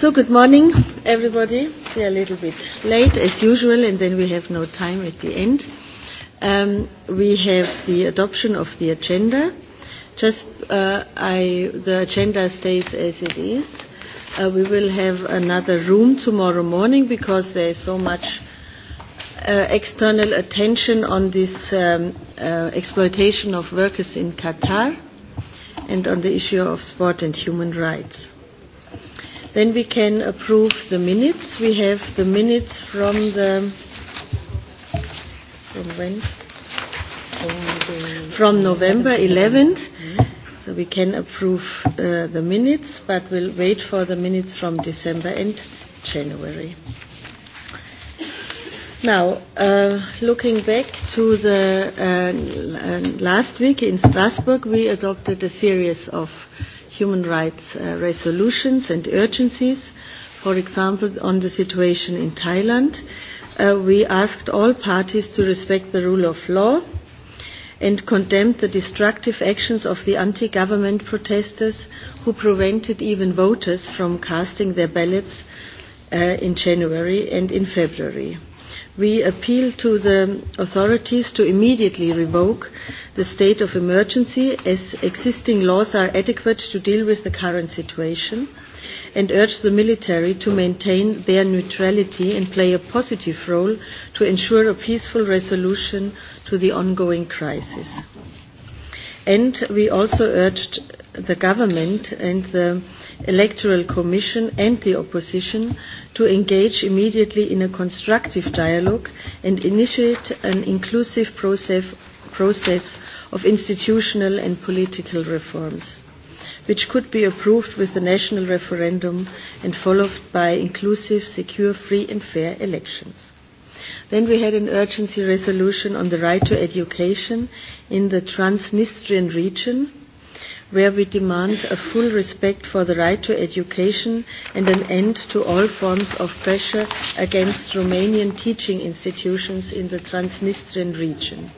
So good morning, everybody. We are a little bit late, as usual, and then we have no time at the end. Um, we have the adoption of the agenda. Just uh, I, the agenda stays as it is. Uh, we will have another room tomorrow morning because there is so much uh, external attention on this um, uh, exploitation of workers in Qatar and on the issue of sport and human rights. Then we can approve the minutes. We have the minutes from the from when? From November 11th. So we can approve uh, the minutes, but we'll wait for the minutes from December and January. Now, uh, looking back to the uh, last week in Strasbourg, we adopted a series of uh, human rights uh, resolutions and urgencies. For example, on the situation in Thailand, uh, we asked all parties to respect the rule of law and condemned the destructive actions of the anti-government protesters who prevented even voters from casting their ballots uh, in January and in February we appeal to the authorities to immediately revoke the state of emergency as existing laws are adequate to deal with the current situation and urge the military to maintain their neutrality and play a positive role to ensure a peaceful resolution to the ongoing crisis. And we also urged the government and the Electoral Commission and the opposition to engage immediately in a constructive dialogue and initiate an inclusive process, process of institutional and political reforms, which could be approved with a national referendum and followed by inclusive, secure, free and fair elections. Then we had an urgency resolution on the right to education in the Transnistrian region where we demand a full respect for the right to education and an end to all forms of pressure against Romanian teaching institutions in the Transnistrian region.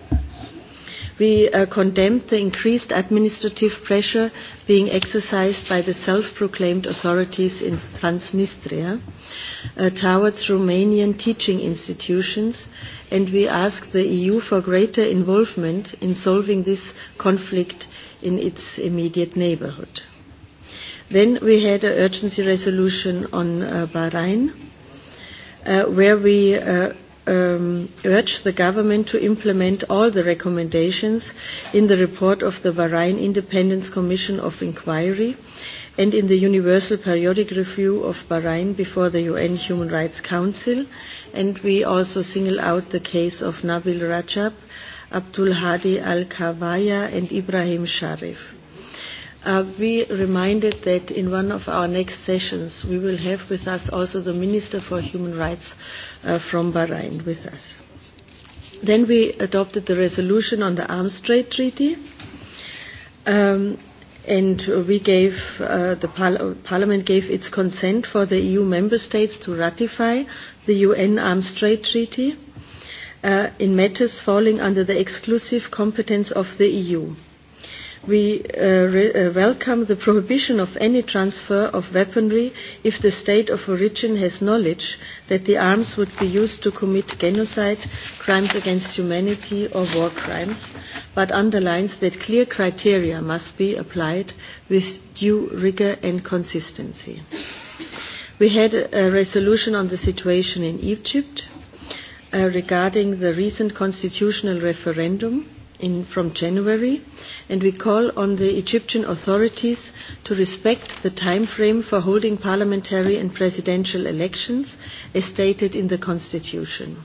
We uh, condemned the increased administrative pressure being exercised by the self-proclaimed authorities in Transnistria uh, towards Romanian teaching institutions, and we asked the EU for greater involvement in solving this conflict in its immediate neighborhood. Then we had an urgency resolution on uh, Bahrain, uh, where we uh, um, urge the government to implement all the recommendations in the report of the Bahrain Independence Commission of Inquiry and in the Universal Periodic Review of Bahrain before the UN Human Rights Council. And we also single out the case of Nabil Rajab, Abdul Hadi Al-Kawaya and Ibrahim Sharif. Uh, we reminded that in one of our next sessions we will have with us also the Minister for Human Rights uh, from Bahrain with us. Then we adopted the resolution on the Arms Trade Treaty. Um, and we gave uh, the par- Parliament gave its consent for the EU member states to ratify the UN Arms Trade Treaty uh, in matters falling under the exclusive competence of the EU. We uh, re- uh, welcome the prohibition of any transfer of weaponry if the state of origin has knowledge that the arms would be used to commit genocide, crimes against humanity, or war crimes, but underlines that clear criteria must be applied with due rigor and consistency. We had a resolution on the situation in Egypt uh, regarding the recent constitutional referendum in, from January, and we call on the Egyptian authorities to respect the time frame for holding parliamentary and presidential elections as stated in the constitution.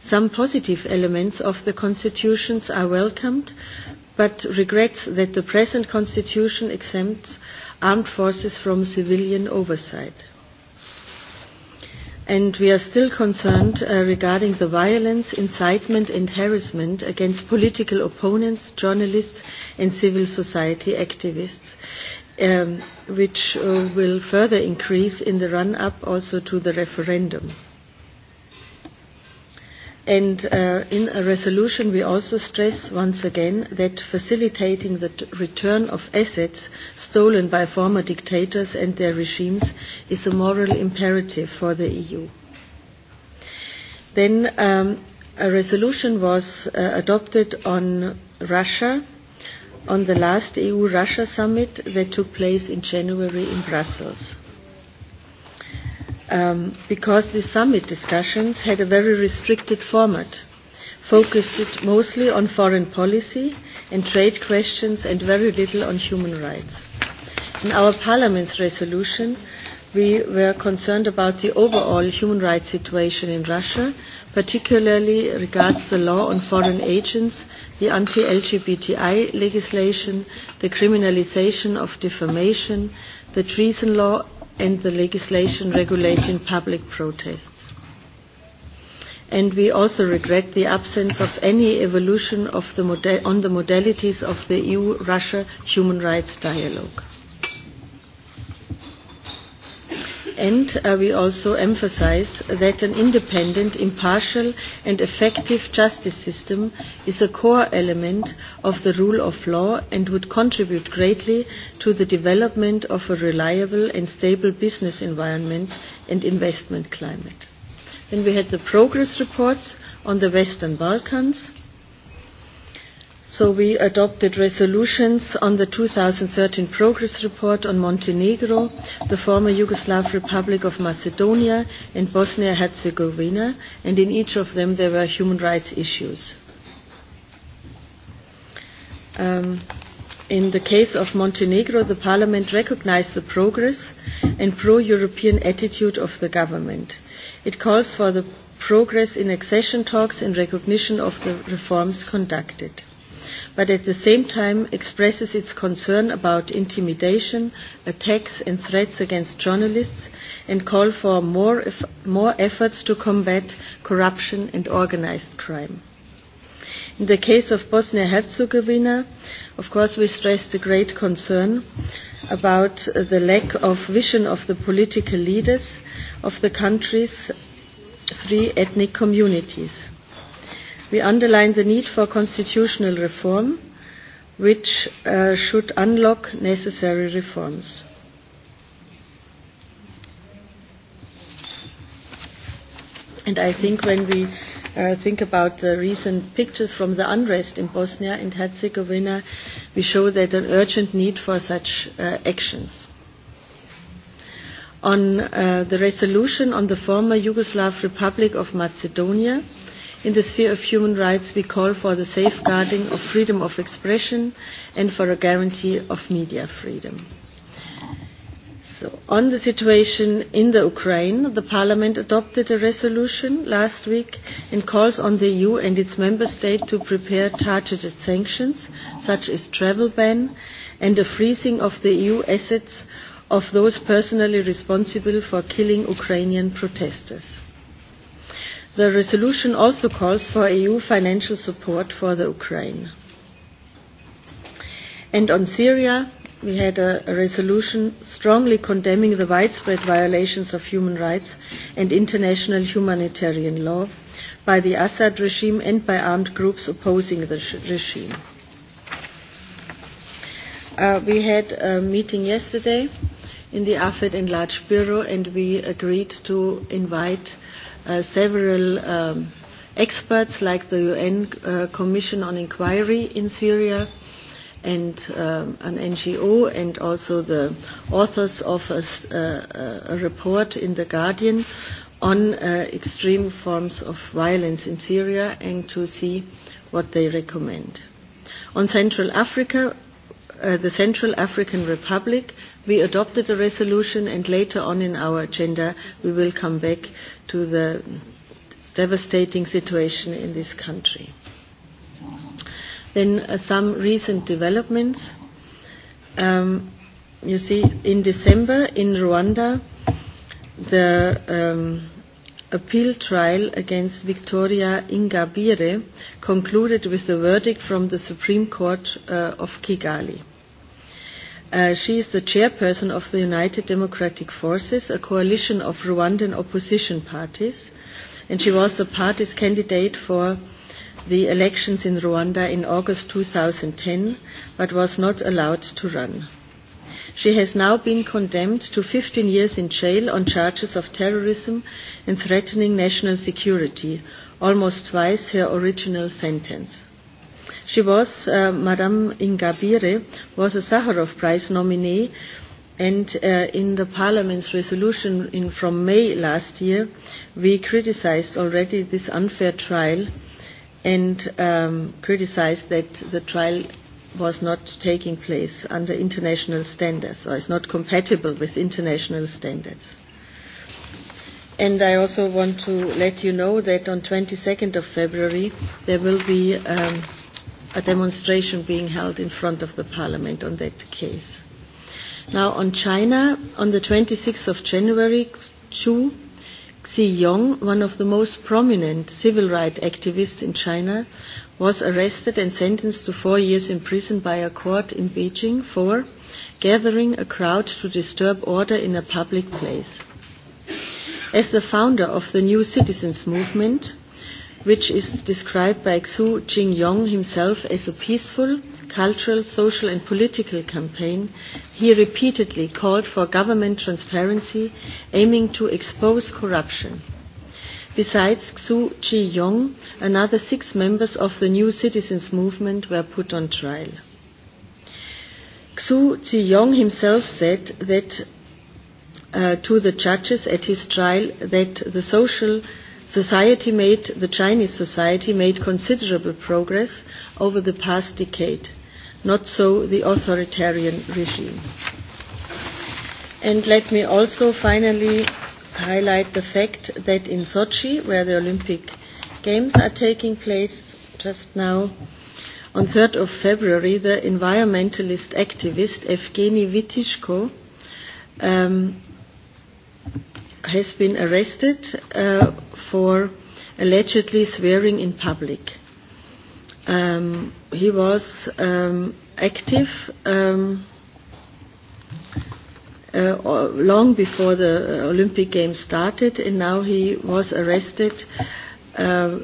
Some positive elements of the constitutions are welcomed, but regrets that the present constitution exempts armed forces from civilian oversight. And we are still concerned uh, regarding the violence, incitement and harassment against political opponents, journalists and civil society activists, um, which uh, will further increase in the run-up also to the referendum. And uh, in a resolution, we also stress once again that facilitating the t- return of assets stolen by former dictators and their regimes is a moral imperative for the EU. Then um, a resolution was uh, adopted on Russia on the last EU-Russia summit that took place in January in Brussels um, because the summit discussions had a very restricted format, focused mostly on foreign policy and trade questions and very little on human rights. In our Parliament's resolution, we were concerned about the overall human rights situation in Russia, particularly regards the law on foreign agents, the anti-LGBTI legislation, the criminalization of defamation, the treason law and the legislation regulating public protests. And we also regret the absence of any evolution of the model on the modalities of the EU-Russia human rights dialogue. end, uh, we also emphasize that an independent, impartial, and effective justice system is a core element of the rule of law and would contribute greatly to the development of a reliable and stable business environment and investment climate. Then we had the progress reports on the Western Balkans So we adopted resolutions on the 2013 progress report on Montenegro, the former Yugoslav Republic of Macedonia, and Bosnia-Herzegovina, and in each of them there were human rights issues. Um, in the case of Montenegro, the parliament recognized the progress and pro-European attitude of the government. It calls for the progress in accession talks in recognition of the reforms conducted but at the same time expresses its concern about intimidation, attacks and threats against journalists and call for more, more efforts to combat corruption and organized crime. In the case of Bosnia-Herzegovina, of course, we stressed a great concern about the lack of vision of the political leaders of the country's three ethnic communities we underline the need for constitutional reform, which uh, should unlock necessary reforms. And I think when we uh, think about the recent pictures from the unrest in Bosnia and Herzegovina, we show that an urgent need for such uh, actions. On uh, the resolution on the former Yugoslav Republic of Macedonia, In the sphere of human rights, we call for the safeguarding of freedom of expression and for a guarantee of media freedom. So, on the situation in the Ukraine, the Parliament adopted a resolution last week and calls on the EU and its member state to prepare targeted sanctions, such as travel ban and a freezing of the EU assets of those personally responsible for killing Ukrainian protesters. The resolution also calls for EU financial support for the Ukraine. And on Syria, we had a, a resolution strongly condemning the widespread violations of human rights and international humanitarian law by the Assad regime and by armed groups opposing the regime. Uh, we had a meeting yesterday in the AFED Enlarged Bureau and we agreed to invite uh, several um, experts like the UN uh, Commission on Inquiry in Syria and um, an NGO and also the authors of a, uh, a report in The Guardian on uh, extreme forms of violence in Syria and to see what they recommend. On Central Africa, uh, the Central African Republic We adopted a resolution, and later on in our agenda, we will come back to the devastating situation in this country. Then uh, some recent developments. Um, you see, in December in Rwanda, the um, appeal trial against Victoria Ingabire concluded with a verdict from the Supreme Court uh, of Kigali. Uh, she is the chairperson of the United Democratic Forces, a coalition of Rwandan opposition parties, and she was the party's candidate for the elections in Rwanda in August 2010, but was not allowed to run. She has now been condemned to 15 years in jail on charges of terrorism and threatening national security, almost twice her original sentence. She was, uh, Madame Ingabire, was a Sakharov Prize nominee, and uh, in the Parliament's resolution in, from May last year, we criticized already this unfair trial and um, criticized that the trial was not taking place under international standards or is not compatible with international standards. And I also want to let you know that on 22nd of February there will be um, a demonstration being held in front of the parliament on that case. Now on China, on the 26th of January, Chu Xiyong, one of the most prominent civil rights activists in China, was arrested and sentenced to four years in prison by a court in Beijing for gathering a crowd to disturb order in a public place. As the founder of the New Citizens Movement, which is described by Xu Jingyong himself as a peaceful, cultural, social and political campaign, he repeatedly called for government transparency aiming to expose corruption. Besides Xu Jingyong, yong another six members of the New Citizens Movement were put on trial. Xu Jingyong yong himself said that uh, to the judges at his trial that the social Society made, the Chinese society made considerable progress over the past decade. Not so the authoritarian regime. And let me also finally highlight the fact that in Sochi, where the Olympic Games are taking place just now, on 3rd of February, the environmentalist activist Evgeny Vitishko um, has been arrested uh, for allegedly swearing in public. Um, he was um, active um, uh, long before the Olympic Games started, and now he was arrested uh,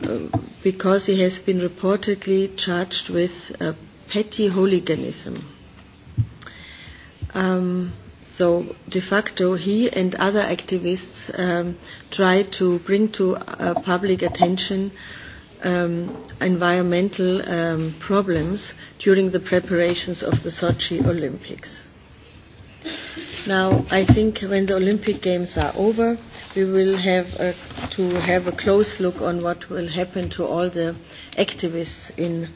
because he has been reportedly charged with uh, petty hooliganism. Um, So de facto, he and other activists um, try to bring to uh, public attention um, environmental um, problems during the preparations of the Sochi Olympics. Now, I think when the Olympic Games are over, we will have a, to have a close look on what will happen to all the activists in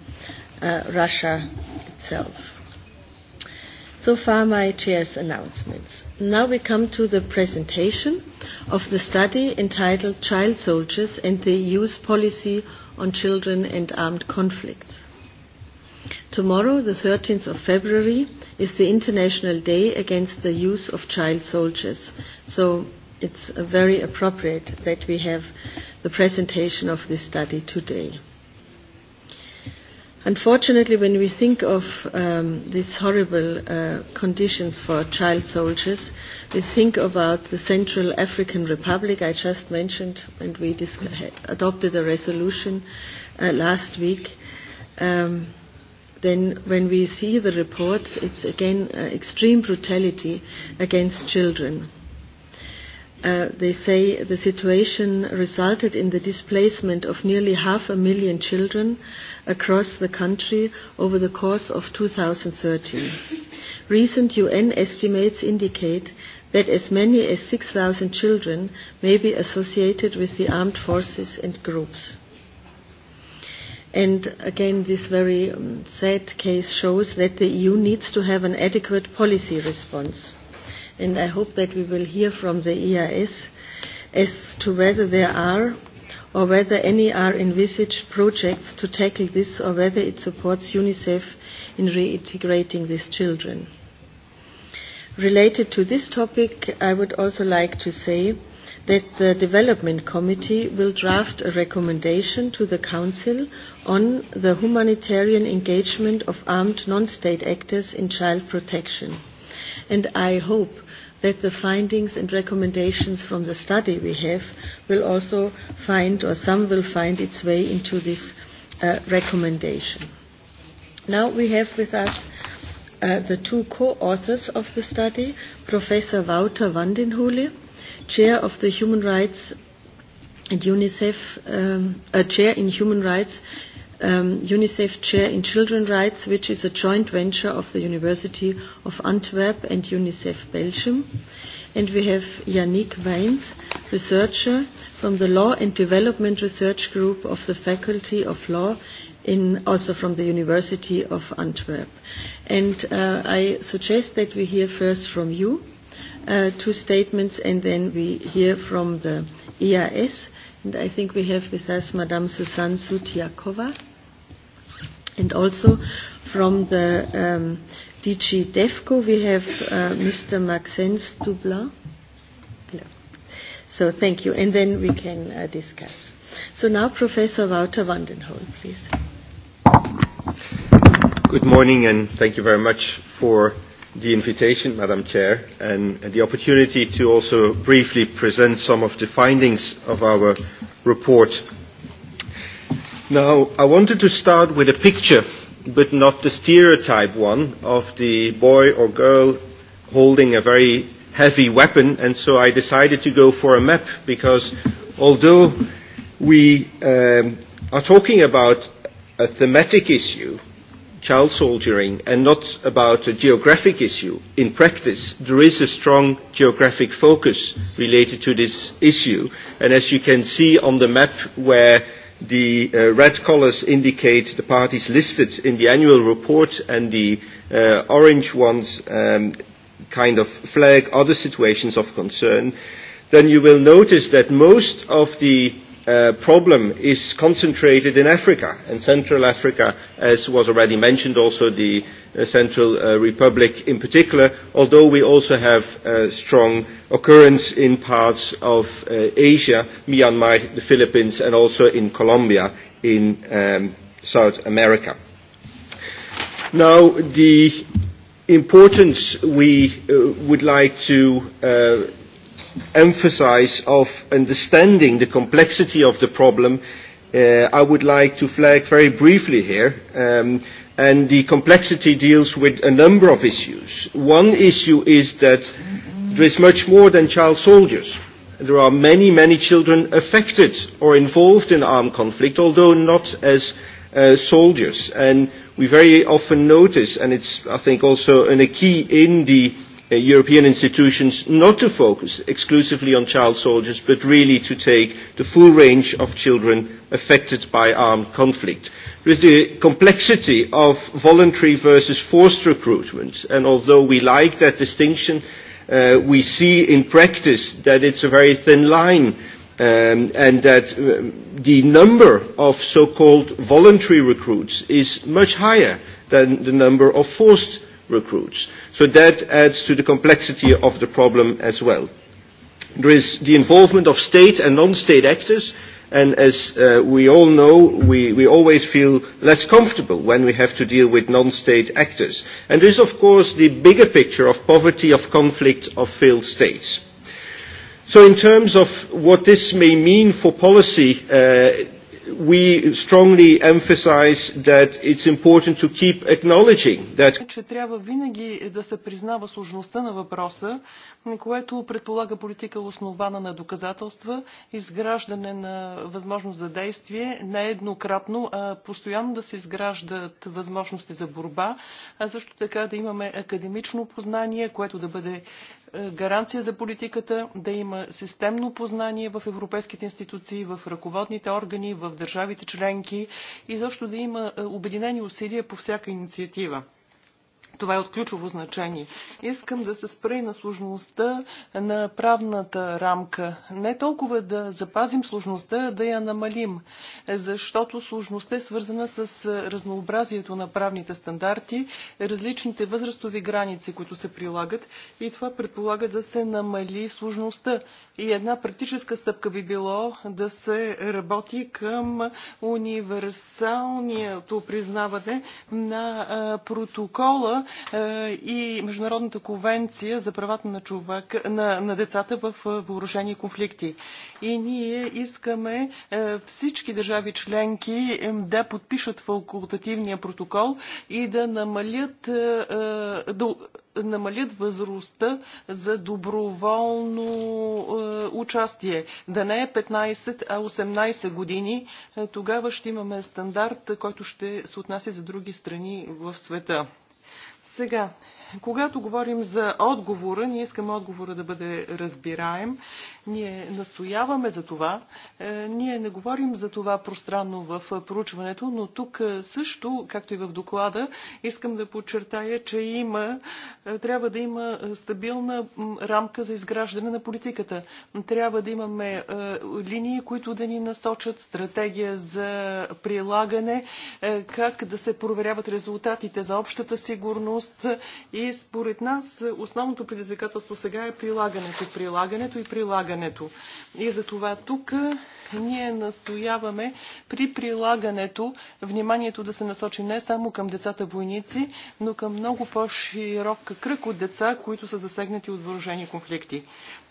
uh, Russia itself. So far, my chair's announcements. Now we come to the presentation of the study entitled Child Soldiers and the EU's Policy on Children and Armed Conflicts. Tomorrow, the 13th of February, is the International Day Against the Use of Child Soldiers. So it's very appropriate that we have the presentation of this study today. Unfortunately, when we think of um, these horrible uh, conditions for child soldiers, we think about the Central African Republic I just mentioned, and we dis- adopted a resolution uh, last week. Um, then, when we see the report, it's again uh, extreme brutality against children they say the situation resulted in the displacement of nearly half a million children across the country over the course of 2013. Recent UN estimates indicate that as many as 6,000 children may be associated with the armed forces and groups. And again, this very um, sad case shows that the EU needs to have an adequate policy response and I hope that we will hear from the EIS as to whether there are or whether any are envisaged projects to tackle this or whether it supports UNICEF in reintegrating these children. Related to this topic, I would also like to say that the Development Committee will draft a recommendation to the Council on the humanitarian engagement of armed non-state actors in child protection and I hope that the findings and recommendations from the study we have will also find, or some will find its way into this uh, recommendation. Now we have with us uh, the two co-authors of the study, Professor Wouter Vandenhule, Chair of the Human Rights and UNICEF, um, a Chair in Human Rights um, UNICEF Chair in Children's Rights, which is a joint venture of the University of Antwerp and UNICEF Belgium. And we have Yannick Weins, researcher from the Law and Development Research Group of the Faculty of Law in, also from the University of Antwerp. And uh, I suggest that we hear first from you uh, two statements and then we hear from the EIS. And I think we have with us Madame Susanne Sutiakova. And also from the um, DG DEFCO, we have uh, Mr. Maxence Dubla. Hello. So thank you. And then we can uh, discuss. So now Professor Wouter Vandenholm, please. Good morning, and thank you very much for the invitation, Madam Chair, and the opportunity to also briefly present some of the findings of our report Now, I wanted to start with a picture, but not the stereotype one, of the boy or girl holding a very heavy weapon, and so I decided to go for a map, because although we um, are talking about a thematic issue, child soldiering, and not about a geographic issue. In practice, there is a strong geographic focus related to this issue, and as you can see on the map where The uh, red colours indicate the parties listed in the annual report and the uh, orange ones um, kind of flag other situations of concern. Then you will notice that most of the uh, problem is concentrated in Africa and Central Africa, as was already mentioned also the Central uh, Republic in particular, although we also have uh, strong occurrence in parts of uh, Asia, Myanmar, the Philippines, and also in Colombia in um, South America. Now, the importance we uh, would like to uh, emphasize of understanding the complexity of the problem, uh, I would like to flag very briefly here. Um, and the complexity deals with a number of issues. One issue is that there is much more than child soldiers. There are many, many children affected or involved in armed conflict, although not as uh, soldiers. And we very often notice, and it's, I think, also an, a key in the uh, uh, European institutions not to focus exclusively on child soldiers, but really to take the full range of children affected by armed conflict. With the complexity of voluntary versus forced recruitment, and although we like that distinction, uh, we see in practice that it's a very thin line um, and that the number of so-called voluntary recruits is much higher than the number of forced recruits. So that adds to the complexity of the problem as well. There is the involvement of state and non-state actors, and as uh, we all know, we, we always feel less comfortable when we have to deal with non-state actors. And there is, of course, the bigger picture of poverty, of conflict, of failed states. So in terms of what this may mean for policy, uh, we strongly emphasize that it's important to keep acknowledging that което предполага политика основана на доказателства, изграждане на възможност за действие, не еднократно, а постоянно да се изграждат възможности за борба, а също така да имаме академично познание, което да бъде е, гаранция за политиката, да има системно познание в европейските институции, в ръководните органи, в държавите членки и защо да има е, обединени усилия по всяка инициатива. Това е от ключово значение. Искам да се спра и на сложността на правната рамка. Не толкова да запазим сложността, да я намалим, защото сложността е свързана с разнообразието на правните стандарти, различните възрастови граници, които се прилагат и това предполага да се намали сложността. И една практическа стъпка би било да се работи към универсалното признаване на протокола е, и Международната конвенция за правата на, човек, на, на децата в е, въоръжени конфликти. И ние искаме е, всички държави членки да подпишат факултативния протокол и да намалят да намалят възрастта за доброволно е, участие. Да не е 15, а 18 години. Е, тогава ще имаме стандарт, който ще се отнася за други страни в света. Сега, когато говорим за отговора, ние искаме отговора да бъде разбираем. Ние настояваме за това. Е, ние не говорим за това пространно в е, проучването, но тук е, също, както и в доклада, искам да подчертая, че има, трябва да има стабилна рамка за изграждане на политиката. Трябва да имаме линии, които да ни насочат, стратегия за прилагане, как да се проверяват резултатите за общата сигурност и и според нас е, основното предизвикателство сега е прилагането, прилагането и прилагането. И за това тук е, ние настояваме при прилагането вниманието да се насочи не само към децата войници, но към много по-широк кръг от деца, които са засегнати от въоръжени конфликти.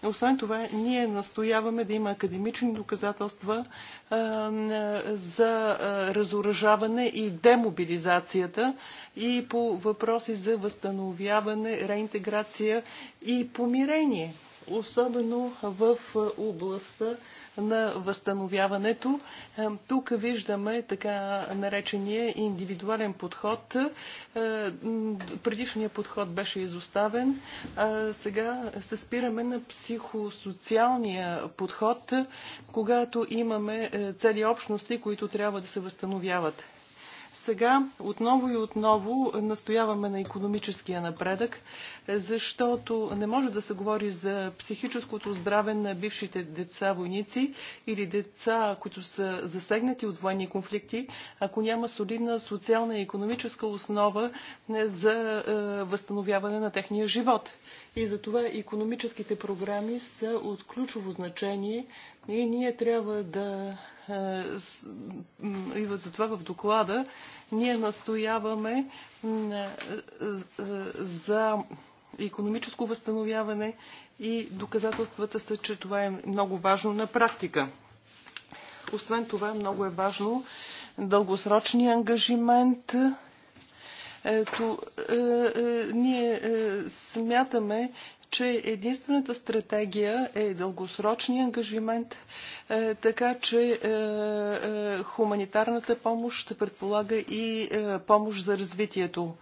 Освен това, ние настояваме да има академични доказателства а, е, за разоръжаване и демобилизацията и по въпроси за възстановяване възстановяване, реинтеграция и помирение, особено в областта на възстановяването. Е, тук виждаме така наречения индивидуален подход. Е, предишният подход беше изоставен. Сега се спираме на психосоциалния подход, когато имаме е, цели общности, които трябва да се възстановяват. Сега отново и отново настояваме на економическия напредък, защото не може да се говори за психическото здраве на бившите деца войници или деца, които са засегнати от военни конфликти, ако няма солидна социална и економическа основа е, за е, възстановяване на техния живот. И затова економическите програми са от ключово значение и ние трябва да е, и затова в доклада ние настояваме е, е, за економическо възстановяване и доказателствата са, че това е много важно на практика. Освен това, много е важно дългосрочния ангажимент. Ето, е, е, ние е, смятаме, че единствената стратегия е дългосрочни ангажимент, е, така че е, е, хуманитарната помощ ще предполага и помощ за развитието.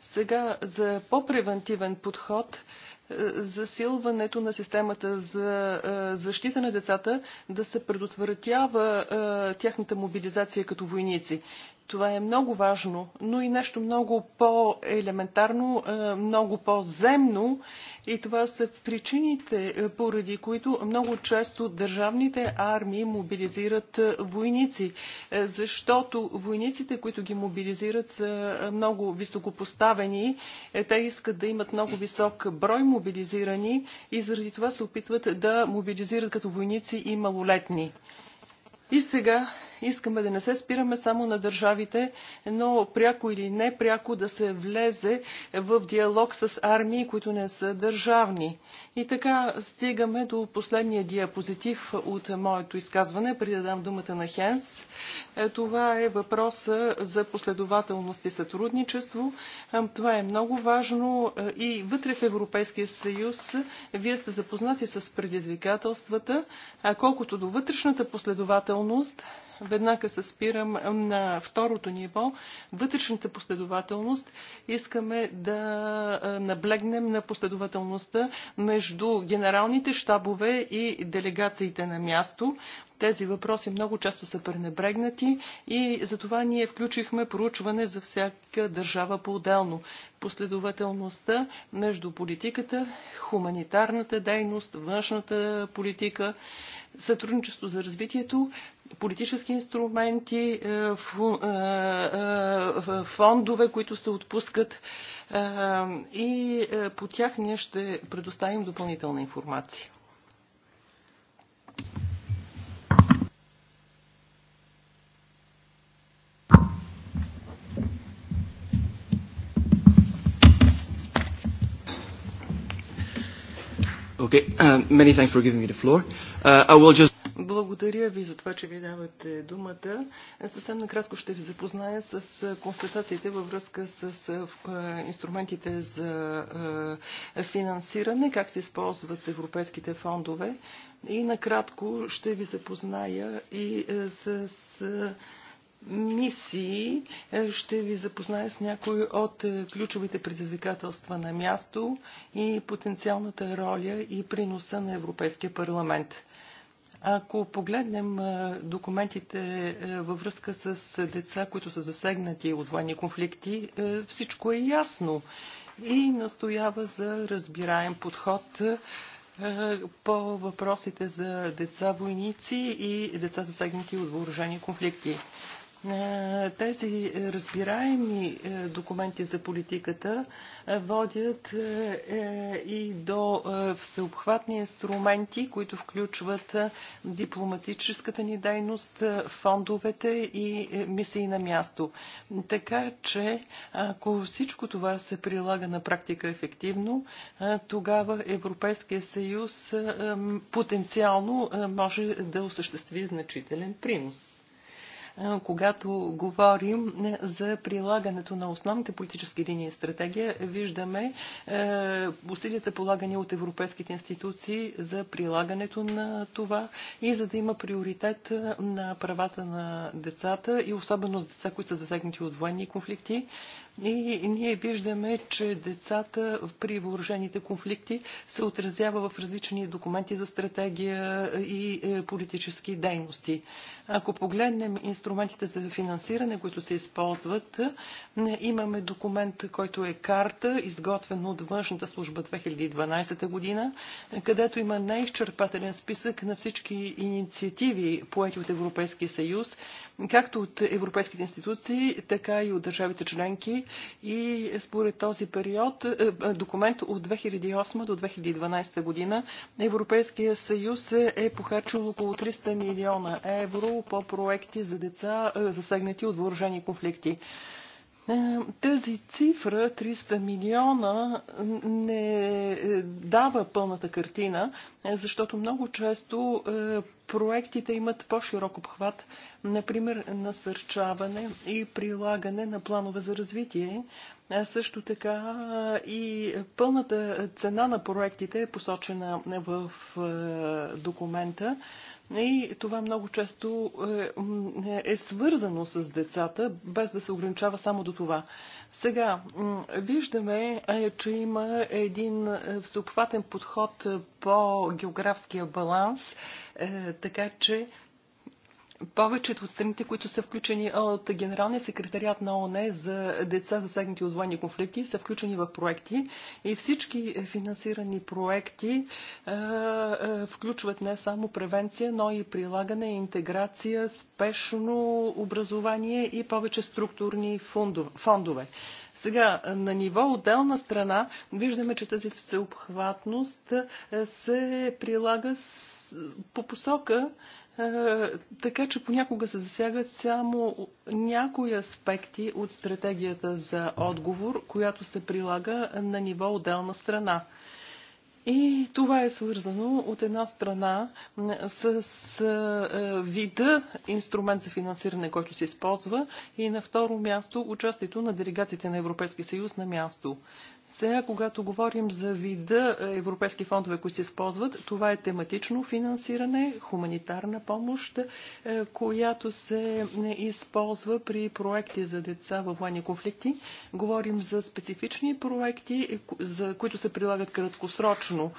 Сега за по-превентивен подход засилването на системата за е, защита на децата да се предотвратява е, тяхната мобилизация като войници. Това е много важно, но и нещо много по-елементарно, е, много по-земно. И това са причините, поради които много често държавните армии мобилизират войници, защото войниците, които ги мобилизират, са много високопоставени. Те искат да имат много висок брой мобилизации мобилизирани и заради това се опитват да мобилизират като войници и малолетни. И сега Искаме да не се спираме само на държавите, но пряко или не пряко да се влезе в диалог с армии, които не са държавни. И така стигаме до последния диапозитив от моето изказване, преди да дам думата на Хенс. Е, това е въпроса за последователност и сътрудничество. Е, това е много важно е, и вътре в Европейския съюз вие сте запознати с предизвикателствата, а колкото до вътрешната последователност, Веднага се спирам на второто ниво. Вътрешната последователност. Искаме да наблегнем на последователността между генералните щабове и делегациите на място. Тези въпроси много често са пренебрегнати и затова ние включихме проучване за всяка държава по-отделно. Последователността между политиката, хуманитарната дейност, външната политика, сътрудничество за развитието, политически инструменти, е, е, е, фондове, които се отпускат и по тях ние ще предоставим допълнителна информация. Uh, uh, Благодаря ви за това, че ви давате думата. Съвсем накратко ще ви запозная с констатациите във връзка с инструментите за финансиране, как се използват европейските фондове и накратко ще ви запозная и с мисии е, ще ви запозная с някои от е, ключовите предизвикателства на място и потенциалната роля и приноса на Европейския парламент. Ако погледнем е, документите във връзка с деца, които са засегнати от военни конфликти, всичко е ясно и настоява за разбираем подход по въпросите за деца войници и деца засегнати от въоръжени конфликти. Е, тези разбираеми е, документи за политиката е, водят и до всеобхватни инструменти, които включват дипломатическата ни дейност, фондовете и мисии на място. Така че, ако всичко това се прилага на практика ефективно, тогава Европейския съюз потенциално може да осъществи значителен принос когато говорим е, за прилагането на основните политически линии и стратегия, виждаме е, усилията полагани от европейските институции за прилагането на това и за да има приоритет е, на правата на децата и особено с деца, които са засегнати от военни конфликти. И ние виждаме, че децата при въоръжените конфликти се отразява в различни документи за стратегия и е, политически дейности. Ако погледнем инструментите за финансиране, които се използват, е, имаме документ, който е карта, изготвен от външната служба 2012 година, където има най-изчерпателен списък на всички инициативи, поети от Европейския съюз, както от европейските институции, така и от държавите членки и според този период, е, е, документ от 2008 до 2012 година, Европейския съюз е, е похарчил около 300 милиона евро по проекти за деца, засегнати от въоръжени конфликти. Е, тази цифра, 300 милиона, не дава пълната картина, е, защото много често е, проектите имат по-широк обхват, например насърчаване и прилагане на планове за развитие. също така и пълната цена на проектите е посочена в документа. И това много често е, е, е свързано с децата, без да се ограничава само до това. Сега виждаме, е, че има един всеобхватен подход по географския баланс, така че повечето от страните, които са включени от Генералния секретариат на ООН за деца засегнати от военни конфликти, са включени в проекти и всички финансирани проекти а, а, включват не само превенция, но и прилагане, интеграция, спешно образование и повече структурни фондове. Сега, на ниво отделна страна, виждаме, че тази всеобхватност се прилага с, по посока е, така че понякога се засягат само някои аспекти от стратегията за отговор, която се прилага на ниво отделна страна. И това е свързано от една страна с, с е, вида инструмент за финансиране, който се използва и на второ място участието на делегациите на Европейския съюз на място. Сега, когато говорим за вида е, европейски фондове, които се използват, това е тематично финансиране, хуманитарна помощ, е, която се използва при проекти за деца във военни конфликти. Говорим за специфични проекти, за които се прилагат краткосрочно точно.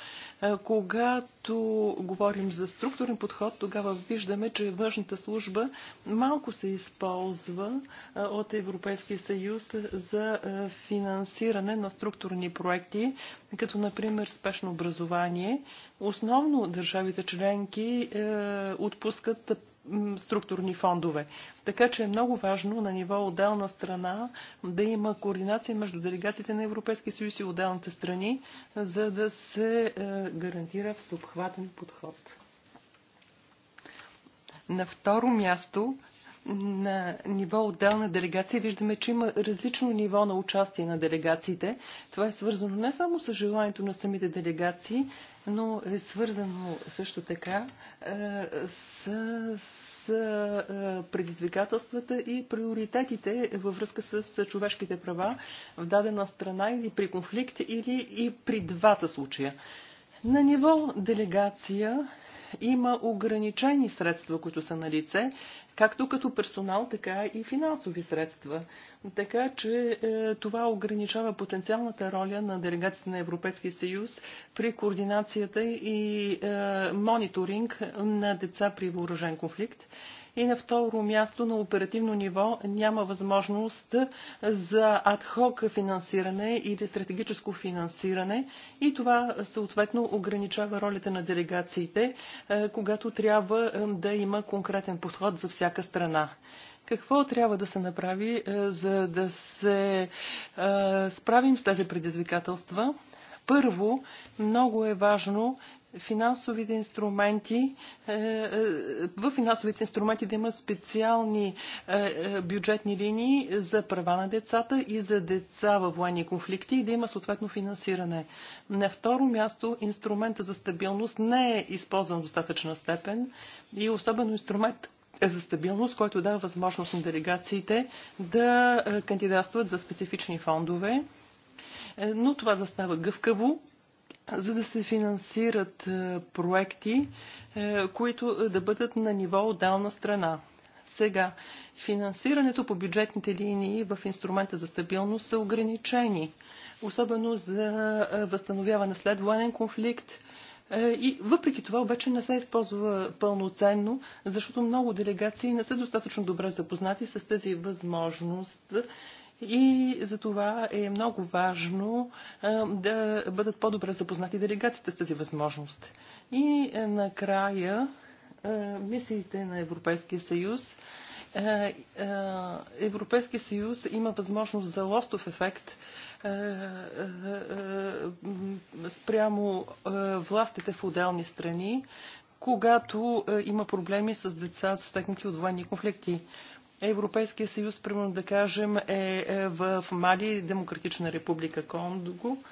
Когато говорим за структурен подход, тогава виждаме, че външната служба малко се използва от Европейския съюз за финансиране на структурни проекти, като например спешно образование. Основно държавите членки е, отпускат структурни фондове. Така че е много важно на ниво отделна страна да има координация между делегациите на Европейския съюз и отделните страни, за да се е, гарантира всеобхватен подход. На второ място на ниво отделна делегация виждаме, че има различно ниво на участие на делегациите. Това е свързано не само с желанието на самите делегации, но е свързано също така е, с, с е, предизвикателствата и приоритетите във връзка с човешките права в дадена страна или при конфликт или и при двата случая. На ниво делегация има ограничени средства, които са на лице, както като персонал, така и финансови средства. Така че е, това ограничава потенциалната роля на делегацията на Европейския съюз при координацията и е, мониторинг на деца при въоръжен конфликт. И на второ място на оперативно ниво няма възможност за адхок финансиране или стратегическо финансиране. И това съответно ограничава ролята на делегациите, е, когато трябва е, да има конкретен подход за всяка страна. Какво трябва да се направи, е, за да се справим с тези предизвикателства? Първо, много е важно финансовите инструменти, е, е, в финансовите инструменти да има специални е, бюджетни линии за права на децата и за деца във военни конфликти и да има съответно финансиране. На второ място, инструмента за стабилност не е използван в достатъчна степен и особено инструмент за стабилност, който дава възможност на делегациите да кандидатстват за специфични фондове но това да става гъвкаво за да се финансират е, проекти, е, които да бъдат на ниво отделна страна. Сега, финансирането по бюджетните линии в инструмента за стабилност са ограничени, особено за е, възстановяване след военен конфликт. И въпреки това обаче не се използва пълноценно, защото много делегации не са достатъчно добре запознати с тази възможност и за това е много важно е, да бъдат по-добре запознати делегатите с тази възможност. И е, накрая е, мисиите на Европейския съюз Европейския съюз има възможност за лостов ефект спрямо властите в отделни страни, когато има проблеми с деца, стъкнати от военни конфликти. Европейския съюз, примерно да кажем, е, е в Мали, Демократична република Конго,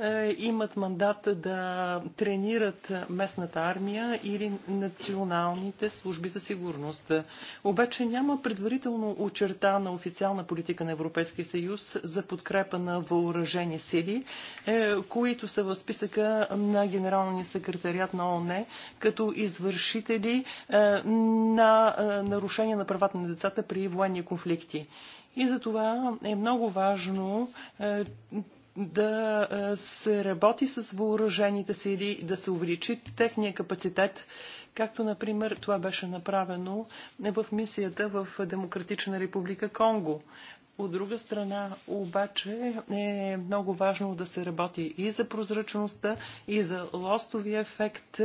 е, имат мандат да тренират местната армия или националните служби за сигурност. Обаче няма предварително очертана официална политика на Европейския съюз за подкрепа на въоръжени сили, е, които са в списъка на Генералния секретарят на ООН като извършители е, на нарушения на правата на децата при военни конфликти. И за това е много важно да се работи с въоръжените сили, да се увеличи техния капацитет, както, например, това беше направено в мисията в Демократична република Конго. От друга страна, обаче, е много важно да се работи и за прозрачността, и за лостовия ефект,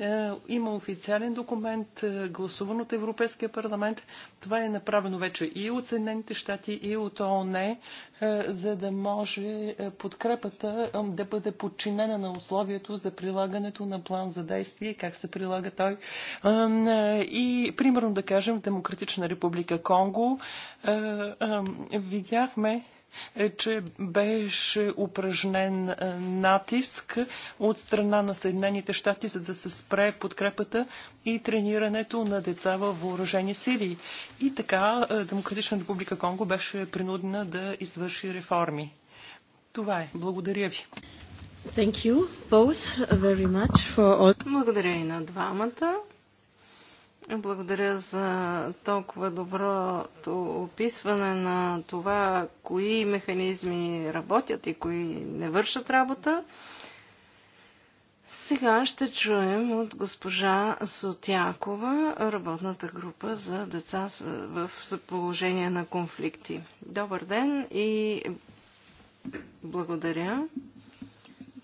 е, има официален документ, е, гласуван от Европейския парламент. Това е направено вече и от Съединените щати, и от ООН, е, за да може подкрепата да бъде подчинена на условието за прилагането на план за действие, как се прилага той. И, примерно да кажем, в Демократична република Конго видяхме, е, че беше упражнен е, натиск от страна на Съединените щати, за да се спре подкрепата и тренирането на деца във въоръжени сили. И така е, Демократична република Конго беше принудена да извърши реформи. Това е. Благодаря ви. Thank you both very much for all... Благодаря и на двамата. Благодаря за толкова доброто описване на това, кои механизми работят и кои не вършат работа. Сега ще чуем от госпожа Сотякова работната група за деца в положение на конфликти. Добър ден и благодаря.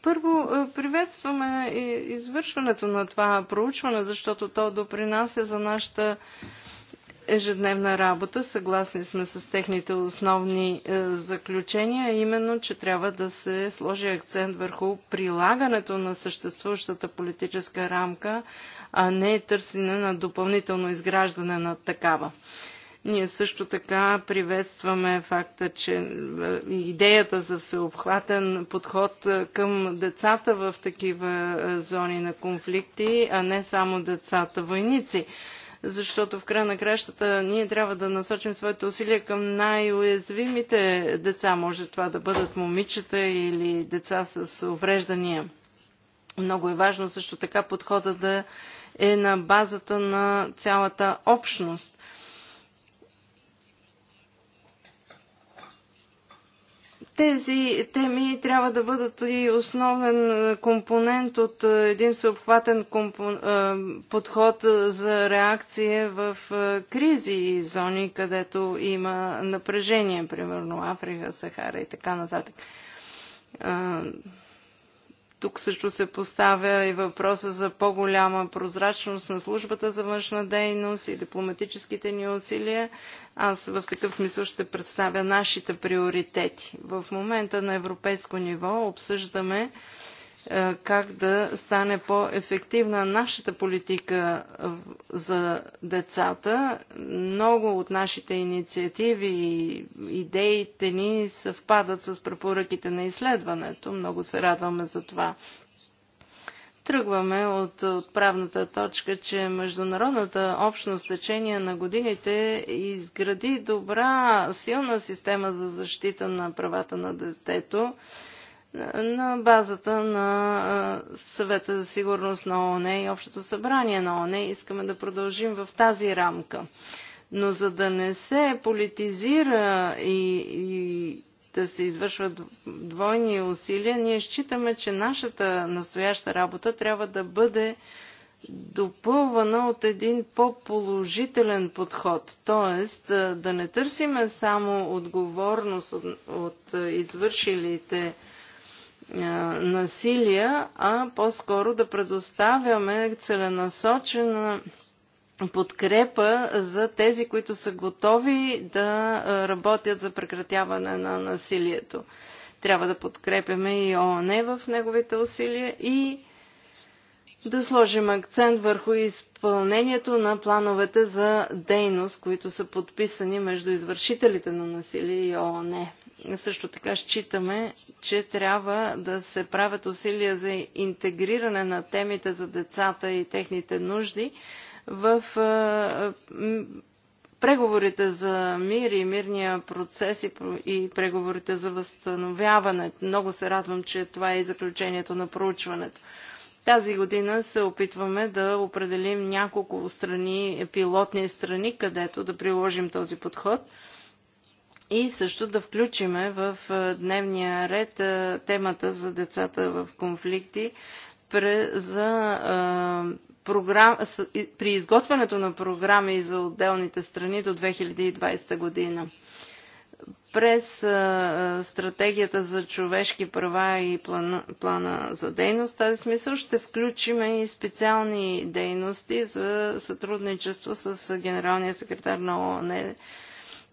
Първо, е, приветстваме извършването на това проучване, защото то допринася за нашата ежедневна работа. Съгласни сме с техните основни е, заключения, именно, че трябва да се сложи акцент върху прилагането на съществуващата политическа рамка, а не търсене на допълнително изграждане на такава. Ние също така приветстваме факта, че е, идеята за всеобхватен подход е, към децата в такива е, зони на конфликти, а не само децата войници защото в края на кращата ние трябва да насочим своите усилия към най-уязвимите деца. Може това да бъдат момичета или деца с увреждания. Много е важно също така подхода да е на базата на цялата общност. Тези теми трябва да бъдат и основен е, компонент от е, един съобхватен компон... Е, подход за реакция в кризи и зони, където има напрежение, примерно Африка, Сахара и така нататък тук също се поставя и въпроса за по-голяма прозрачност на службата за външна дейност и дипломатическите ни усилия. Аз в такъв смисъл ще представя нашите приоритети. В момента на европейско ниво обсъждаме е, как да стане по-ефективна нашата политика е, за децата. Много от нашите инициативи и идеите ни съвпадат с препоръките на изследването. Много се радваме за това. Тръгваме от отправната точка, че международната общност течение на годините изгради добра, силна система за защита на правата на детето на базата на съвета за сигурност на ООН и Общото събрание на ООН. Искаме да продължим в тази рамка. Но за да не се политизира и, и да се извършват двойни усилия, ние считаме, че нашата настояща работа трябва да бъде допълвана от един по-положителен подход. Тоест да не търсиме само отговорност от, от извършилите насилия, а по-скоро да предоставяме целенасочена подкрепа за тези, които са готови да работят за прекратяване на насилието. Трябва да подкрепяме и ООН в неговите усилия и да сложим акцент върху изпълнението на плановете за дейност, които са подписани между извършителите на насилие и ООН. Също така считаме, че трябва да се правят усилия за интегриране на темите за децата и техните нужди в преговорите за мир и мирния процес и, преговорите за възстановяване. Много се радвам, че това е и заключението на проучването. Тази година се опитваме да определим няколко страни, пилотни страни, където да приложим този подход и също да включиме в дневния ред темата за децата в конфликти за програм... при изготвянето на програми за отделните страни до 2020 година през а, стратегията за човешки права и плана, плана за дейност. В тази смисъл ще включим и специални дейности за сътрудничество с генералния секретар на ООН.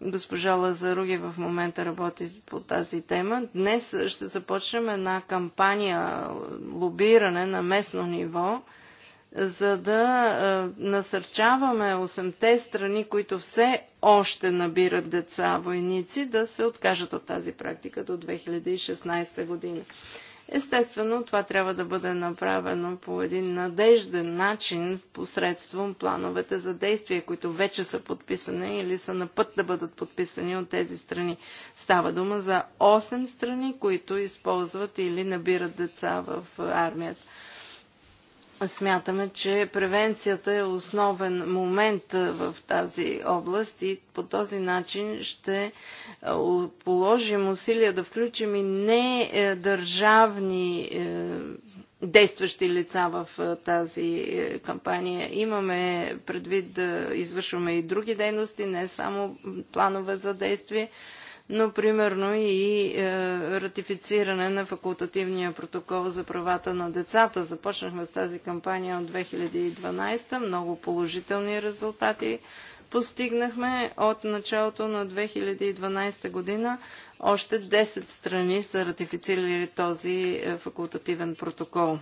Госпожа Лазаруги в момента работи по тази тема. Днес ще започнем една кампания лобиране на местно ниво, за да насърчаваме 8-те страни, които все още набират деца войници, да се откажат от тази практика до 2016 година. Естествено, това трябва да бъде направено по един надежден начин посредством плановете за действие, които вече са подписани или са на път да бъдат подписани от тези страни. Става дума за 8 страни, които използват или набират деца в армията. Смятаме, че превенцията е основен момент в тази област и по този начин ще положим усилия да включим и не е, държавни е, действащи лица в е, тази кампания. Имаме предвид да извършваме и други дейности, не само планове за действие но примерно и е, ратифициране на факултативния протокол за правата на децата. Започнахме с тази кампания от 2012, много положителни резултати постигнахме от началото на 2012 година. Още 10 страни са ратифицирали този е, факултативен протокол.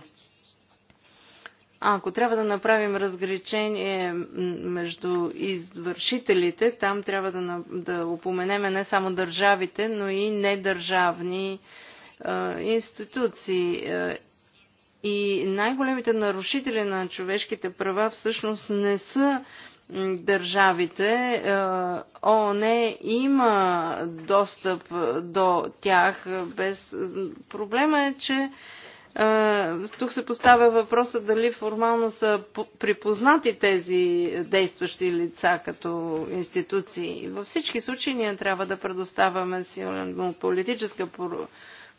Ако трябва да направим разграничение между извършителите, там трябва да, да упоменеме не само държавите, но и недържавни е, институции. И най-големите нарушители на човешките права всъщност не са държавите. ООН има достъп до тях без... Проблема е, че е, тук се поставя въпроса дали формално са припознати тези действащи лица като институции. Във всички случаи ние трябва да предоставяме силна политическа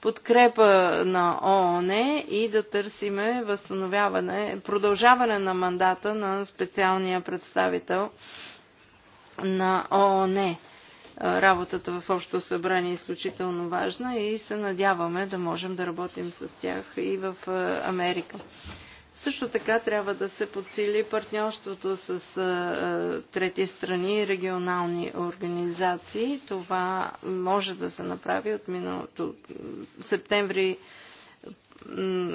подкрепа на ООН и да търсиме възстановяване, продължаване на мандата на специалния представител на ООН работата в Общото събрание е изключително важна и се надяваме да можем да работим с тях и в Америка. Също така трябва да се подсили партньорството с трети страни и регионални организации. Това може да се направи от миналото септември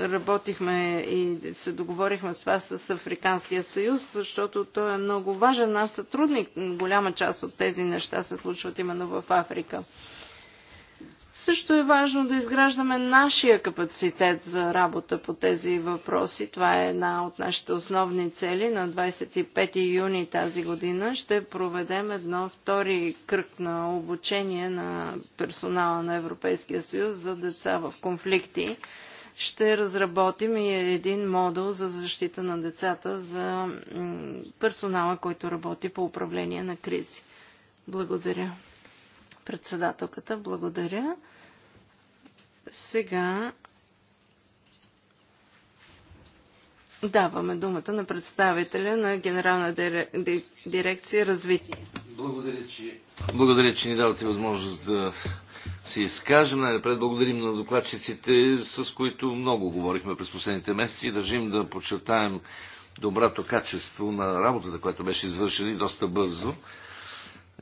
работихме и се договорихме с това с Африканския съюз, защото той е много важен наш сътрудник. Голяма част от тези неща се случват именно в Африка. Също е важно да изграждаме нашия капацитет за работа по тези въпроси. Това е една от нашите основни цели. На 25 юни тази година ще проведем едно втори кръг на обучение на персонала на Европейския съюз за деца в конфликти ще разработим и един модул за защита на децата за персонала, който работи по управление на кризи. Благодаря. Председателката, благодаря. Сега даваме думата на представителя на Генерална дирекция развитие. Благодаря, че, благодаря, че ни давате възможност да се изкажем. Най-напред благодарим на докладчиците, с които много говорихме през последните месеци и държим да подчертаем доброто качество на работата, която беше извършена и доста бързо.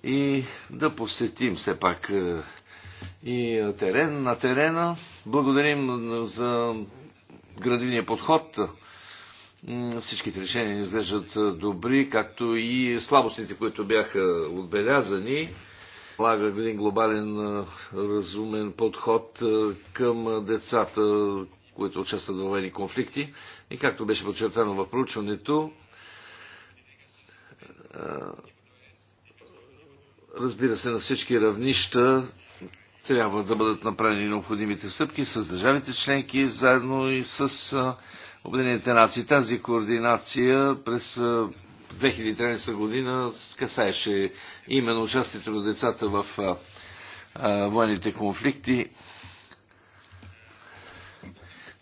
И да посетим все пак е, и терен, на терена. Благодарим за градивния подход. Всичките решения изглеждат е, добри, както и слабостите, които бяха отбелязани. Лага един глобален разумен подход към децата, които участват в военни конфликти. И както беше подчертано в проучването, разбира се, на всички равнища трябва да бъдат направени необходимите стъпки с държавите членки, заедно и с Обединените нации. Тази координация през 2013 година касаеше именно участието на децата в военните конфликти.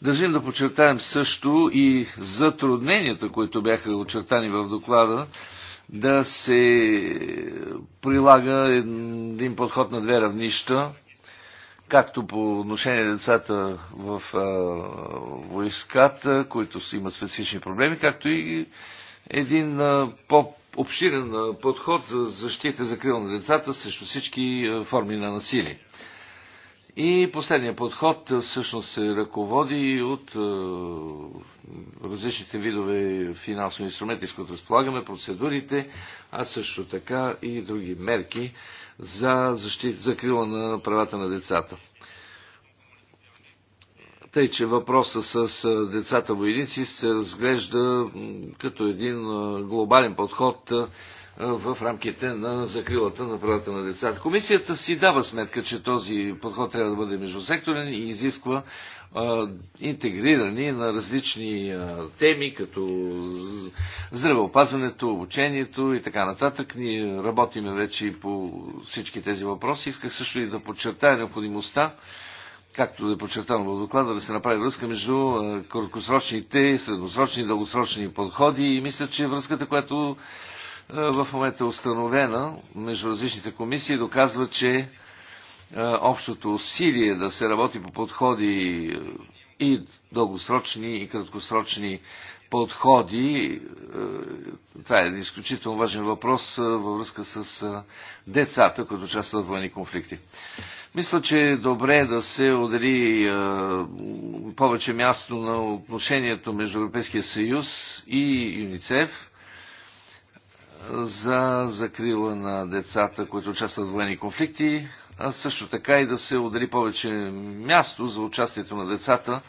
Държим да подчертаем също и затрудненията, които бяха очертани в доклада, да се прилага един подход на две равнища, както по отношение на децата в а, войската, които имат специфични проблеми, както и един по-обширен подход за защита за крил на децата срещу всички форми на насилие. И последният подход всъщност се ръководи от е, различните видове финансови инструменти, с които разполагаме, процедурите, а също така и други мерки за защита, закрила на правата на децата. Тъй, че въпроса с децата войници се разглежда като един глобален подход в рамките на закрилата на правата на децата. Комисията си дава сметка, че този подход трябва да бъде междусекторен и изисква интегрирани на различни теми, като здравеопазването, обучението и така нататък. Ние работиме вече и по всички тези въпроси. Исках също и да подчертая необходимостта както е подчертано в доклада, да се направи връзка между краткосрочните, средносрочни и дългосрочни подходи и мисля, че връзката, която в момента е установена между различните комисии, доказва, че общото усилие да се работи по подходи и дългосрочни и краткосрочни подходи. Това е един изключително важен въпрос във връзка с децата, които участват в военни конфликти. Мисля, че е добре да се отдели е, повече място на отношението между Европейския съюз и ЮНИЦЕФ за закрила на децата, които участват в военни конфликти, а също така и да се отдели повече място за участието на децата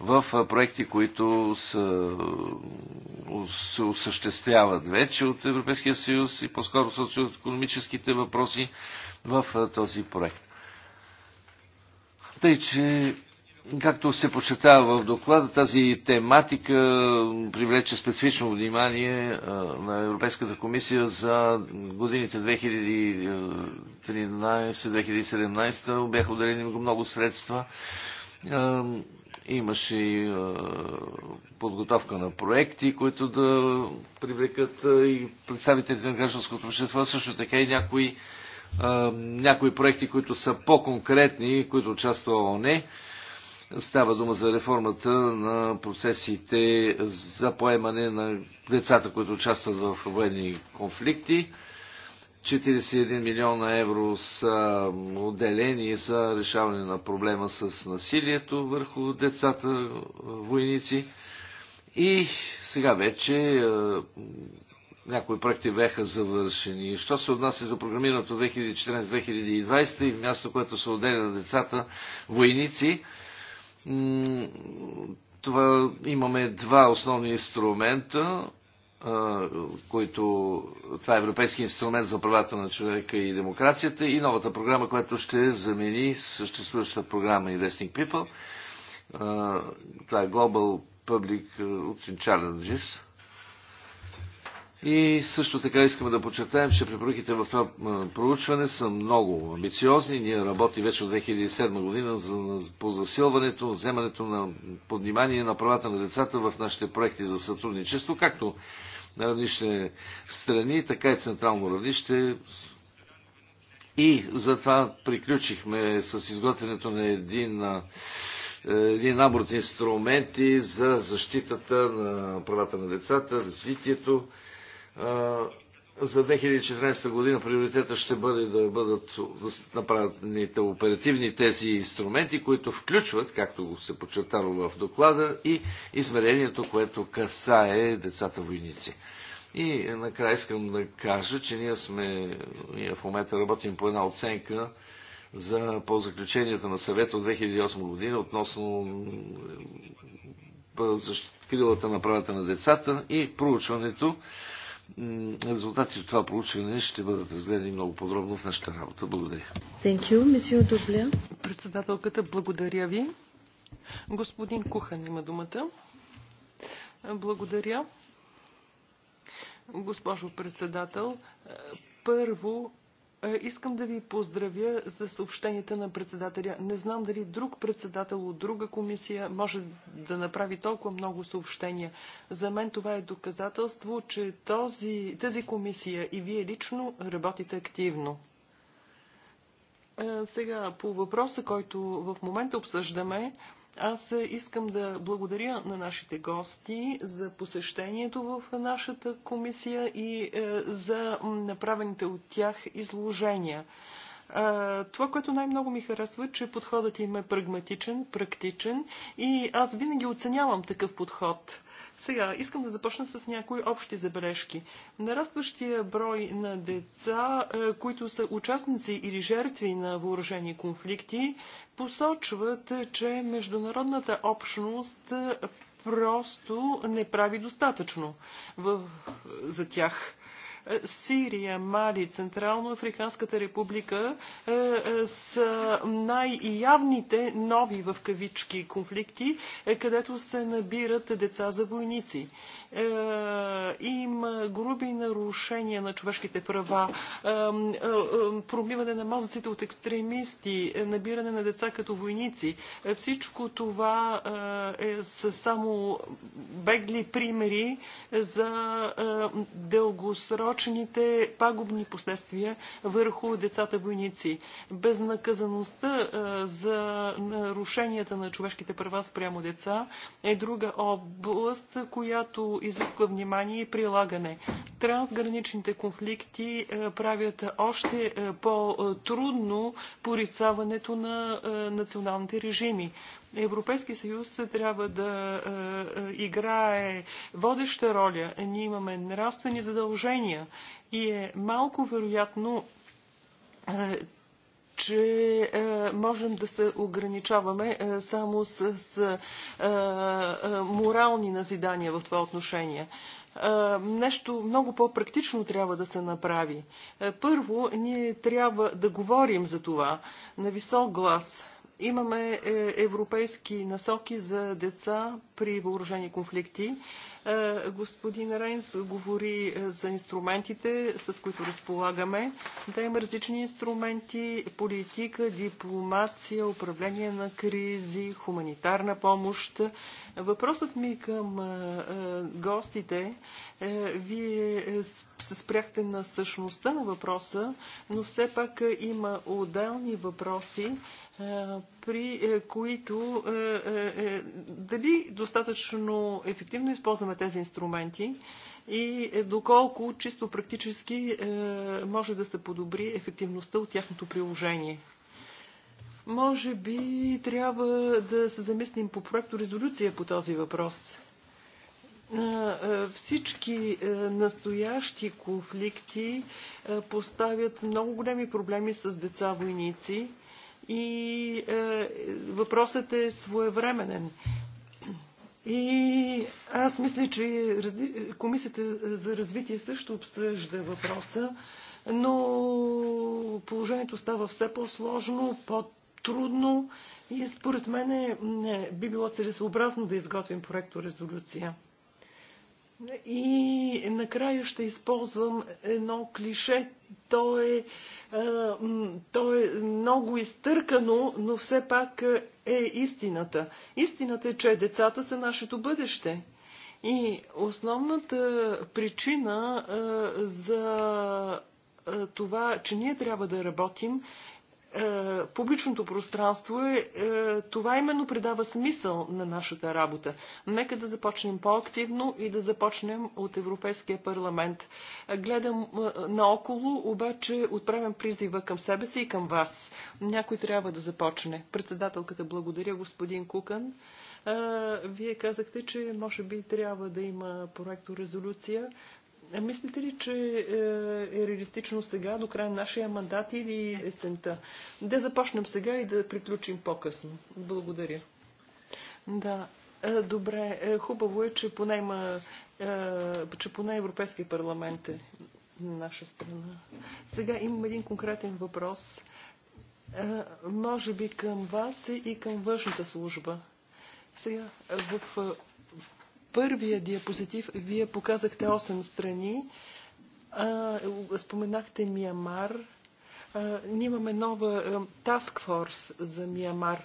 в проекти, които са, се осъществяват вече от Европейския съюз и по-скоро социо-економическите въпроси в този проект. Тъй, че Както се подчертава в доклада, тази тематика привлече специфично внимание на Европейската комисия за годините 2013-2017. Бяха отделени много средства. Имаше и подготовка на проекти, които да привлекат и представителите на гражданското общество, също така и някои някои проекти, които са по-конкретни, които участва ОНЕ, Става дума за реформата на процесите за поемане на децата, които участват в военни конфликти. 41 милиона евро са отделени за решаване на проблема с насилието върху децата войници. И сега вече някои проекти бяха завършени. Що се отнася за програмирането 2014-2020 и място, което се отделя на децата войници, това имаме два основни инструмента, които това е Европейски инструмент за правата на човека и демокрацията и новата програма, която ще замени съществуващата програма Investing People. Това е Global Public Occentralenges. И също така искаме да подчертаем, че препоръките в това проучване са много амбициозни. Ние работим вече от 2007 година за, по засилването, вземането на поднимание на правата на децата в нашите проекти за сътрудничество, както на равнище страни, така и централно равнище. И затова приключихме с изготвянето на един е, един набор от инструменти за защитата на правата на децата, развитието за 2014 година приоритета ще бъде да бъдат да оперативни тези инструменти, които включват, както се подчертава в доклада, и измерението, което касае децата войници. И е, накрая искам да кажа, че ние сме, ние в момента работим по една оценка за по заключенията на съвета от 2008 година относно е, крилата на правата на децата и проучването резултатите от това проучване ще бъдат разгледани много подробно в нашата работа. Благодаря. Thank you, Monsieur Dublin. Председателката, благодаря ви. Господин Кухан има думата. Благодаря. Госпожо председател, първо е, искам да ви поздравя за съобщенията на председателя. Не знам дали друг председател от друга комисия може да направи толкова много съобщения. За мен това е доказателство, че този, тази комисия и вие лично работите активно. Е, сега, по въпроса, който в момента обсъждаме, аз искам да благодаря на нашите гости за посещението в нашата комисия и е, за направените от тях изложения. Това, което най-много ми харесва, е, че подходът им е прагматичен, практичен и аз винаги оценявам такъв подход. Сега, искам да започна с някои общи забележки. Нарастващия брой на деца, които са участници или жертви на въоръжени конфликти, посочват, че международната общност просто не прави достатъчно в, за тях. Е, Сирия, Мали, Централно Африканската република е, е, са най-явните нови в кавички конфликти, където се набират деца за войници. Има груби нарушения на човешките права, промиване на мозъците от екстремисти, набиране на деца като войници. Всичко това е само бегли примери за дългосрочни посочените пагубни последствия върху децата войници. Безнаказаността е, за нарушенията на човешките права спрямо деца е друга област, която изисква внимание и прилагане. Трансграничните конфликти е, правят още е, по-трудно порицаването на националните режими. Европейския съюз трябва да е, е, играе водеща роля. Ние имаме нравствени задължения и е малко вероятно е, че е, можем да се ограничаваме е, само с, с е, е, морални назидания в това отношение. нещо много по-практично трябва да се направи. първо, ние трябва да говорим за това на висок глас Имаме е, европейски насоки за деца при въоружени конфликти. Е, господин Рейнс говори е, за инструментите, с които разполагаме. Да има различни инструменти, политика, дипломация, управление на кризи, хуманитарна помощ. Въпросът ми към гостите вие се спряхте на същността на въпроса, но все пак има отделни въпроси, при е, които е, е, дали достатъчно ефективно използваме тези инструменти и доколко чисто практически може да се подобри ефективността от тяхното приложение. Може би трябва да се замислим по проекто резолюция по този въпрос. Всички настоящи конфликти поставят много големи проблеми с деца войници и е, въпросът е своевременен. И аз мисля, че Комисията за развитие също обсъжда въпроса, но положението става все по-сложно, по-трудно и според мен е, би било целесообразно да изготвим проекто резолюция. И накрая ще използвам едно клише. То е е, То е много изтъркано, но все пак е, е истината. Истината е, че децата са нашето бъдеще. И основната причина е, за това, че ние трябва да работим, е, публичното пространство е, е, това именно придава смисъл на нашата работа. Нека да започнем по-активно и да започнем от Европейския парламент. Гледам е, наоколо, обаче отправям призива към себе си и към вас. Някой трябва да започне. Председателката благодаря, господин Кукан. Вие казахте, че може би трябва да има проекто резолюция. Мислите ли, че е, е реалистично сега, до края на нашия мандат или есента? Да започнем сега и да приключим по-късно. Благодаря. Да, е, добре. Е, хубаво е, че поне, има, че поне Европейски парламент е на наша страна. Сега имам един конкретен въпрос. Може би към вас и към външната служба. Сега в първия диапозитив вие показахте 8 страни. Споменахте Миямар. Ние имаме нова таскфорс за Миямар.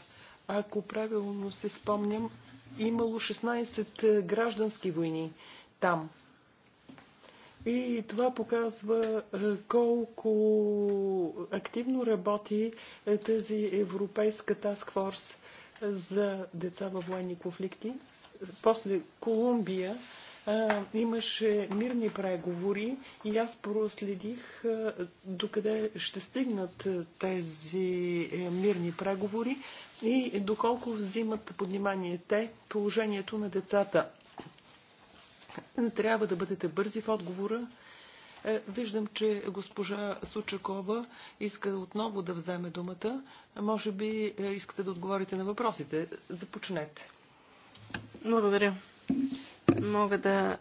Ако правилно се спомням, имало 16 граждански войни там. И това показва колко активно работи тази европейска таскфорс за деца във военни конфликти после Колумбия имаше мирни преговори и аз проследих докъде ще стигнат тези е, мирни преговори и доколко взимат под внимание те положението на децата. Трябва да бъдете бързи в отговора. Е, виждам, че госпожа Сучакова иска отново да вземе думата. Може би е, искате да отговорите на въпросите. Започнете. Благодаря. Мога да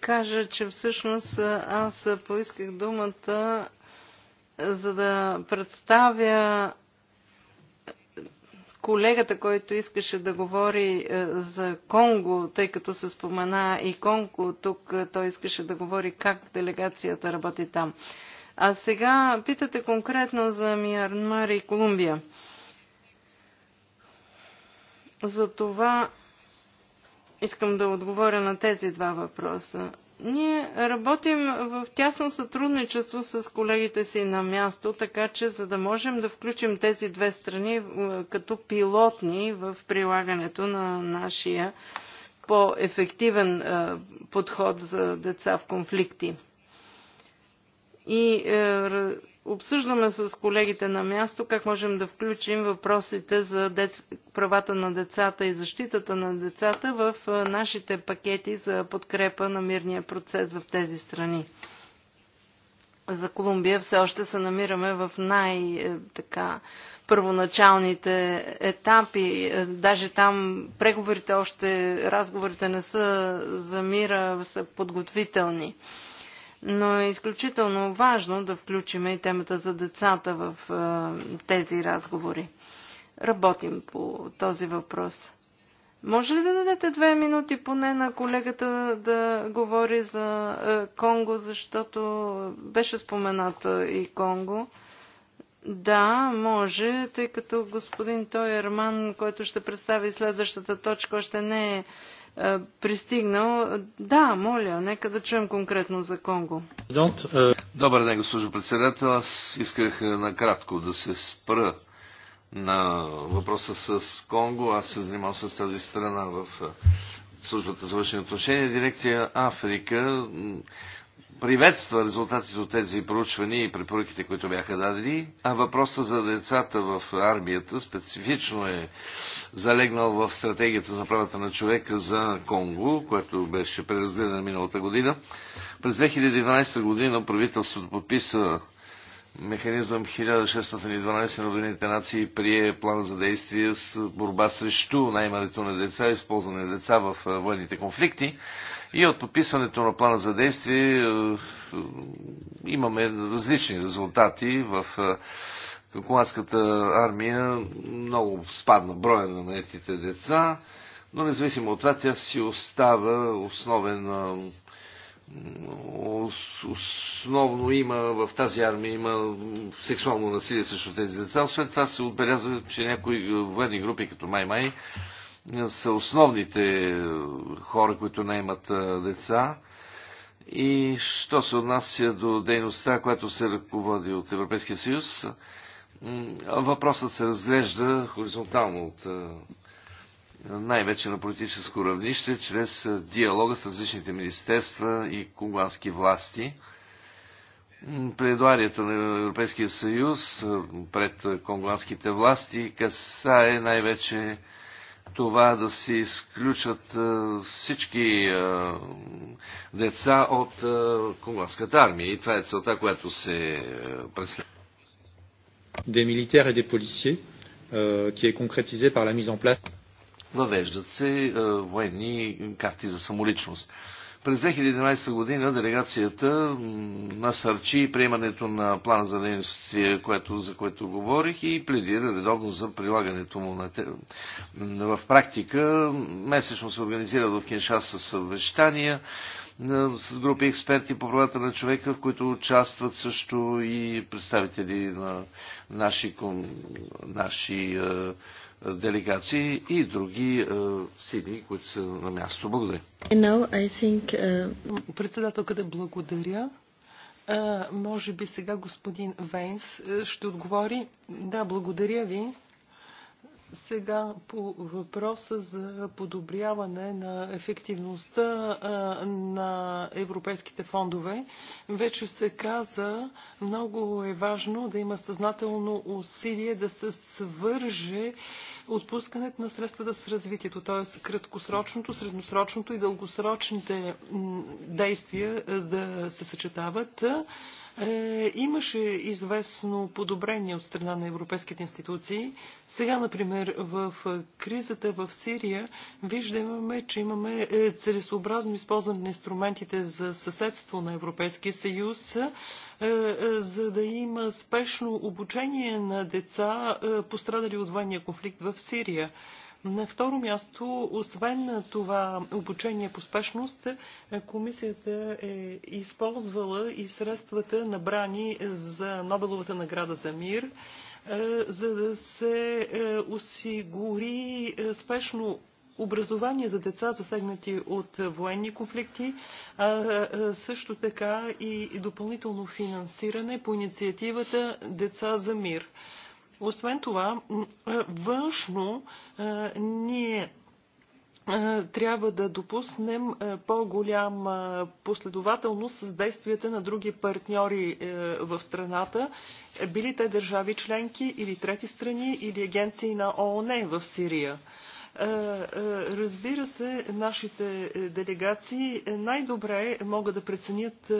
кажа, че всъщност аз поисках думата за да представя колегата, който искаше да говори за Конго, тъй като се спомена и Конго, тук той искаше да говори как делегацията работи там. А сега питате конкретно за Миянмар и Колумбия. За това искам да отговоря на тези два въпроса. Ние работим в тясно сътрудничество с колегите си на място, така че за да можем да включим тези две страни е, като пилотни в прилагането на нашия по-ефективен е, подход за деца в конфликти. И е, Обсъждаме с колегите на място как можем да включим въпросите за дец... правата на децата и защитата на децата в нашите пакети за подкрепа на мирния процес в тези страни. За Колумбия все още се намираме в най-така е, първоначалните етапи. Е, даже там преговорите още, разговорите не са за мира, са подготвителни но е изключително важно да включим и темата за децата в тези разговори. Работим по този въпрос. Може ли да дадете две минути поне на колегата да говори за Конго, защото беше спомената и Конго? Да, може, тъй като господин Той Ерман, който ще представи следващата точка, още не е е, пристигнал. Да, моля, нека да чуем конкретно за Конго. Е, Добър ден, госпожо председател. Аз исках е, накратко да се спра на въпроса с Конго. Аз се занимавам с тази страна в службата за външни отношения. Дирекция Африка приветства резултатите от тези проучвания и препоръките, които бяха дадени, а въпроса за децата в армията специфично е залегнал в стратегията за правата на човека за Конго, което беше преразгледана миналата година. През 2012 година правителството подписа механизъм 1612 на Обединените нации прие план за действие с борба срещу наймането на деца, използване на деца в военните конфликти. И от подписването на плана за действие е, имаме различни резултати в е, Холандската армия много спадна броя на наетите деца, но независимо от това тя си остава основен е, основно има в тази армия има сексуално насилие срещу тези деца. Освен това се отбелязва, че някои военни групи като Май-Май са основните е, хора, които имат е, деца. И що се отнася до дейността, която се ръководи от Европейския съюз, въпросът се разглежда хоризонтално от е, най-вече на политическо равнище, чрез диалога с различните министерства и кубански власти. Предуарията на Европейския съюз пред конгуанските власти касае най-вече това да се изключат е, всички е, деца от е, конгланската армия. И това е целта, която се преследва. Де милитари и де policiers, ки е конкретизе concrétisée par la Въвеждат се военни карти за самоличност. През 2011 година делегацията насърчи приемането на плана за действие, което, за което говорих и пледира редовно за прилагането му на те... в практика. Месечно се организира в с съвещания с групи експерти по правата на човека, в които участват също и представители на наши, наши е, делегации и други е, сили, които са на място. Благодаря. Think, uh... Председателката, благодаря. А, е, може би сега господин Вейнс ще отговори. Да, благодаря ви. Сега по въпроса за подобряване на ефективността на европейските фондове. Вече се каза, много е важно да има съзнателно усилие да се свърже отпускането на средствата с развитието, т.е. краткосрочното, средносрочното и дългосрочните действия да се съчетават. Е, имаше известно подобрение от страна на европейските институции. Сега, например, в кризата в Сирия виждаме, че имаме е, целесообразно използване на инструментите за съседство на Европейския съюз, е, е, за да има спешно обучение на деца, е, пострадали от военния конфликт в Сирия. На второ място, освен това обучение по спешност, комисията е използвала и средствата набрани за Нобеловата награда за мир, е, за да се е, осигури е, спешно образование за деца, засегнати от военни конфликти, а също така и допълнително финансиране по инициативата Деца за мир. Освен това, външно ние трябва да допуснем по-голяма последователност с действията на други партньори е, в страната, били те държави членки или трети страни или агенции на ООН в Сирия. Е, е, разбира се, нашите е, делегации най-добре могат да преценят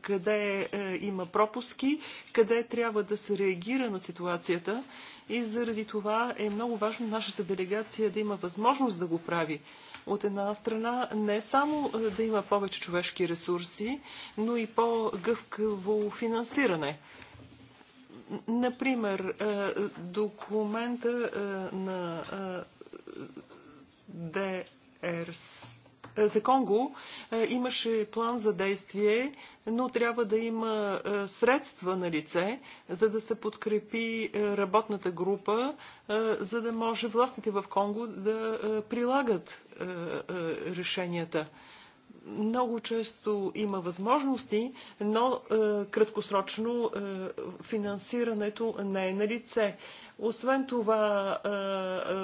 къде има пропуски, къде трябва да се реагира на ситуацията и заради това е много важно нашата делегация да има възможност да го прави. От една страна не само да има повече човешки ресурси, но и по-гъвкаво финансиране. Например, документа на ДРС за Конго е, имаше план за действие, но трябва да има е, средства на лице, за да се подкрепи е, работната група, за да може властите в Конго да прилагат решенията много често има възможности, но е, краткосрочно е, финансирането не е на лице. Освен това, е,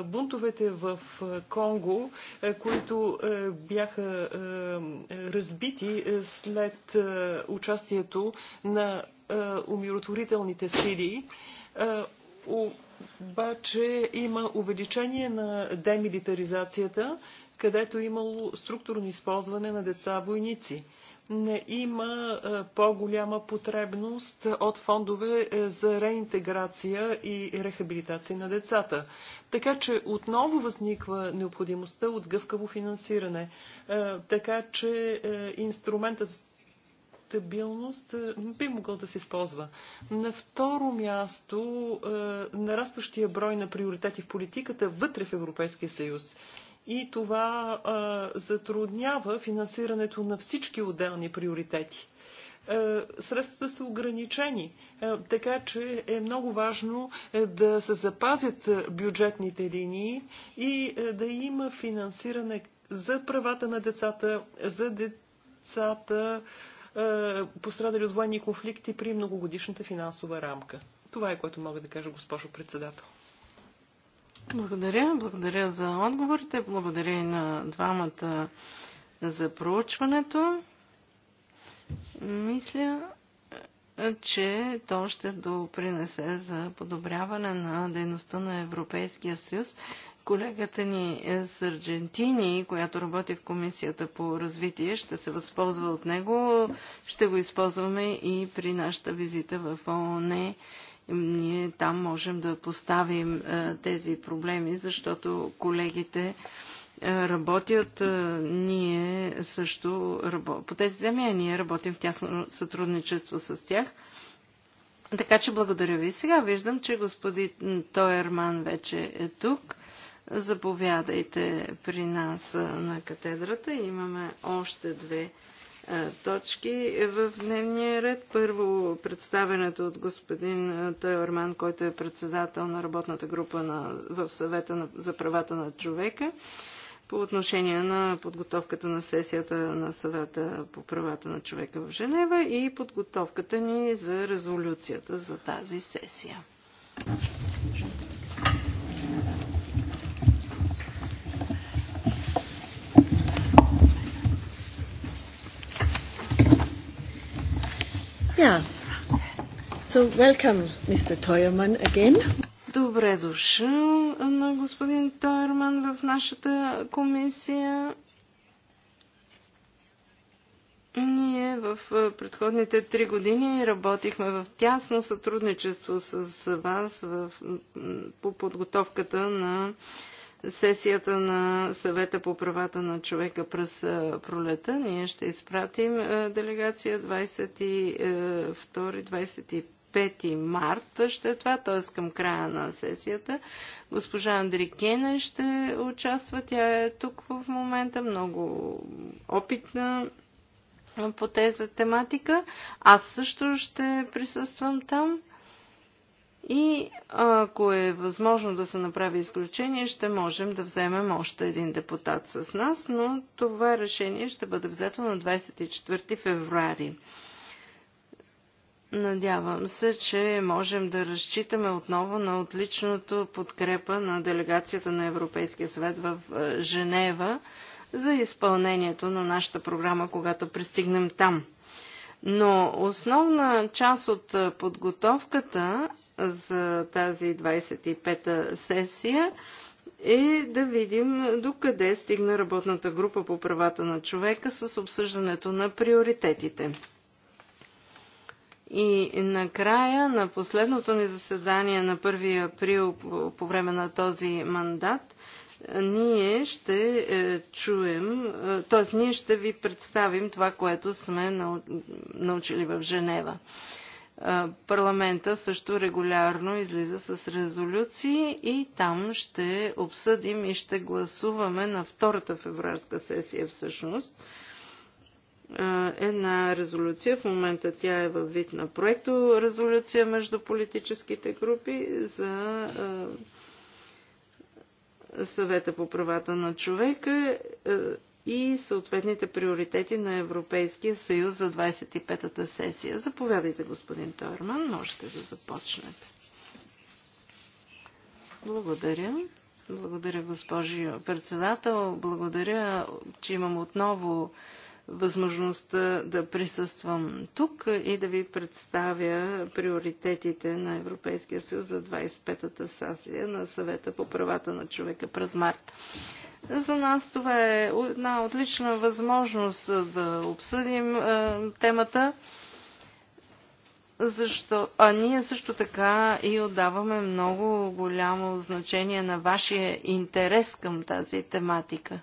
е бунтовете в е, Конго, е, които е, бяха е, разбити е, след е, участието на е, умиротворителните сили, е, обаче има увеличение на демилитаризацията, където е имало структурно използване на деца-войници. Има по-голяма потребност от фондове е, за реинтеграция и рехабилитация на децата. Така че отново възниква необходимостта от гъвкаво финансиране. Е, така че инструментът Стабилност е, би могъл да се използва. На второ място, е, нарастващия брой на приоритети в политиката вътре в Европейския съюз. И това е, затруднява финансирането на всички отделни приоритети средствата са ограничени. Така че е много важно да се запазят бюджетните линии и да има финансиране за правата на децата, за децата е, пострадали от военни конфликти при многогодишната финансова рамка. Това е което мога да кажа, госпожо председател. Благодаря. Благодаря за отговорите. Благодаря и на двамата за проучването. Мисля, е, че то ще допринесе за подобряване на дейността на Европейския съюз колегата ни с Аржентини, която работи в Комисията по развитие, ще се възползва от него. Ще го използваме и при нашата визита в ООН. Ние там можем да поставим е, тези проблеми, защото колегите е, работят. Е, ние също по тези теми, а ние работим в тясно сътрудничество с тях. Така че благодаря ви. Сега виждам, че господин Тойерман вече е тук. Заповядайте при нас на катедрата. Имаме още две точки в дневния ред. Първо представенето от господин Тойорман, който е председател на работната група на, в съвета на, за правата на човека по отношение на подготовката на сесията на съвета по правата на човека в Женева и подготовката ни за резолюцията за тази сесия. Yeah. So welcome, Mr. Toyerman, again. Добре дошъл на господин Тойерман в нашата комисия. Ние в предходните три години работихме в тясно сътрудничество с вас в, по подготовката на сесията на съвета по правата на човека през пролета. Ние ще изпратим делегация 22-25 марта ще е това, т.е. към края на сесията. Госпожа Андри Кене ще участва. Тя е тук в момента, много опитна по тези тематика. Аз също ще присъствам там. И ако е възможно да се направи изключение, ще можем да вземем още един депутат с нас, но това решение ще бъде взето на 24 февруари. Надявам се, че можем да разчитаме отново на отличното подкрепа на делегацията на Европейския съвет в е, Женева за изпълнението на нашата програма, когато пристигнем там. Но основна част от е, подготовката за тази 25-та сесия е да видим докъде стигна работната група по правата на човека с обсъждането на приоритетите. И накрая, на последното ни заседание на 1 април по време на този мандат, ние ще е, чуем, е, т.е. ние ще ви представим това, което сме научили в Женева. Парламента също регулярно излиза с резолюции и там ще обсъдим и ще гласуваме на втората февралска сесия всъщност една резолюция. В момента тя е във вид на проекто резолюция между политическите групи за съвета по правата на човека и съответните приоритети на Европейския съюз за 25-та сесия. Заповядайте, господин Торман, можете да започнете. Благодаря. Благодаря, госпожи председател. Благодаря, че имам отново възможността да присъствам тук и да ви представя приоритетите на Европейския съюз за 25-та сесия на съвета по правата на човека през март. За нас това е една отлична възможност да обсъдим е, темата, защо... а ние също така и отдаваме много голямо значение на вашия интерес към тази тематика.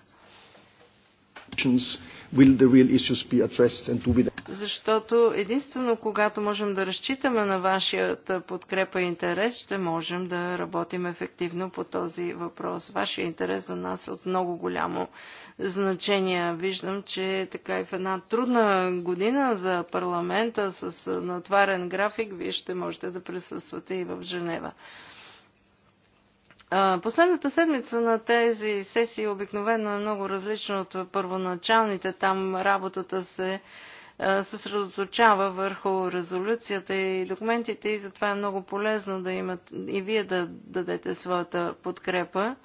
Защото единствено когато можем да разчитаме на вашата подкрепа и интерес, ще можем да работим ефективно по този въпрос. Вашия интерес за нас е от много голямо значение. Виждам, че така и в една трудна година за парламента с натварен график, вие ще можете да присъствате и в Женева. Последната седмица на тези сесии обикновено е много различна от първоначалните. Там работата се съсредоточава върху резолюцията и документите и затова е много полезно да имат и вие да дадете своята подкрепа.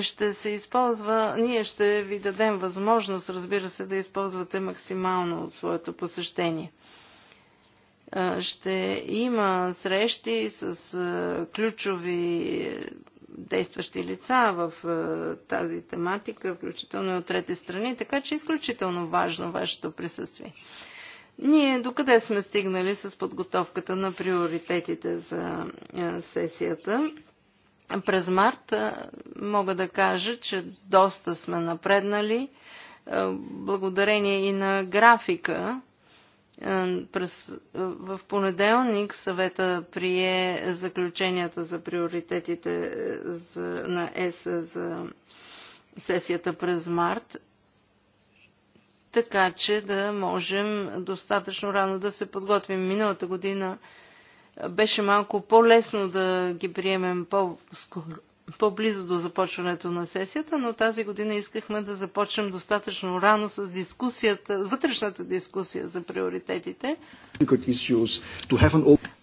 Ще се използва, ние ще ви дадем възможност, разбира се, да използвате максимално своето посещение. Ще има срещи с ключови е, действащи лица в тази тематика, включително и от трети страни, така че е изключително важно вашето присъствие. Ние докъде сме стигнали с подготовката на приоритетите за сесията? През март мога да кажа, че доста сме напреднали, благодарение и на графика, е, през, е, в понеделник съвета прие заключенията за приоритетите е, за, на ЕС за сесията през март, така че да можем достатъчно рано да се подготвим. Миналата година беше малко по-лесно да ги приемем по-скоро по-близо до започването на сесията, но тази година искахме да започнем достатъчно рано с дискусията, вътрешната дискусия за приоритетите.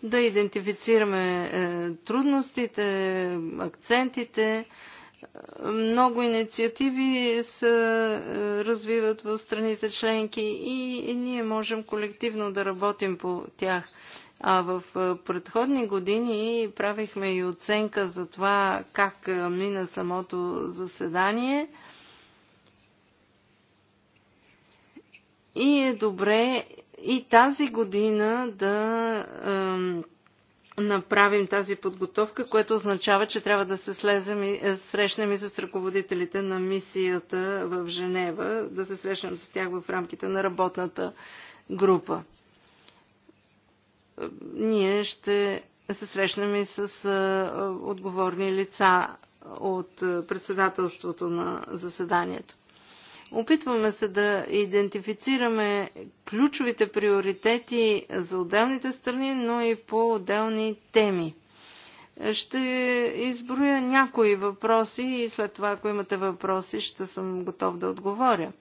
Да идентифицираме е, трудностите, акцентите. Много инициативи се е, развиват в страните членки и ние можем колективно да работим по тях – а в предходни години правихме и оценка за това как мина самото заседание. И е добре и тази година да ем, направим тази подготовка, което означава, че трябва да се слезем и, е, срещнем и с ръководителите на мисията в Женева, да се срещнем с тях в рамките на работната група ние ще се срещнем и с отговорни лица от председателството на заседанието. Опитваме се да идентифицираме ключовите приоритети за отделните страни, но и по отделни теми. Ще изброя някои въпроси и след това, ако имате въпроси, ще съм готов да отговоря.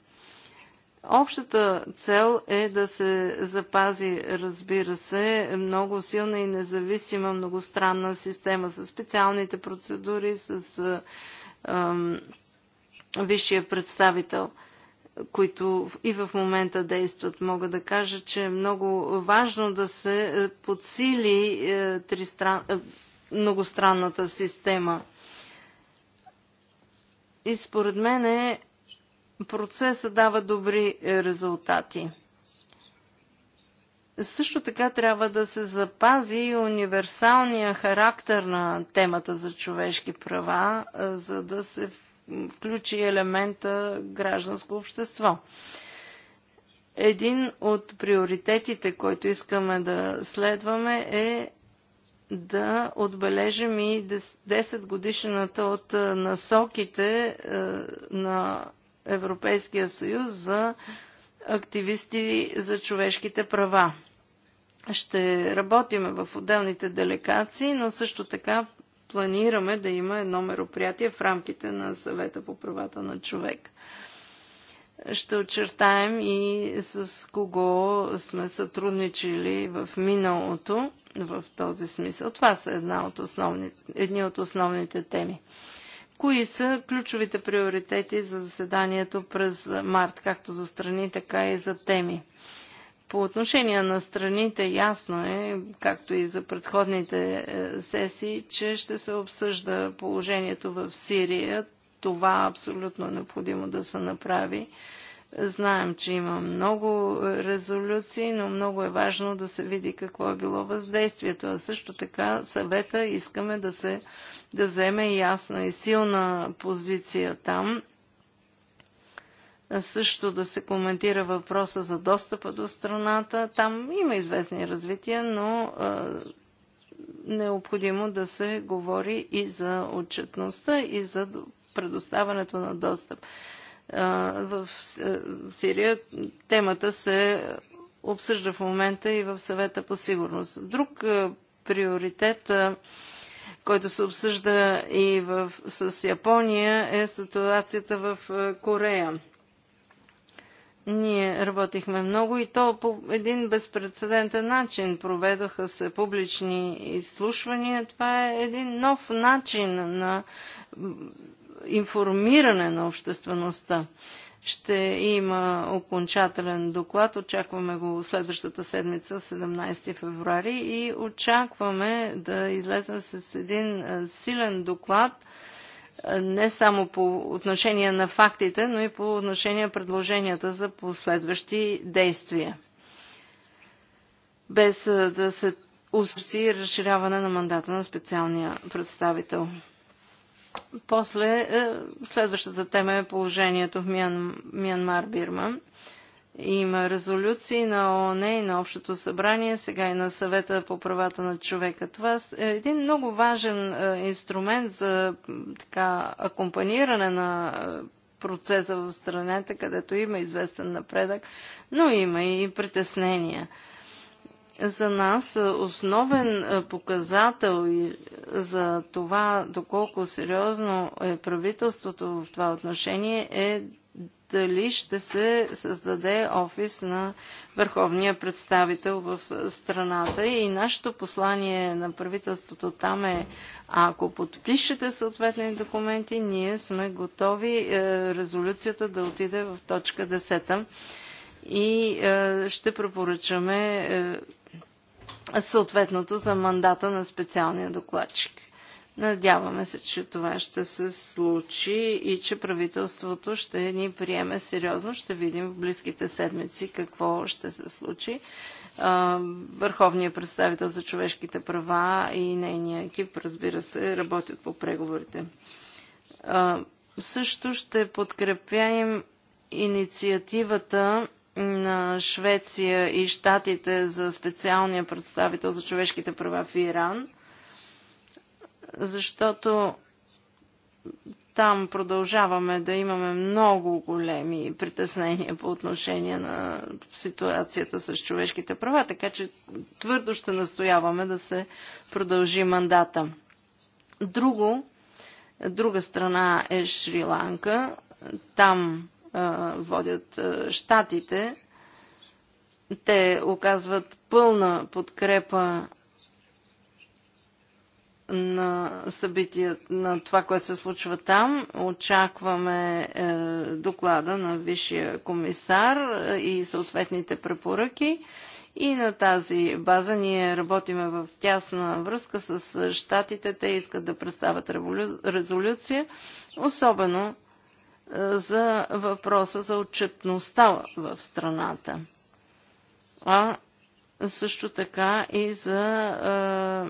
Общата цел е да се запази, разбира се, много силна и независима многостранна система с специалните процедури, с ам, висшия представител, които и в момента действат. Мога да кажа, че е много важно да се е, подсили е, тристран... Е, многостранната система. И според мен е процеса дава добри е, резултати. Също така трябва да се запази и универсалния характер на темата за човешки права, е, за да се включи елемента гражданско общество. Един от приоритетите, който искаме да следваме е да отбележим и 10 годишната от е, насоките на Европейския съюз за активисти за човешките права. Ще работим в отделните делегации, но също така планираме да има едно мероприятие в рамките на съвета по правата на човек. Ще очертаем и с кого сме сътрудничили в миналото в този смисъл. Това са една от основни, едни от основните теми. Кои са ключовите приоритети за заседанието през март, както за страни, така и за теми? По отношение на страните ясно е, както и за предходните е, сесии, че ще се обсъжда положението в Сирия. Това абсолютно е необходимо да се направи. Знаем, че има много е, резолюции, но много е важно да се види какво е било въздействието. А също така съвета искаме да се да вземе ясна и силна позиция там. Също да се коментира въпроса за достъпа до страната. Там има известни развития, но необходимо да се говори и за отчетността, и за предоставянето на достъп. Е, в Сирия. Темата се обсъжда в момента и в съвета по сигурност. Друг е, приоритет, е, който се обсъжда и в, с Япония, е ситуацията в Корея. Ние работихме много и то по един безпредседентен начин. Проведоха се публични изслушвания. Това е един нов начин на информиране на обществеността. Ще има окончателен доклад. Очакваме го следващата седмица, 17 февруари, и очакваме да излезем с един е, силен доклад – не само по отношение на фактите, но и по отношение на предложенията за последващи действия. Без да се усърси разширяване на мандата на специалния представител. После е, следващата тема е положението в Мянмар, Бирма. Има резолюции на ООН и на Общото събрание, сега и на съвета по правата на човека. Това е един много важен е, инструмент за така, акомпаниране на е, процеса в страната, където има известен напредък, но има и притеснения. За нас основен е, показател за това, доколко сериозно е правителството в това отношение, е дали ще се създаде офис на върховния представител в страната. И нашето послание на правителството там е, ако подпишете съответни документи, ние сме готови е, резолюцията да отиде в точка 10 и е, ще препоръчаме е, съответното за мандата на специалния докладчик. Надяваме се, че това ще се случи и че правителството ще ни приеме сериозно. Ще видим в близките седмици какво ще се случи. Върховният представител за човешките права и нейния екип, разбира се, работят по преговорите. Също ще подкрепяем инициативата на Швеция и Штатите за специалния представител за човешките права в Иран – защото там продължаваме да имаме много големи притеснения по отношение на ситуацията с човешките права, така че твърдо ще настояваме да се продължи мандата. Друго, друга страна е Шри-Ланка. Там а, водят а, щатите. Те оказват пълна подкрепа на събития, на това, което се случва там. Очакваме е, доклада на Висшия комисар е, и съответните препоръки. И на тази база ние работиме в тясна връзка с е, щатите. Те искат да представят резолюция, особено е, за въпроса за отчетността в страната. А също така и за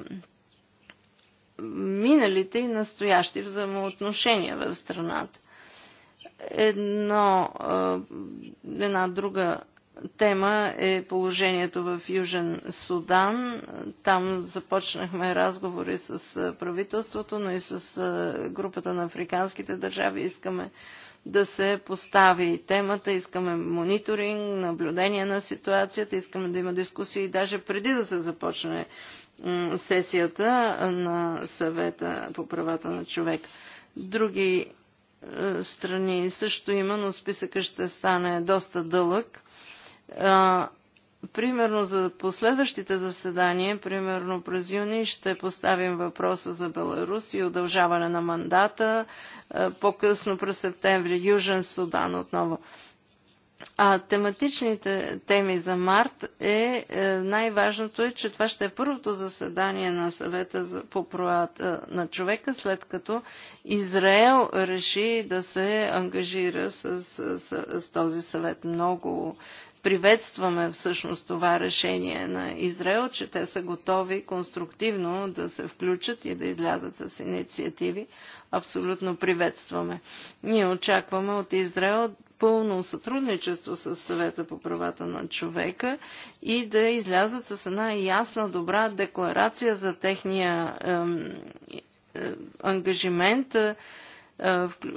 е, миналите и настоящи взаимоотношения в страната. Едно, една друга тема е положението в Южен Судан. Там започнахме разговори с правителството, но и с групата на африканските държави. Искаме да се постави темата, искаме мониторинг, наблюдение на ситуацията, искаме да има дискусии даже преди да се започне сесията на съвета по правата на човек. Други е, страни също има, но списъка ще стане доста дълъг. Примерно за последващите заседания, примерно през юни, ще поставим въпроса за Беларус и удължаване на мандата. Е, по-късно през септември Южен Судан отново. А тематичните теми за март е, е, най-важното е, че това ще е първото заседание на съвета по правата на човека, след като Израел реши да се ангажира с, с, с този съвет. Много приветстваме всъщност това решение на Израел, че те са готови конструктивно да се включат и да излязат с инициативи. Абсолютно приветстваме. Ние очакваме от Израел пълно сътрудничество с съвета по правата на човека и да излязат с една ясна, добра декларация за техния ем, е, ангажимент. Е,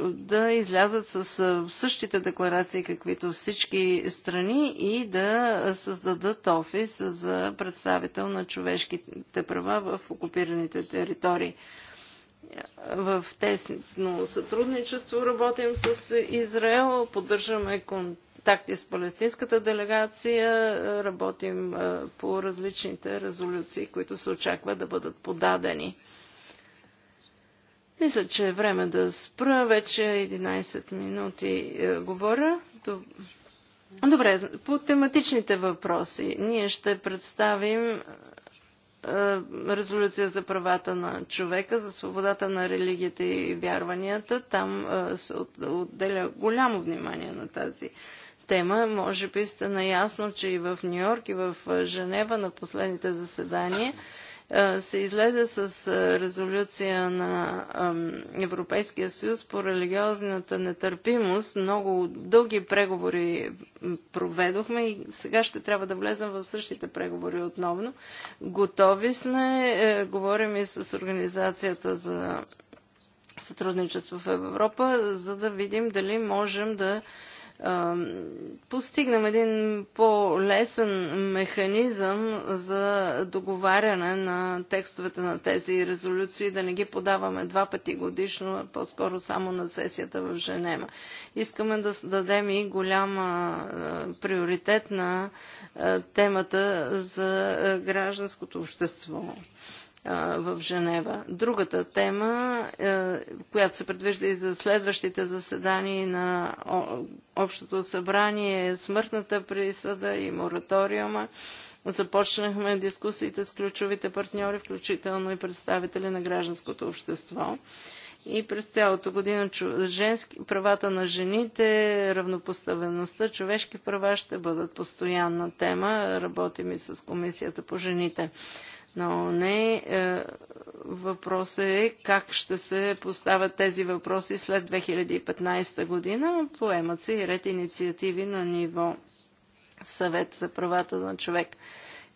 да излязат с същите декларации, каквито всички страни и да създадат офис за представител на човешките права в окупираните територии. В тесно сътрудничество работим с Израел, поддържаме контакти с палестинската делегация, работим по различните резолюции, които се очаква да бъдат подадени. Мисля, че е време да спра. Вече 11 минути е, говоря. Добре, по тематичните въпроси. Ние ще представим е, резолюция за правата на човека, за свободата на религията и вярванията. Там е, се отделя голямо внимание на тази тема. Може би сте наясно, че и в Нью-Йорк, и в е, Женева на последните заседания – се излезе с резолюция на Европейския съюз по религиозната нетърпимост. Много дълги преговори проведохме и сега ще трябва да влезем в същите преговори отново. Готови сме, е, говорим и с Организацията за сътрудничество в Европа, за да видим дали можем да постигнем един по-лесен механизъм за договаряне на текстовете на тези резолюции, да не ги подаваме два пъти годишно, по-скоро само на сесията в Женема. Искаме да дадем и голяма приоритет на темата за гражданското общество в Женева. Другата тема, е, която се предвижда и за следващите заседания на Общото събрание е смъртната присъда и мораториума. Започнахме дискусиите с ключовите партньори, включително и представители на гражданското общество. И през цялото година женски, правата на жените, равнопоставеността, човешки права ще бъдат постоянна тема. Работим и с Комисията по жените на ООН. Е, въпросът е как ще се поставят тези въпроси след 2015 година. Поемат се и ред инициативи на ниво съвет за правата на човек.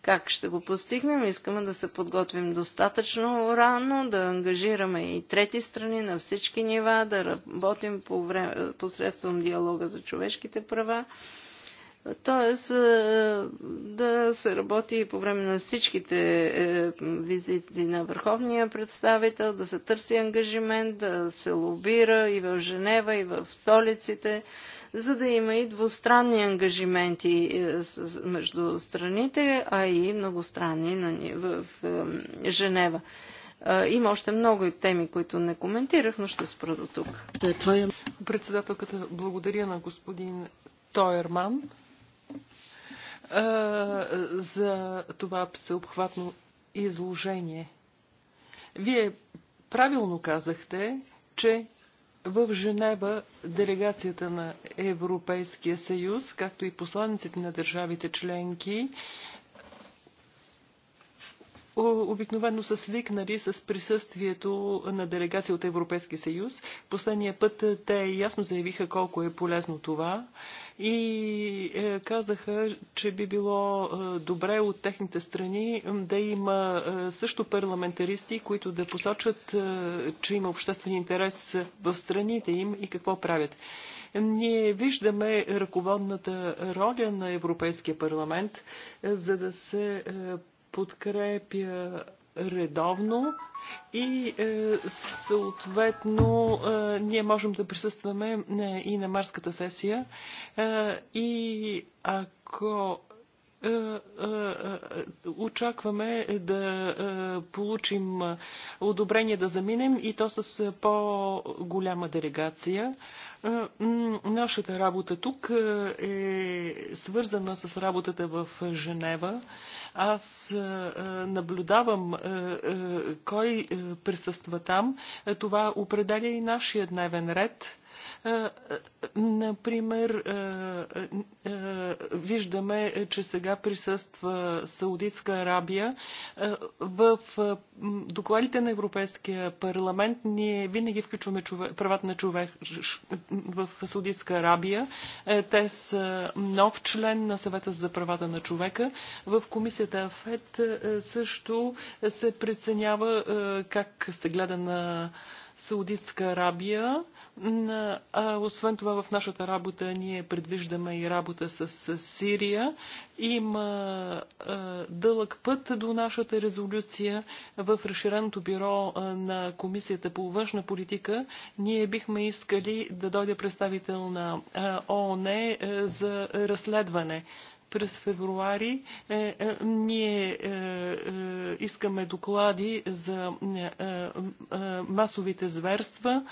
Как ще го постигнем? Искаме да се подготвим достатъчно рано, да ангажираме и трети страни на всички нива, да работим по време, посредством диалога за човешките права Тоест е, да се работи по време на всичките е, визити на върховния представител, да се търси ангажимент, да се лобира и в Женева, и в столиците, за да има и двустранни ангажименти е, между страните, а и многостранни в Женева. Има още много теми, които не коментирах, но ще спра до тук. Председателката благодаря на господин Тойерман за това всеобхватно изложение. Вие правилно казахте, че в Женева делегацията на Европейския съюз, както и посланиците на държавите членки, обикновено са свикнали с присъствието на делегация от Европейския съюз. Последния път е, те ясно заявиха колко е полезно това и е, казаха, че би било е, добре от техните страни да има също парламентаристи, които да посочат, че има обществен интерес в страните им и какво правят ние виждаме ръководната роля на Европейския парламент, за да се подкрепя редовно и е, съответно е, ние можем да присъстваме е, и на марската сесия и ако е, е, е, очакваме да получим одобрение да заминем и то с по-голяма делегация. Нашата работа тук е свързана с работата в Женева. Аз наблюдавам кой присъства там. Това определя и нашия дневен ред Например, виждаме, че сега присъства Саудитска Арабия. В докладите на Европейския парламент ние винаги включваме правата на човек в Саудитска Арабия. Е, те са нов член на съвета за правата на човека. В комисията АФЕТ е, също се преценява е, как се гледа на Саудитска Арабия. А, освен това, в нашата работа ние предвиждаме и работа с, с Сирия. Има а, дълъг път до нашата резолюция в разширеното бюро а, на Комисията по външна политика. Ние бихме искали да дойде представител на ООН за разследване през февруари е, е, ние е, е, искаме доклади за е, е, е, масовите зверства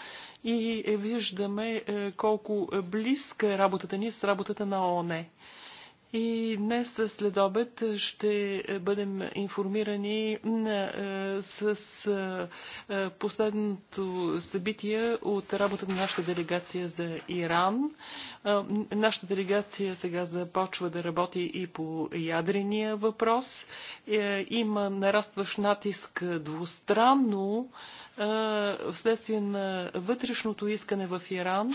и виждаме е, колко близка е работата ни с работата на ООН. И днес след обед ще бъдем информирани е, с е, последното събитие от работата на нашата делегация за Иран. Е, нашата делегация сега започва да работи и по ядрения въпрос. Има нарастващ натиск двустранно вследствие на вътрешното искане в Иран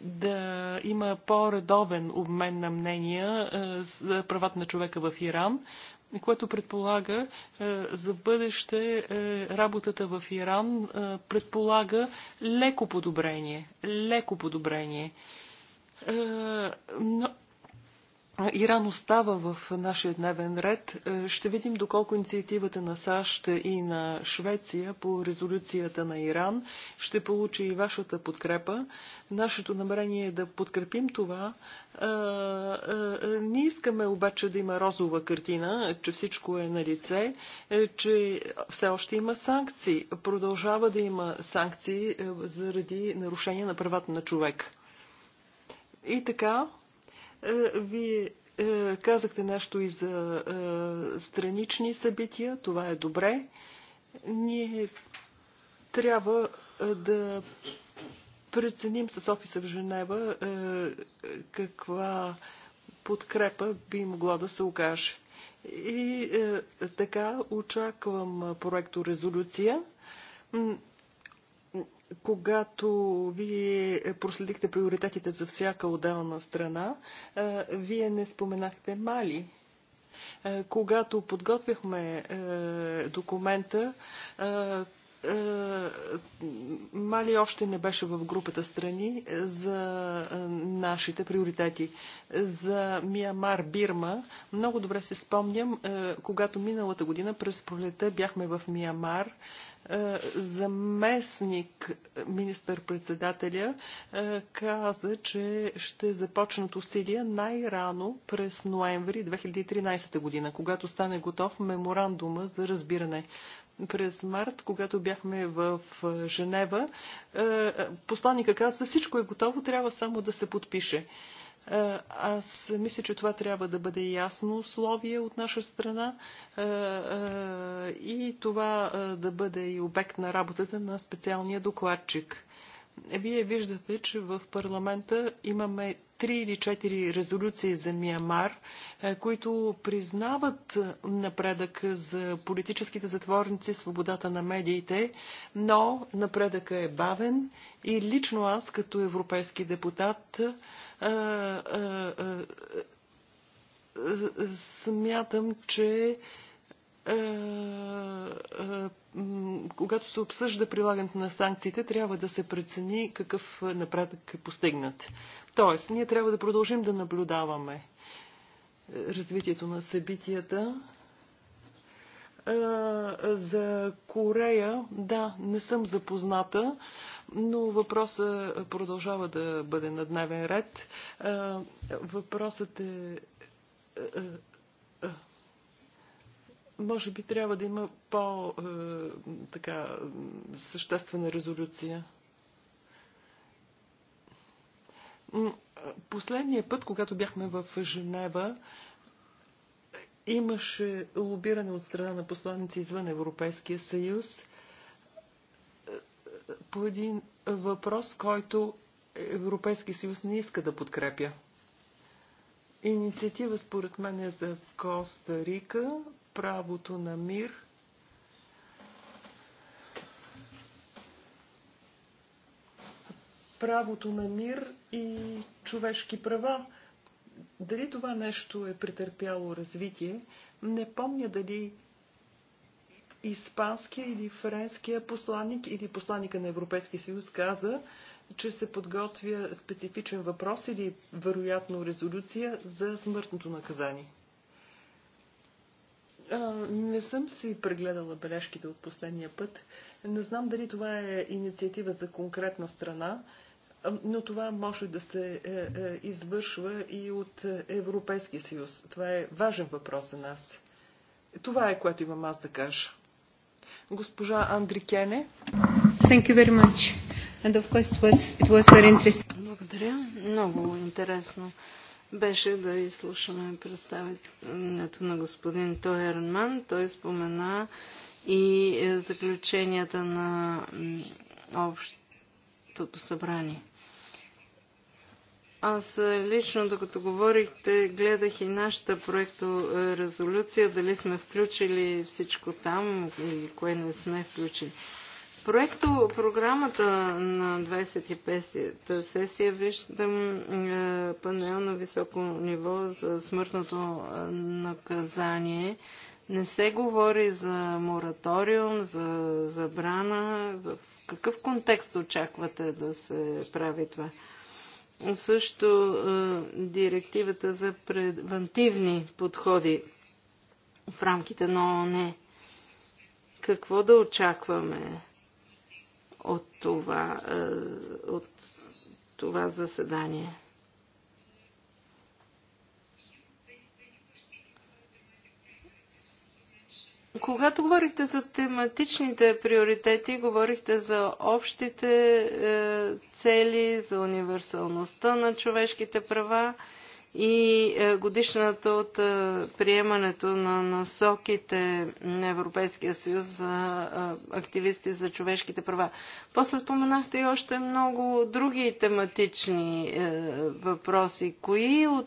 да има по-редовен обмен на мнения е, за правата на човека в Иран, което предполага е, за бъдеще е, работата в Иран предполага леко подобрение. Леко подобрение. Но Иран остава в нашия дневен ред. Е, ще видим доколко инициативата на САЩ и на Швеция по резолюцията на Иран ще получи и вашата подкрепа. Нашето намерение е да подкрепим това. Не е, е, искаме обаче да има розова картина, че всичко е на лице, че все още има санкции. Продължава да има санкции заради нарушение на правата на човек. И така, е, Вие казахте нещо и за е, странични събития. Това е добре. Ние трябва е, да преценим с офиса в Женева каква подкрепа би могла да се окаже. И така очаквам проекто резолюция когато вие проследихте приоритетите за всяка отделна страна, вие не споменахте Мали. Когато подготвяхме документа, е, Мали още не беше в групата страни за е, нашите приоритети. За Миямар, Бирма, много добре се спомням, е, когато миналата година през пролета бяхме в Миямар, заместник министър-председателя каза, че ще започнат усилия най-рано през ноември 2013 година, когато стане готов меморандума за разбиране през март, когато бяхме в е, Женева, е, е, посланника каза, всичко е готово, трябва само да се подпише. Аз мисля, че това трябва да бъде ясно условие от наша страна и това да бъде и обект на работата на специалния докладчик. Вие виждате, че в парламента имаме три или четири резолюции за Миямар, е, които признават напредък за политическите затворници, свободата на медиите, но напредъка е бавен и лично аз като европейски депутат е, е, смятам, че е, е, когато се обсъжда прилагането на санкциите, трябва да се прецени какъв напредък е постигнат. Тоест, ние трябва да продължим да наблюдаваме е, развитието на събитията. За Корея, да, не съм запозната, но въпросът продължава да бъде на дневен ред. Въпросът е може би трябва да има по-съществена така резолюция. Последния път, когато бяхме в Женева, имаше лобиране от страна на посланици извън Европейския съюз е, по един въпрос, който Европейския съюз не иска да подкрепя. Инициатива според мен е за Коста Рика, правото на мир. Правото на мир и човешки права. Дали това нещо е претърпяло развитие, не помня дали испанския или френския посланник или посланника на Европейския съюз каза, че се подготвя специфичен въпрос или вероятно резолюция за смъртното наказание. Не съм си прегледала бележките от последния път. Не знам дали това е инициатива за конкретна страна, но това може да се е, е, извършва и от Европейския съюз. Това е важен въпрос за нас. Това е което имам аз да кажа. Госпожа Андрикене. Thank you very much. And of course it was, it was very interesting. Благодаря. Много интересно. Uh, беше да изслушаме представянето на господин Тойерман. Той спомена и е, заключенията на Общото събрание. Аз е, лично, докато говорихте, гледах и нашата проекто е, резолюция, дали сме включили всичко там или кое не сме включили. Проекто програмата на 25-та сесия виждам е, панел на високо ниво за смъртното е, наказание. Не се говори за мораториум, за забрана. В какъв контекст очаквате да се прави това? Също е, директивата за превентивни подходи в рамките на ОНЕ Какво да очакваме? от това, е, от това заседание. Когато говорихте за тематичните приоритети, говорихте за общите е, цели, за универсалността на човешките права и е, годишната от е, приемането на насоките на Европейския съюз за е, активисти за човешките права. После споменахте и още много други тематични въпроси. Кои от,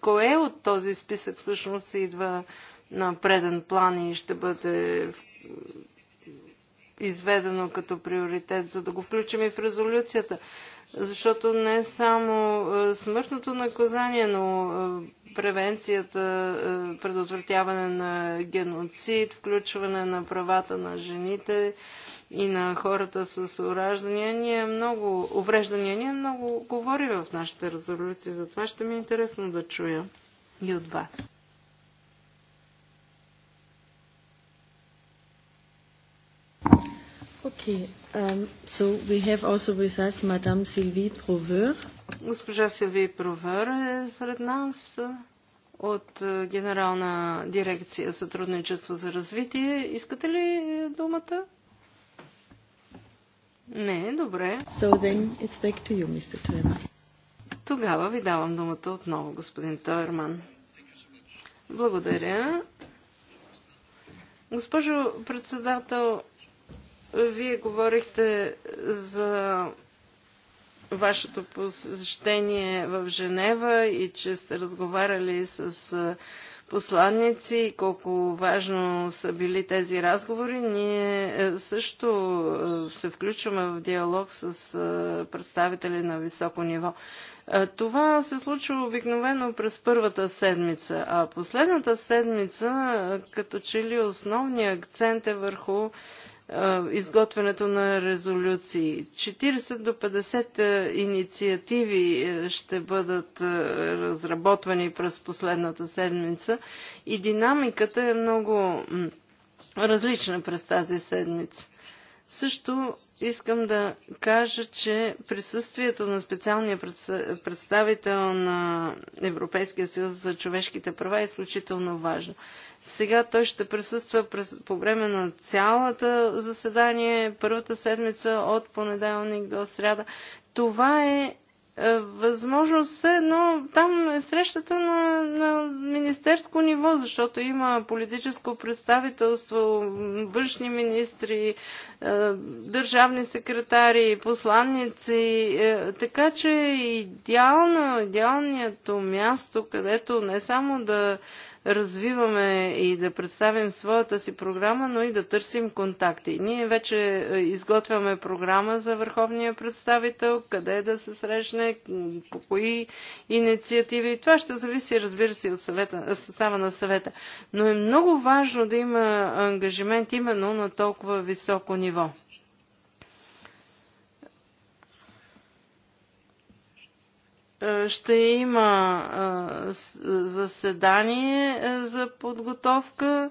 кое от този списък всъщност идва на преден план и ще бъде изведено като приоритет, за да го включим и в резолюцията? защото не само е, смъртното наказание, но е, превенцията, е, предотвратяване на геноцид, включване на правата на жените и на хората с увреждания, ние много, увреждания, ние много говори в нашите резолюции. Затова ще ми е интересно да чуя и от вас. Okay. Um, so we have also with us Madame Sylvie Proveur. Госпожа Силви Провер е сред нас от Генерална дирекция сътрудничество за развитие. Искате ли е, думата? Не, добре. So then it's back to you, Mr. Toerman. Тогава ви давам думата отново, господин Тойерман. Благодаря. Госпожо председател, вие говорихте за вашето посещение в Женева и че сте разговаряли с посланници и колко важно са били тези разговори. Ние също се включваме в диалог с представители на високо ниво. Това се случва обикновено през първата седмица, а последната седмица като че ли основният акцент е върху изготвянето на резолюции. 40 до 50 инициативи ще бъдат разработвани през последната седмица и динамиката е много различна през тази седмица. Също искам да кажа, че присъствието на специалния представител на Европейския съюз за човешките права е изключително важно. Сега той ще присъства по време на цялата заседание, първата седмица от понеделник до сряда. Това е е, възможност, все едно там е срещата на, на министерско ниво, защото има политическо представителство, външни министри, е, държавни секретари, посланници, е, така че идеално, идеалното място, където не само да развиваме и да представим своята си програма, но и да търсим контакти. Ние вече е, изготвяме програма за върховния представител, къде да се срещне, по кои инициативи. Това ще зависи, разбира се, от съвета, състава на съвета. Но е много важно да има ангажимент именно на толкова високо ниво. Е, ще има е, заседание е, за подготовка.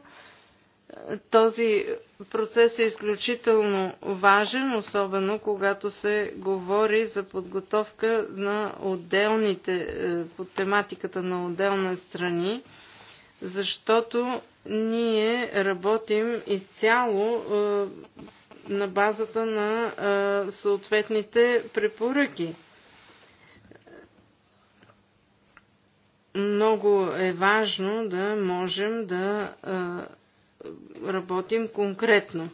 Този процес е изключително важен, особено когато се говори за подготовка на отделните, по тематиката на отделна страни, защото ние работим изцяло на базата на съответните препоръки много е важно да можем да а, работим конкретно.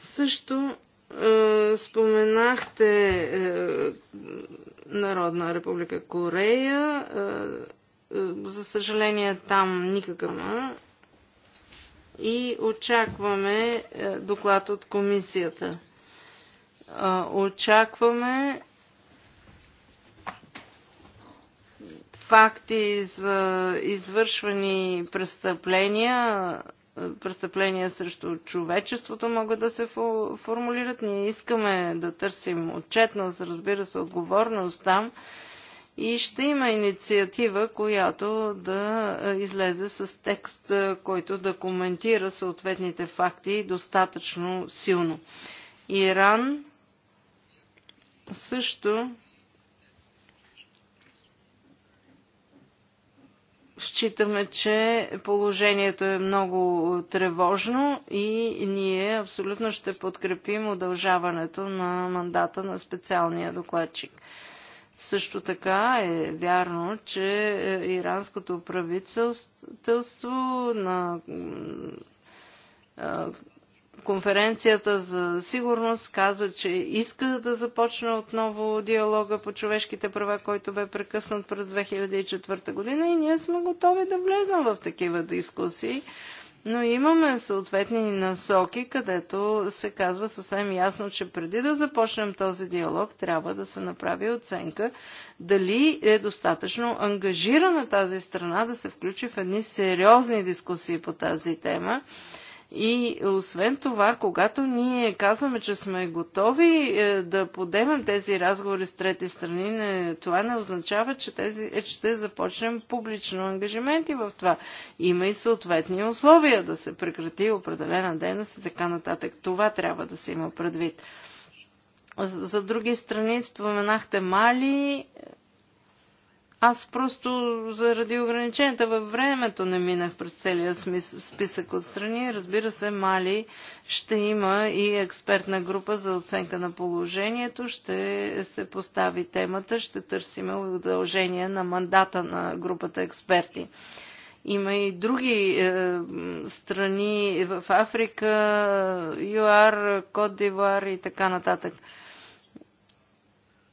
Също а, споменахте а, Народна република Корея. А, за съжаление там никакъв и очакваме доклад от комисията. Очакваме факти за извършвани престъпления, престъпления срещу човечеството могат да се формулират. Ние искаме да търсим отчетност, разбира се, отговорност там. И ще има инициатива, която да е, излезе с текст, е, който да коментира съответните факти достатъчно силно. Иран също Считаме, че положението е много тревожно и ние абсолютно ще подкрепим удължаването на мандата на специалния докладчик. Също така е вярно, че иранското правителство на конференцията за сигурност каза, че иска да започне отново диалога по човешките права, който бе прекъснат през 2004 година и ние сме готови да влезем в такива дискусии. Но имаме съответни насоки, където се казва съвсем ясно, че преди да започнем този диалог, трябва да се направи оценка дали е достатъчно ангажирана тази страна да се включи в едни сериозни дискусии по тази тема и освен това, когато ние казваме, че сме готови е, да подемем тези разговори с трети страни, не, това не означава, че, тези, е, че ще започнем публично ангажименти в това. Има и съответни условия да се прекрати определена дейност и така нататък. Това трябва да се има предвид. За, за други страни споменахте Мали, аз просто заради ограниченията във времето не минах през целия списък от страни. Разбира се, Мали ще има и експертна група за оценка на положението. Ще се постави темата, ще търсиме удължение на мандата на групата експерти. Има и други е, страни в Африка, ЮАР, Кот Дивуар и така нататък.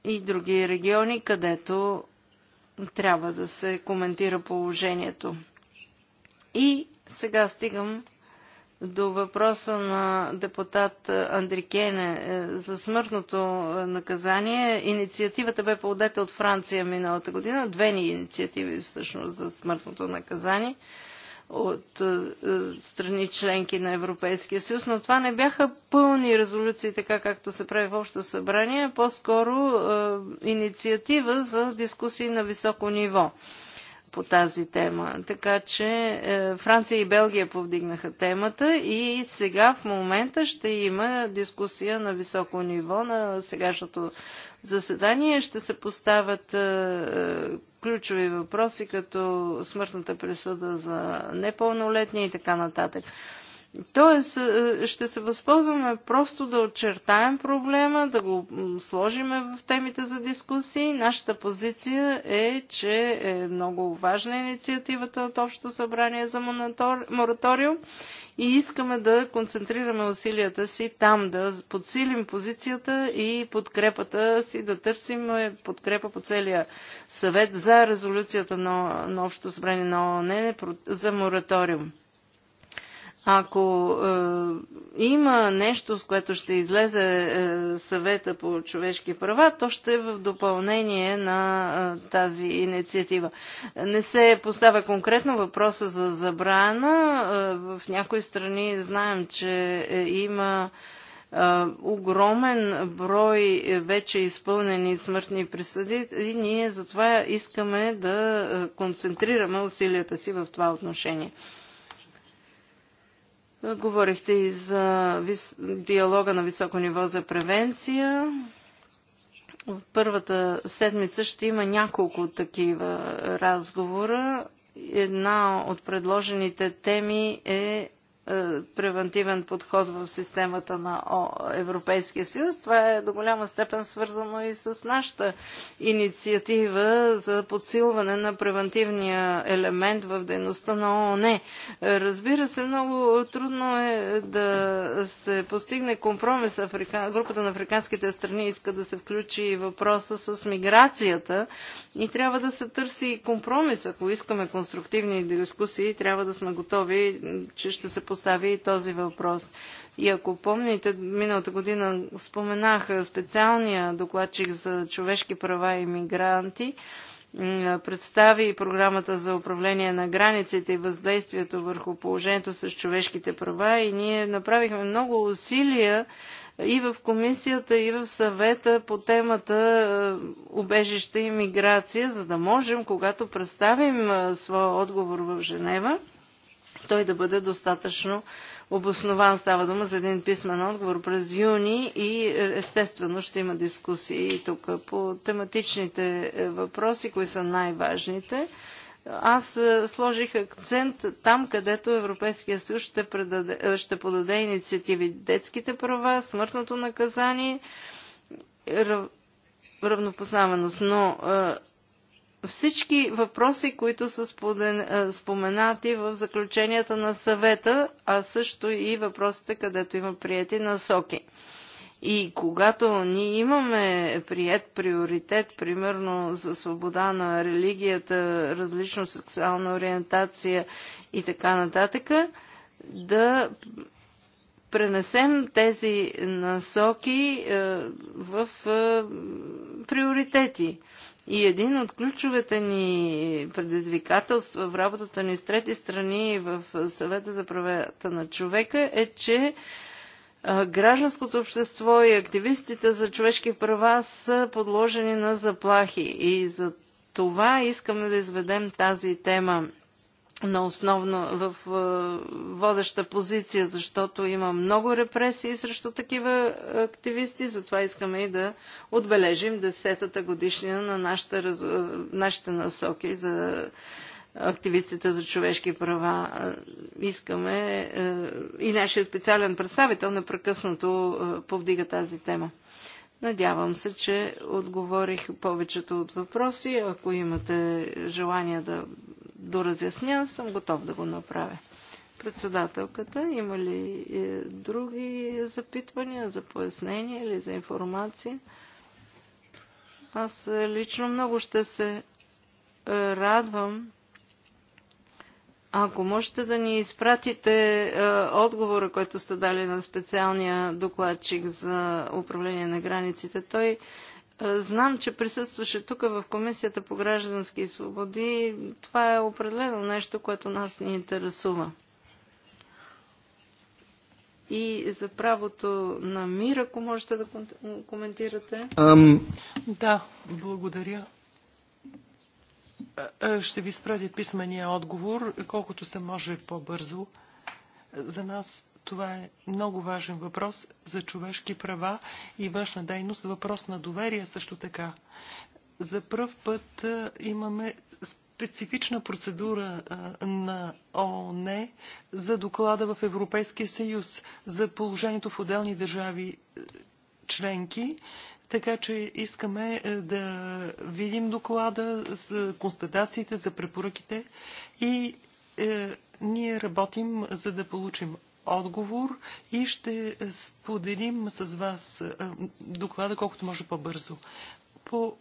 И други региони, където трябва да се коментира положението. И сега стигам до въпроса на депутат Андрикене е, за смъртното е, наказание. Инициативата бе подета от Франция миналата година. Две ни инициативи всъщност за смъртното наказание – от е, е, страни членки на Европейския съюз, но това не бяха пълни резолюции, така както се прави в общо събрание, по-скоро е, инициатива за дискусии на високо ниво по тази тема. Така че Франция и Белгия повдигнаха темата и сега в момента ще има дискусия на високо ниво на сегашното заседание ще се поставят е, е, ключови въпроси, като смъртната присъда за непълнолетни и така нататък. Тоест, е, е, ще се възползваме просто да очертаем проблема, да го сложим в темите за дискусии. Нашата позиция е, че е много важна инициативата от Общото събрание за мораториум и искаме да концентрираме усилията си там, да подсилим позицията и подкрепата си, да търсим е, подкрепа по целия съвет за резолюцията на, на Общото събрание на ООН за мораториум. Ако е, има нещо, с което ще излезе е, съвета по човешки права, то ще е в допълнение на е, тази инициатива. Не се поставя конкретно въпроса за забрана. Е, в някои страни знаем, че е, има е, огромен брой е, вече изпълнени смъртни присъди и ние затова искаме да е, концентрираме усилията си в това отношение. Е, говорихте и за диалога на високо ниво за превенция. В първата седмица ще има няколко такива разговора. Една от предложените теми е е, превентивен подход в системата на Европейския съюз. Това е до голяма степен свързано и с нашата инициатива за подсилване на превентивния елемент в дейността на ООН. Е, разбира се, много трудно е да се постигне компромис. Африка... Групата на африканските страни иска да се включи и въпроса с миграцията и трябва да се търси компромис. Ако искаме конструктивни дискусии, трябва да сме готови, че ще се постигне постави и този въпрос. И ако помните, миналата година споменах специалния докладчик за човешки права и мигранти, представи и програмата за управление на границите и въздействието върху положението с човешките права и ние направихме много усилия и в комисията, и в съвета по темата е, убежище и миграция, за да можем, когато представим е, своя отговор в Женева, той да бъде достатъчно обоснован. Става дума за един писмен отговор през юни и естествено ще има дискусии тук по тематичните е, въпроси, кои са най-важните. Аз е, сложих акцент там, където Европейския съюз ще, предаде, е, ще подаде инициативи детските права, смъртното наказание, равнопознаваност. Но всички въпроси, които са е, споменати в заключенията на съвета, а също и въпросите, където има прияти насоки. И когато ние имаме прият приоритет, примерно за свобода на религията, различно сексуална ориентация и така нататък, да пренесем тези насоки е, в е, приоритети. И един от ключовете ни предизвикателства в работата ни с трети страни и в съвета за правата на човека е, че гражданското общество и активистите за човешки права са подложени на заплахи. И за това искаме да изведем тази тема на основно в водеща позиция, защото има много репресии срещу такива активисти, затова искаме и да отбележим 10-та годишнина на нашите, нашите насоки за активистите за човешки права. Искаме е, и нашия специален представител непрекъснато е, повдига тази тема. Надявам се, че отговорих повечето от въпроси. Ако имате желание да доразясня, съм готов да го направя. Председателката, има ли е, други запитвания за пояснение или за информация? Аз лично много ще се е, радвам ако можете да ни изпратите е, отговора, който сте дали на специалния докладчик за управление на границите, той е, знам, че присъстваше тук в Комисията по граждански свободи. Това е определено нещо, което нас ни интересува. И за правото на мир, ако можете да коментирате. Um... Да, благодаря. Е, е, ще ви спратя писмения отговор, колкото се може по-бързо. За нас това е много важен въпрос за човешки права и външна дейност, въпрос на доверие също така. За първ път е, имаме специфична процедура на ООН за доклада в Европейския съюз за положението в отделни държави членки. Така че искаме е, да видим доклада, за констатациите, за препоръките и е, ние работим за да получим отговор и ще споделим с вас е, доклада колкото може по-бързо. По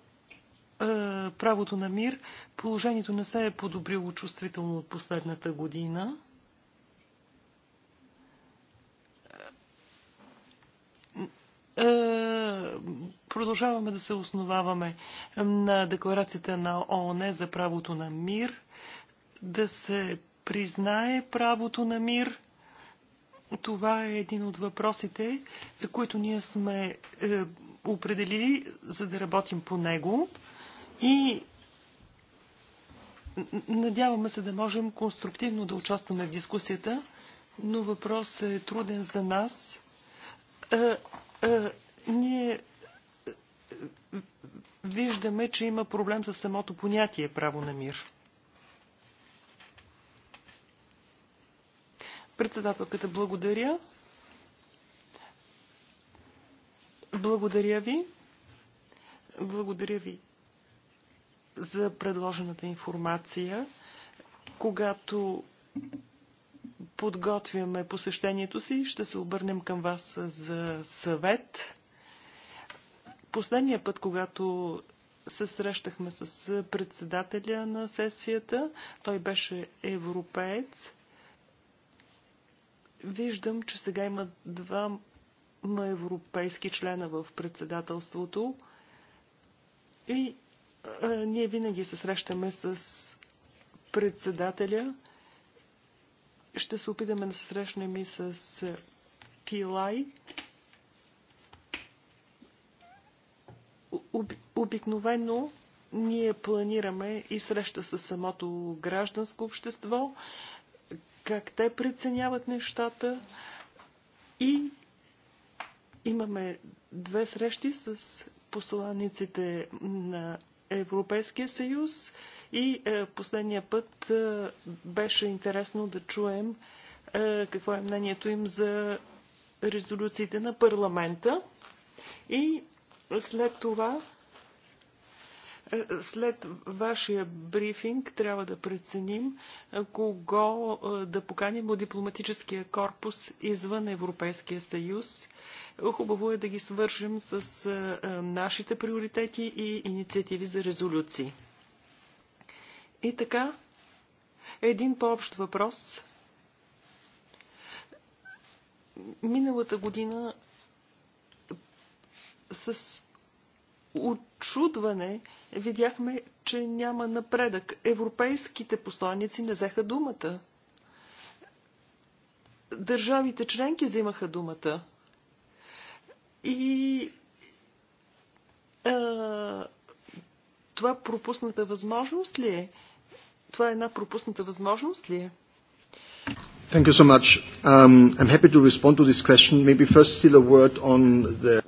е, правото на мир, положението не се е подобрило чувствително от последната година. Е, продължаваме да се основаваме на декларацията на ООН за правото на мир, да се признае правото на мир. Това е един от въпросите, които ние сме е, определили, за да работим по него. И надяваме се да можем конструктивно да участваме в дискусията, но въпрос е труден за нас е, е, ние е, виждаме, че има проблем с самото понятие право на мир. Председателката, благодаря. Благодаря ви. Благодаря ви за предложената информация. Когато подготвяме посещението си. Ще се обърнем към вас за съвет. Последния път, когато се срещахме с председателя на сесията, той беше европеец. Виждам, че сега има два европейски члена в председателството и а, ние винаги се срещаме с председателя. Ще се опитаме да се срещнем и с Килай. Обикновено ние планираме и среща с самото гражданско общество, как те преценяват нещата и имаме две срещи с посланиците на Европейския съюз. И е, последния път е, беше интересно да чуем е, какво е мнението им за резолюциите на парламента. И след това е, след вашия брифинг трябва да преценим е, кого е, да поканим от дипломатическия корпус извън Европейския съюз. Хубаво е да ги свържем с нашите приоритети и инициативи за резолюции. И така, един по-общ въпрос. Миналата година с очудване видяхме, че няма напредък. Европейските посланици не взеха думата. Държавите членки взимаха думата. И а, това пропусната възможност ли е? Това е една пропусната възможност ли е? Thank you so much. Um, I'm happy to respond to this question. Maybe first still a word on the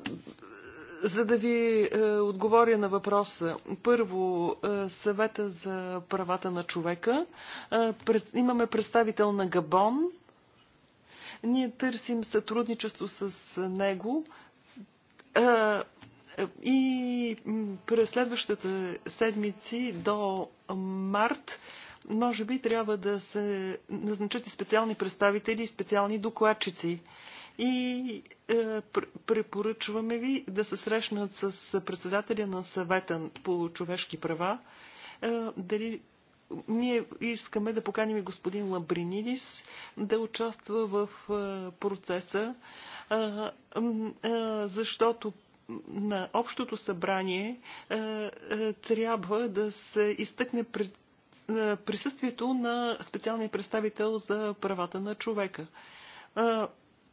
за да ви е, отговоря на въпроса. Първо, е, съвета за правата на човека. Е, пред, имаме представител на Габон. Ние търсим сътрудничество с него. Е, и през следващата седмици до март може би трябва да се назначат и специални представители и специални докладчици и е, препоръчваме ви да се срещнат с председателя на съвета по човешки права. Е, дали ние искаме да поканим и господин Лабринидис да участва в е, процеса, защото на общото събрание трябва да се изтъкне пред присъствието на специалния представител за правата на човека.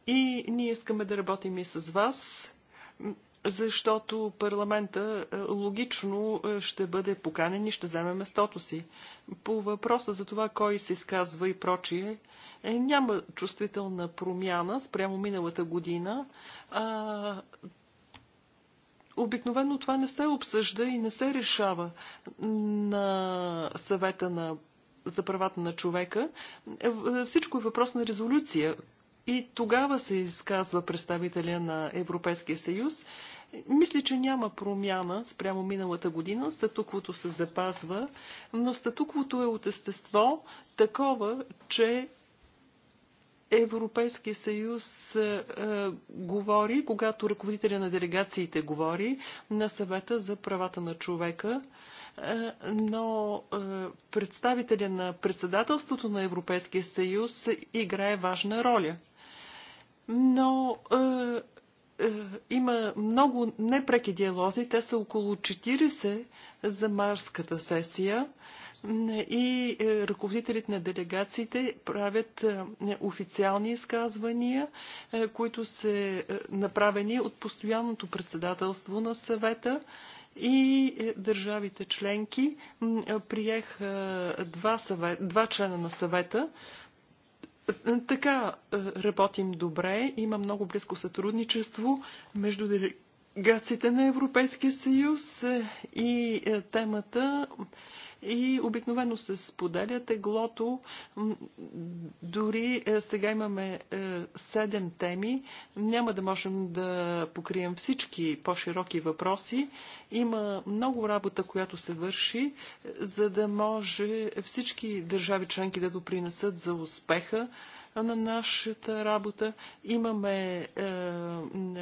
И ние искаме да работим и с вас, защото парламента е, логично е, ще бъде поканен и ще вземе местото си. По въпроса за това кой се изказва и прочие, е, няма чувствителна промяна спрямо миналата година. обикновено това не се обсъжда и не се решава на съвета на за правата на човека. Всичко е въпрос на резолюция, и тогава се изказва представителя на Европейския съюз. Мисля, че няма промяна спрямо миналата година. Статуквото се запазва, но статуквото е от естество такова, че Европейския съюз е, говори, когато ръководителя на делегациите говори на съвета за правата на човека, е, но е, представителя на председателството на Европейския съюз играе важна роля но е, е, има много непреки диалози. Те са около 40 за марската сесия и е, ръководителите на делегациите правят е, официални изказвания, е, които са направени от постоянното председателство на съвета и държавите членки приеха два, съвет, два члена на съвета, така е, работим добре, има много близко сътрудничество между делегациите на Европейския съюз е, и е, темата и обикновено се споделя теглото. Дори е, сега имаме е, седем теми. Няма да можем да покрием всички по-широки въпроси. Има много работа, която се върши, е, за да може всички държави членки да допринесат за успеха на нашата работа. Имаме е,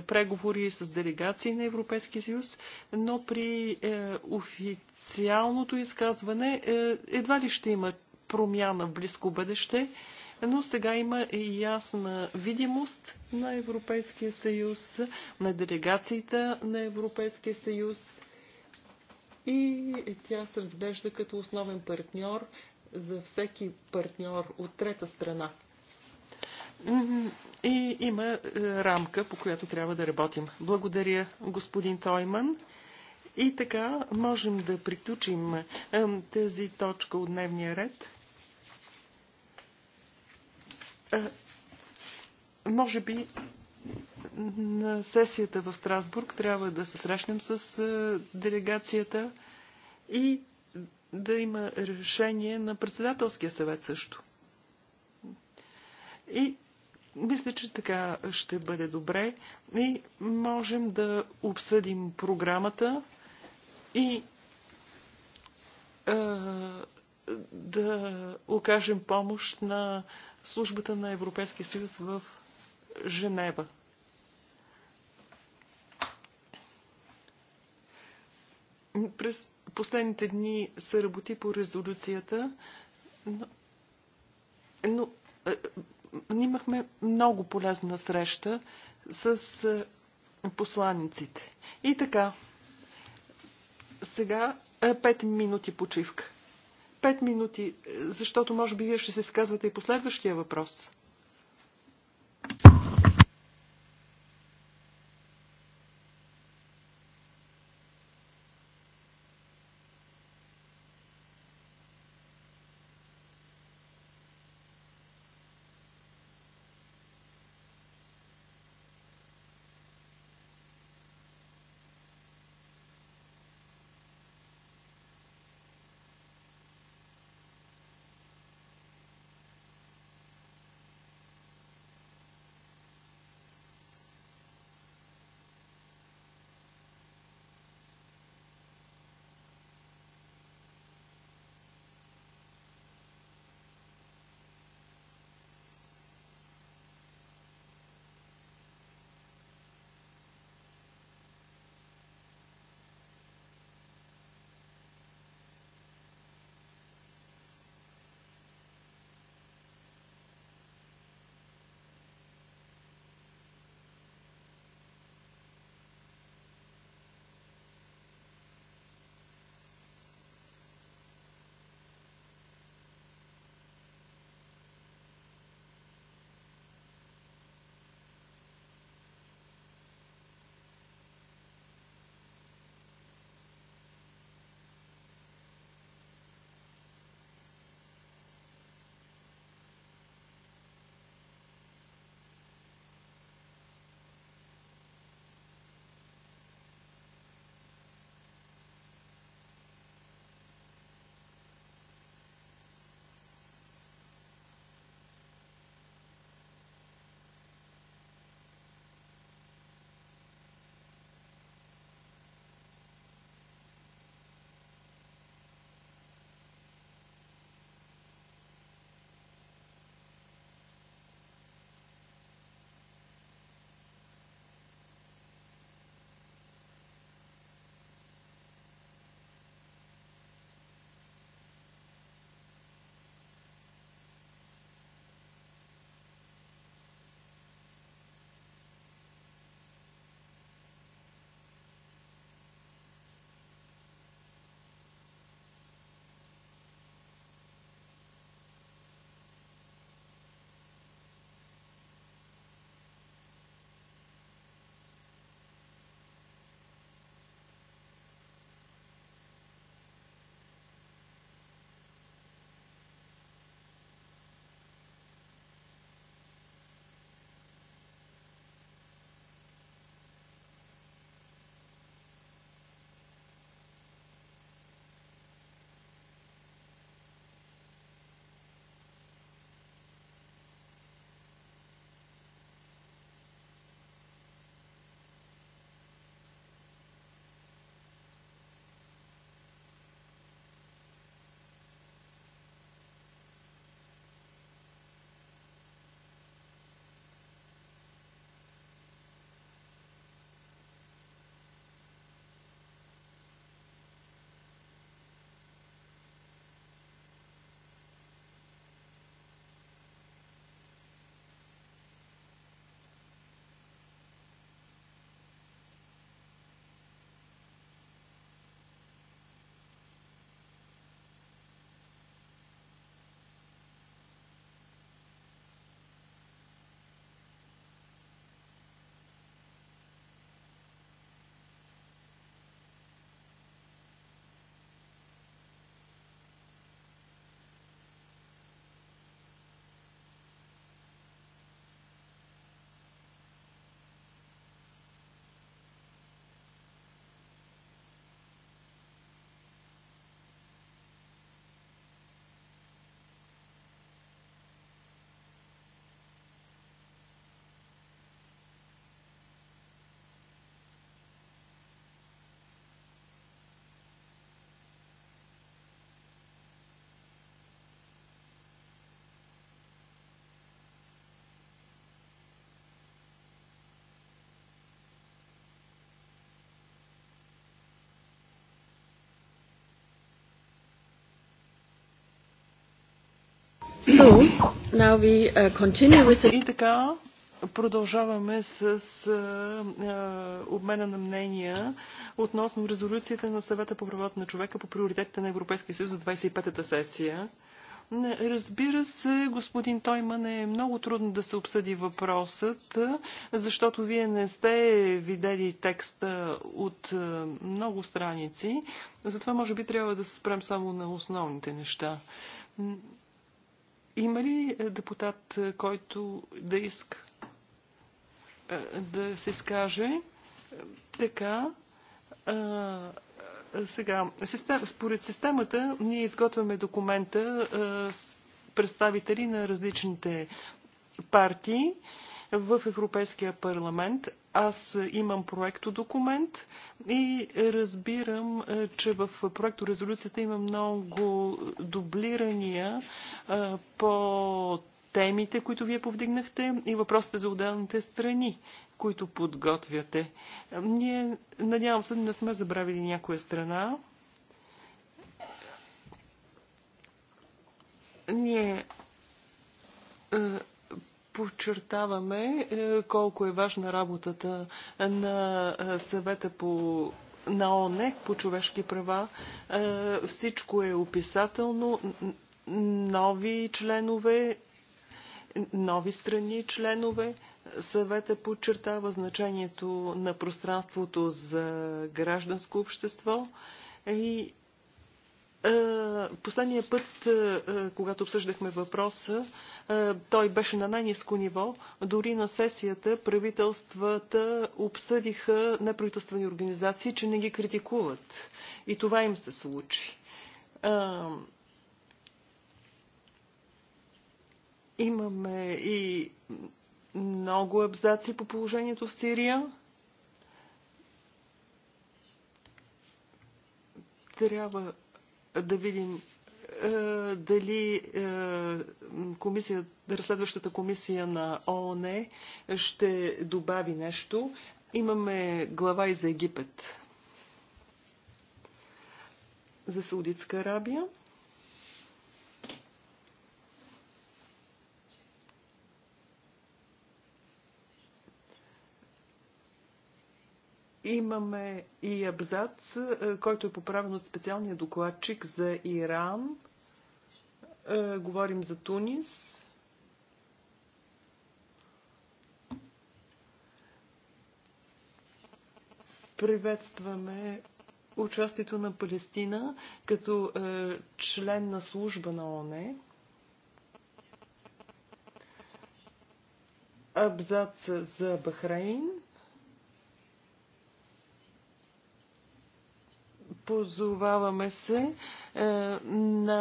преговори с делегации на Европейския съюз, но при е, официалното изказване е, едва ли ще има промяна в близко бъдеще, но сега има и ясна видимост на Европейския съюз, на делегацията на Европейския съюз и тя се разглежда като основен партньор за всеки партньор от трета страна. И има е, рамка, по която трябва да работим. Благодаря, господин Тойман. И така можем да приключим е, тази точка от дневния ред. Е, може би на сесията в Страсбург трябва да се срещнем с делегацията и да има решение на председателския съвет също. И мисля, че така ще бъде добре и можем да обсъдим програмата и а, да окажем помощ на службата на Европейския съюз в Женева. През последните дни се работи по резолюцията, но имахме много полезна среща с е, посланиците. И така, сега е, пет минути почивка. Пет минути, е, защото може би вие ще се сказвате и последващия въпрос. Uh, и така, продължаваме с обмена на мнения относно резолюцията на съвета по правата на човека по приоритетите на Европейския съюз за 25-та сесия. Разбира се, господин Тойман е много трудно да се обсъди въпросът, защото вие не сте видели текста от много страници. Затова може би трябва да се спрем само на основните неща. Има ли е, депутат, е, който да иска е, да се скаже? Така. А, сега, систем, според системата ние изготвяме документа с представители на различните партии в Европейския парламент. Аз имам проекто документ и разбирам, е, че в проекто резолюцията има много дублирания е, по темите, които вие повдигнахте и въпросите за отделните страни, които подготвяте. Ние, надявам се, не сме забравили някоя страна. Ние е, подчертаваме е, колко е важна работата на е, съвета по на ОНЕ по човешки права. Е, всичко е описателно. Нови членове, нови страни членове. Съвета подчертава значението на пространството за гражданско общество и е, последния път, е, е, когато обсъждахме въпроса, той беше на най-низко ниво. Дори на сесията правителствата обсъдиха неправителствени организации, че не ги критикуват. И това им се случи. Имаме и много абзаци по положението в Сирия. Трябва да видим е, дали е, комисия, разследващата комисия на ООН ще добави нещо. Имаме глава и за Египет. За Саудитска Арабия. Имаме и абзац, е, който е поправен от специалния докладчик за Иран. Е, говорим за Тунис. Приветстваме участието на Палестина като е, член на служба на ОНЕ. Абзац за Бахрейн. позоваваме се е, на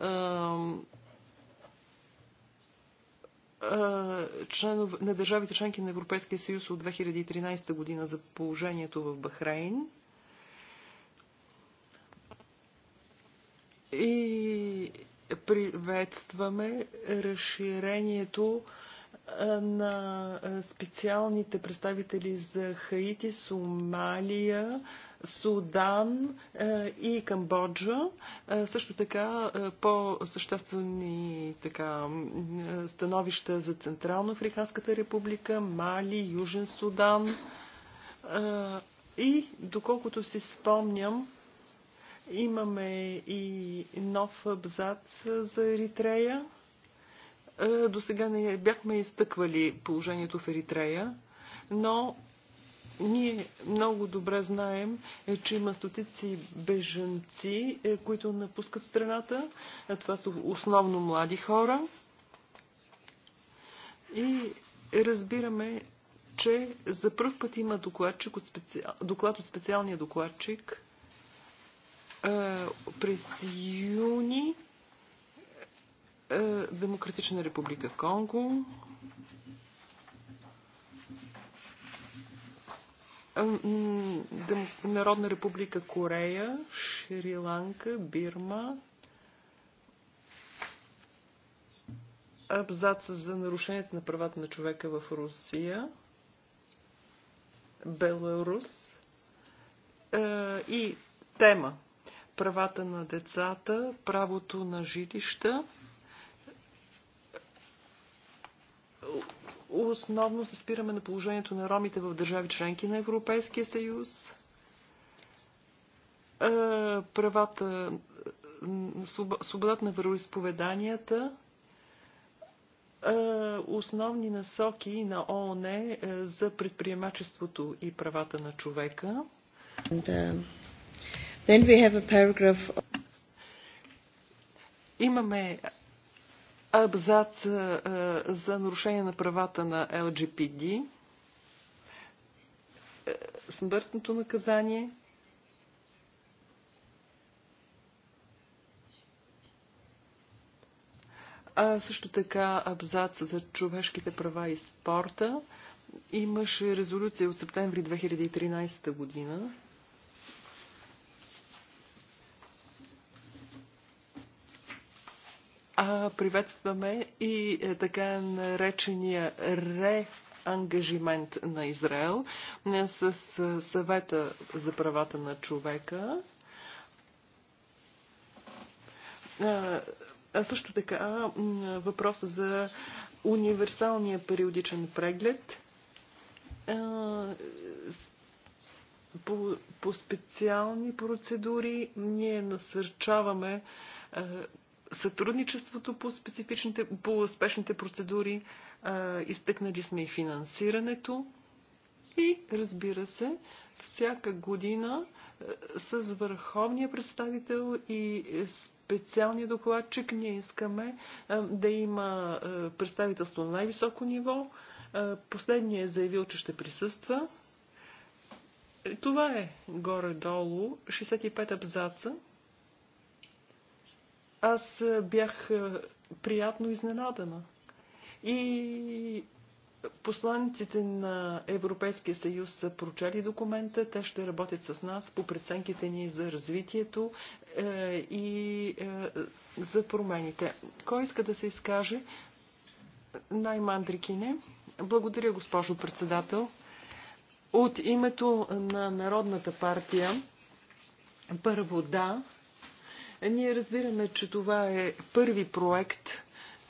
е, е, членов, на държавите членки на Европейския съюз от 2013 година за положението в Бахрейн. И приветстваме разширението е, на специалните представители за Хаити, Сомалия, Судан и Камбоджа. Също така по-съществени така, становища за Централно-Африканската република, Мали, Южен Судан. И доколкото си спомням, имаме и нов абзац за Еритрея. Е, до сега не бяхме изтъквали положението в Еритрея, но ние много добре знаем, е, че има стотици бежанци, е, които напускат страната. Това са основно млади хора. И разбираме, че за първ път има докладчик от специал... доклад от специалния докладчик през юни е, Демократична република Конго. Е, Народна република Корея, Шри-Ланка, Бирма. Абзац за нарушението на правата на човека в Русия. Беларус. Е, и тема правата на децата, правото на жилища. Основно се спираме на положението на ромите в държави членки на Европейския съюз, е, правата, свободата на вероисповеданията, е, основни насоки на ООН е, за предприемачеството и правата на човека. And, uh, Имаме абзац е, е, за нарушение на правата на ЛГПД, е, смъртното наказание. А също така абзац за човешките права и спорта. Имаше резолюция от септември 2013 година. а приветстваме и е, така наречения ре ангажимент на Израел е, с е, съвета за правата на човека. А също така въпроса за универсалния периодичен преглед по, по специални процедури ние насърчаваме сътрудничеството по, специфичните, по спешните процедури, изтъкнали сме и финансирането и, разбира се, всяка година с върховния представител и специалния докладчик ние искаме да има представителство на най-високо ниво. Последният е заявил, че ще присъства. Е, това е горе-долу 65 абзаца аз е, бях е, приятно изненадана. И посланиците на Европейския съюз са прочели документа, те ще работят с нас по преценките ни за развитието е, и за промените. Кой иска да се изкаже? Най-мандрикине. Благодаря, госпожо председател. От името на Народната партия, първо да, ние разбираме, че това е първи проект,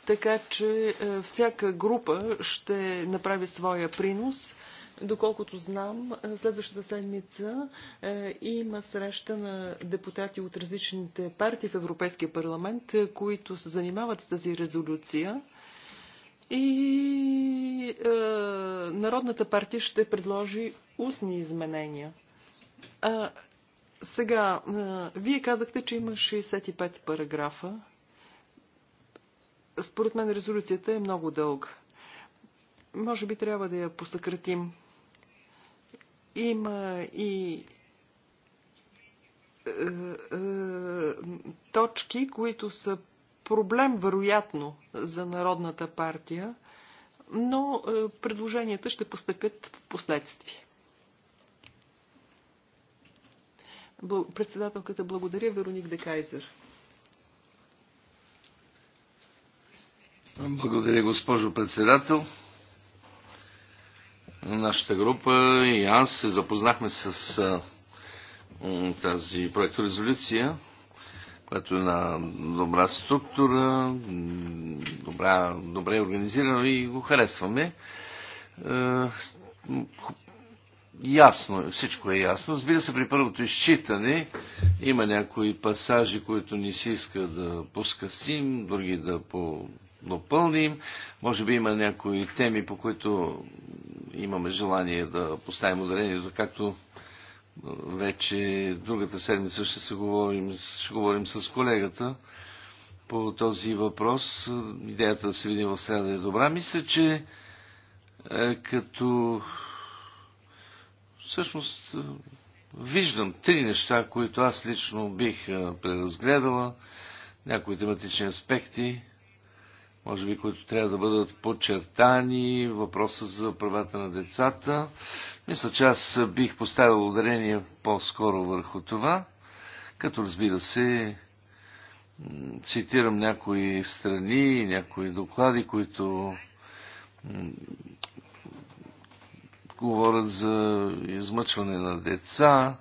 така че е, всяка група ще направи своя принос. Доколкото знам, е, следващата седмица е, има среща на депутати от различните партии в Европейския парламент, които се занимават с тази резолюция. И е, Народната партия ще предложи устни изменения. А, сега, вие казахте, че има 65 параграфа. Според мен резолюцията е много дълга. Може би трябва да я посъкратим. Има и е, е, точки, които са проблем, вероятно, за Народната партия, но е, предложенията ще постъпят в последствие. Председателката благодаря Вероник Декайзер. Благодаря, госпожо председател. Нашата група и аз се запознахме с тази проекторезолюция, която е на добра структура, добра, добре организирана и го харесваме. Ясно, е, всичко е ясно. Разбира се, при първото изчитане има някои пасажи, които ни се иска да поскъсим, други да по допълним. Може би има някои теми, по които имаме желание да поставим ударението, както вече другата седмица ще, се говорим, ще говорим с колегата по този въпрос. Идеята да се видим в среда е добра. Мисля, че е, като всъщност е, виждам три неща, които аз лично бих е, преразгледала, някои тематични аспекти, може би, които трябва да бъдат подчертани, въпроса за правата на децата. Мисля, че аз бих поставил ударение по-скоро върху това, като разбира се, цитирам някои страни, някои доклади, които говорят за измъчване на деца.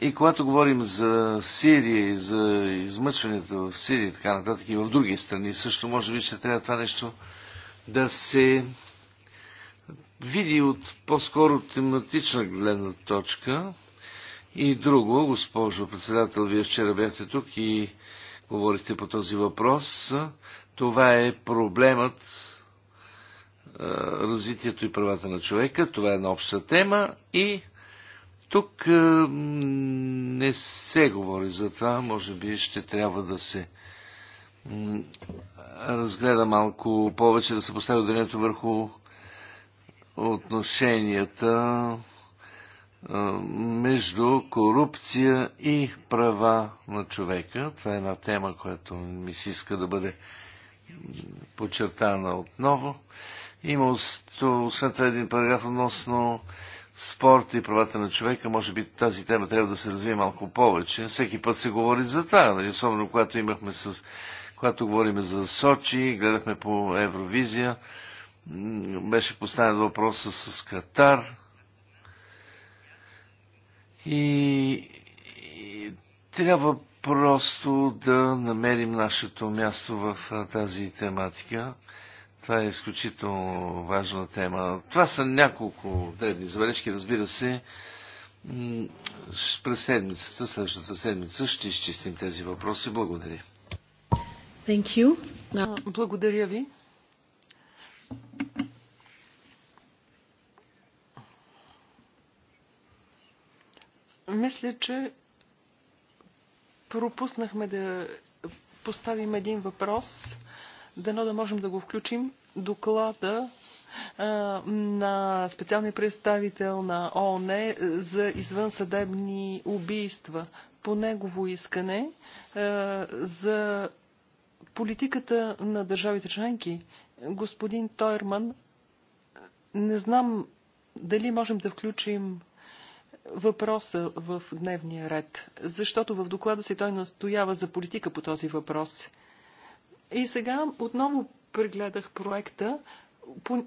И когато говорим за Сирия и за измъчването в Сирия и така нататък и в други страни, също може би ще трябва това нещо да се види от по-скоро тематична гледна точка. И друго, госпожо председател, вие вчера бяхте тук и говорихте по този въпрос. Това е проблемът развитието и правата на човека. Това е една обща тема и тук не се говори за това. Може би ще трябва да се разгледа малко повече, да се постави ударението върху отношенията между корупция и права на човека. Това е една тема, която ми се иска да бъде подчертана отново. Има освен това един параграф относно спорт и правата на човека. Може би тази тема трябва да се развие малко повече. Всеки път се говори за това, нали? особено когато имахме с... Когато говорим за Сочи, гледахме по Евровизия, беше поставен въпроса с Катар. И, и трябва просто да намерим нашето място в тази тематика. Това е изключително важна тема. Това са няколко дребни забележки, разбира се. През седмицата, следващата седмица ще изчистим тези въпроси. Благодаря. Thank you. No. Благодаря ви. Мисля, че пропуснахме да поставим един въпрос – Дано да можем да го включим. Доклада на специалния представител на ООН е, за извънсъдебни убийства по негово искане е, за политиката на държавите членки. Господин Тойрман, не знам дали можем да включим въпроса в дневния ред, защото в доклада си той настоява за политика по този въпрос. И сега отново прегледах проекта. По,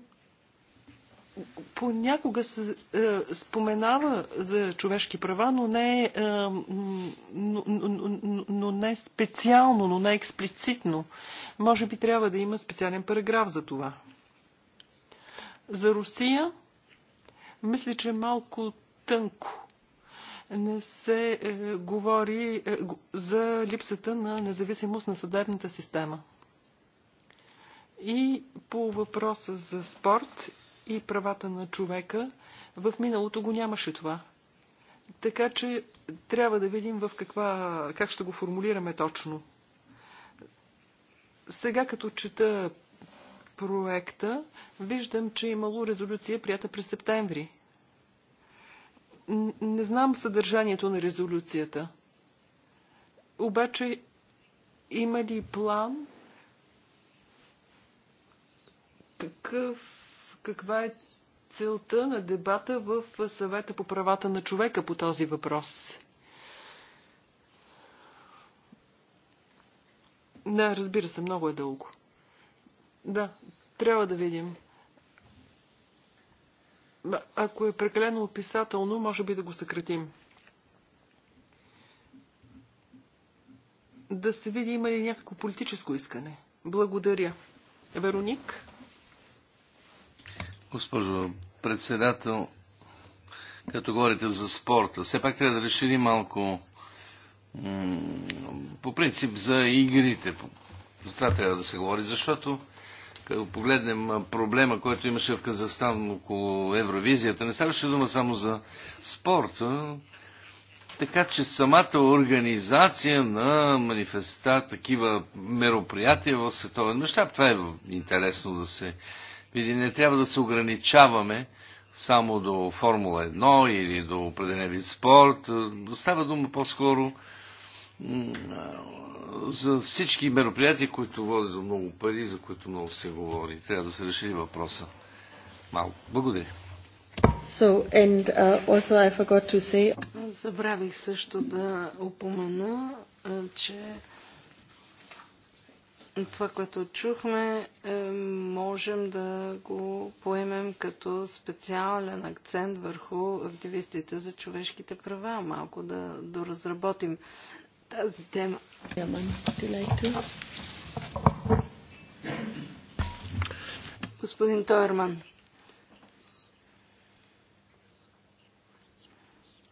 понякога се е, споменава за човешки права, но не, е, но, но, но не специално, но не експлицитно. Може би трябва да има специален параграф за това. За Русия, мисля, че е малко тънко не се е, говори е, за липсата на независимост на съдебната система. И по въпроса за спорт и правата на човека, в миналото го нямаше това. Така че трябва да видим в каква, как ще го формулираме точно. Сега като чета проекта, виждам, че е имало резолюция прията през септември. Не знам съдържанието на резолюцията. Обаче има ли план какъв, каква е целта на дебата в съвета по правата на човека по този въпрос? Да, разбира се, много е дълго. Да, трябва да видим. Ако е прекалено описателно, може би да го съкратим. Да се види има ли някакво политическо искане. Благодаря. Вероник? Госпожо председател, като говорите за спорта, все пак трябва да решим малко по принцип за игрите. За това трябва да се говори, защото като погледнем проблема, който имаше в Казахстан около Евровизията, не ставаше дума само за спорта, така че самата организация на манифеста, такива мероприятия в световен мащаб, това е интересно да се Види, не трябва да се ограничаваме само до Формула 1 или до определен вид спорт. Става дума по-скоро за всички мероприятия, които водят до много пари, за които много се говори. Трябва да се реши въпроса. Малко. Благодаря. So, and, uh, also I forgot to say... Забравих също да опомена, че това, което чухме, е, можем да го поемем като специален акцент върху активистите за човешките права. Малко да доразработим тази тема. Господин Тойерман,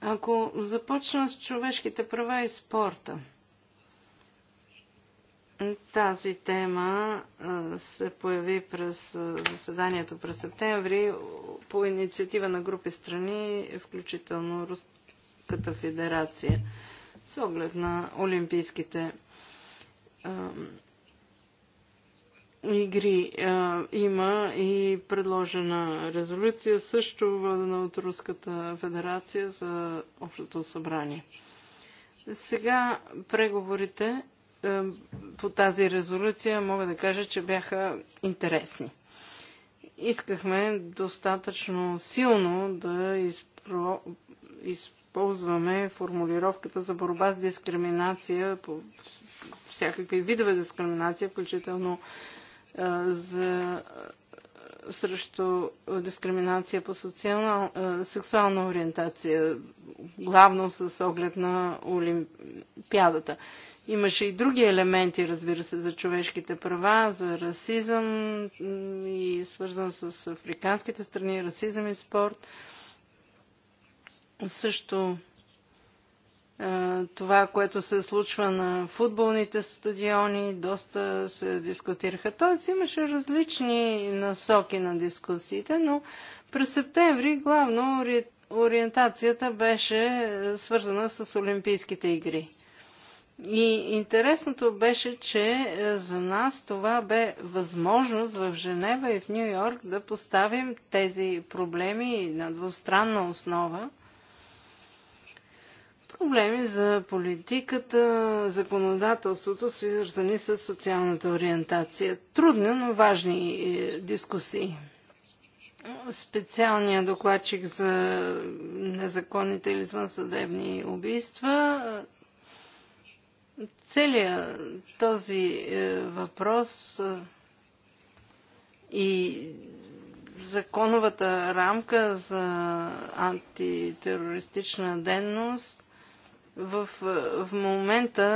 ако започна с човешките права и спорта – тази тема се появи през заседанието през септември по инициатива на групи страни, включително Руската федерация, с оглед на Олимпийските игри. Има и предложена резолюция също въдена от Руската федерация за Общото събрание. Сега преговорите е, по тази резолюция мога да кажа, че бяха интересни. Искахме достатъчно силно да изпро... използваме формулировката за борба с дискриминация, по всякакви видове дискриминация, включително е, за срещу дискриминация по социална, е, сексуална ориентация, главно с оглед на Олимпиадата. Имаше и други елементи, разбира се, за човешките права, за расизъм и свързан с африканските страни, расизъм и спорт. Също това, което се случва на футболните стадиони, доста се дискутираха. Т.е. имаше различни насоки на дискусиите, но през септември главно ориентацията беше свързана с Олимпийските игри. И интересното беше, че е, за нас това бе възможност в Женева и в Нью Йорк да поставим тези проблеми на двустранна основа. Проблеми за политиката, законодателството, свързани с социалната ориентация. Трудни, но важни е, дискусии. Специалният докладчик за незаконните или извънсъдебни убийства Целият този е, въпрос е, и законовата рамка за антитерористична денност в, е, в момента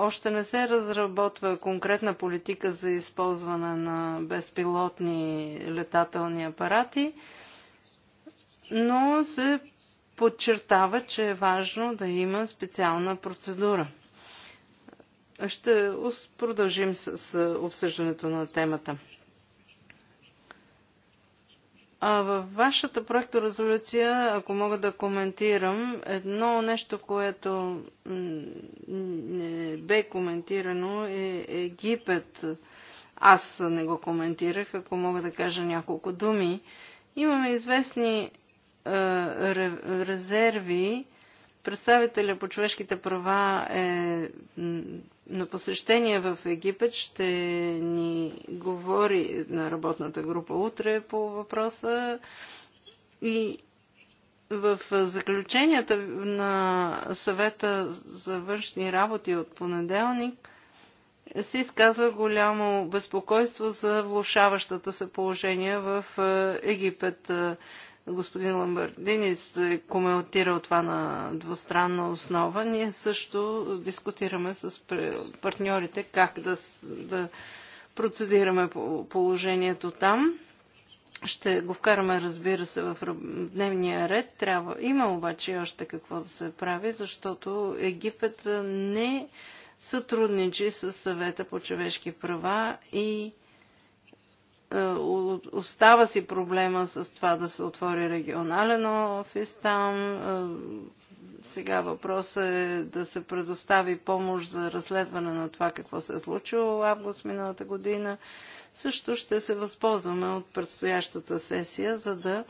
още не се разработва конкретна политика за използване на безпилотни летателни апарати, но се подчертава, че е важно да има специална процедура – ще продължим с обсъждането на темата. А във вашата проекторезолюция, ако мога да коментирам, едно нещо, което не бе коментирано е Египет. Аз не го коментирах, ако мога да кажа няколко думи. Имаме известни е, резерви. Представителя по човешките права е на посещение в Египет ще ни говори на работната група утре по въпроса и в заключенията на съвета за външни работи от понеделник се изказва голямо безпокойство за влушаващата се положение в е, Египет господин Ламбардини е коментирал това на двустранна основа. Ние също дискутираме с партньорите как да, да процедираме положението там. Ще го вкараме, разбира се, в дневния ред. Трябва. Има обаче още какво да се прави, защото Египет не сътрудничи с съвета по човешки права и е, остава си проблема с това да се отвори регионален офис там. Е, сега въпросът е да се предостави помощ за разследване на това какво се е случило в август миналата година. Също ще се възползваме от предстоящата сесия, за да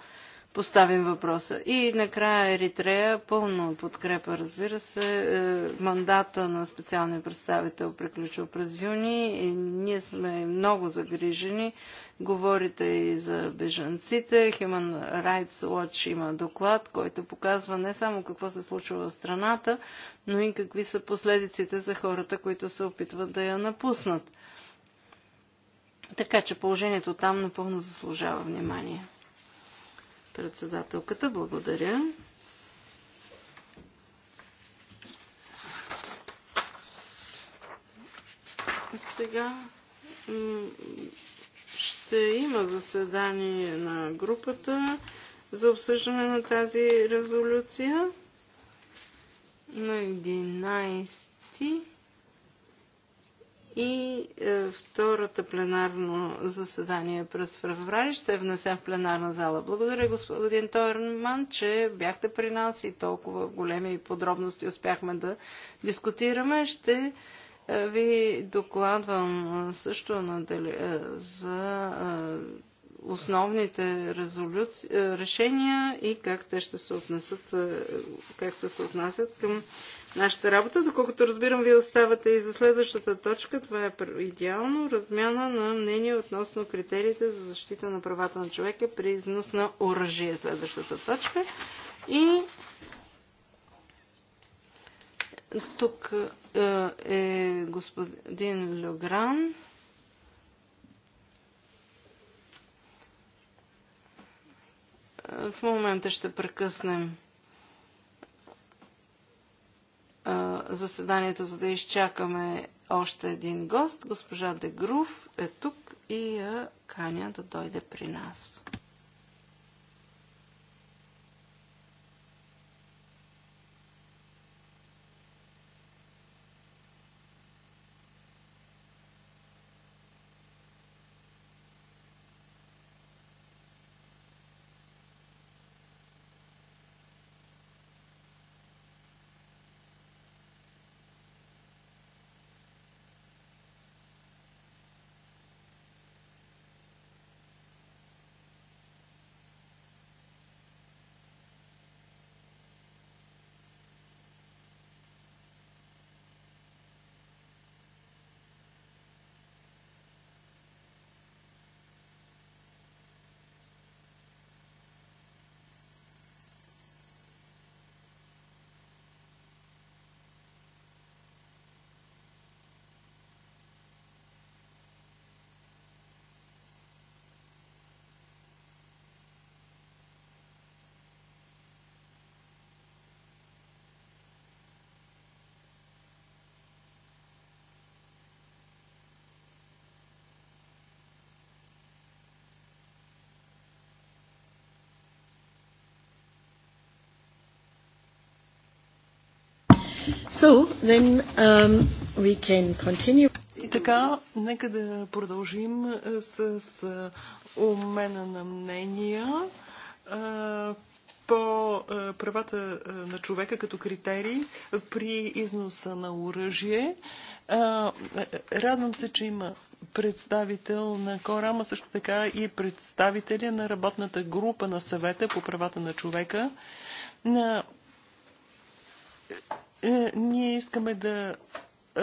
поставим въпроса. И накрая Еритрея, пълно подкрепа, разбира се. Е, мандата на специалния представител приключва през юни. И ние сме много загрижени. Говорите и за бежанците. Human Rights Watch има доклад, който показва не само какво се случва в страната, но и какви са последиците за хората, които се опитват да я напуснат. Така че положението там напълно заслужава внимание. Председателката, благодаря. Сега ще има заседание на групата за обсъждане на тази резолюция на 11 и е, втората пленарно заседание през феврари ще внесем в пленарна зала. Благодаря господин Тойерман, че бяхте при нас и толкова големи подробности успяхме да дискутираме. Ще е, ви докладвам е, също на дали, е, за е, основните резолюци... решения и как те ще се отнесат, как се отнасят към нашата работа. Доколкото разбирам, вие оставате и за следващата точка. Това е идеално. Размяна на мнение относно критериите за защита на правата на човека при износ на оръжие. Следващата точка. И тук е, е господин Легран. В момента ще прекъснем заседанието, за да изчакаме още един гост. Госпожа Дегрув е тук и я каня да дойде при нас. So, then, um, we can continue. И така, нека да продължим е, с, с е, умена на мнения е, по правата на човека като критерий при износа на оръжие. Радвам се, че има представител на Корама, също така и представителя на работната група на съвета по правата на човека. На е, ние искаме да е,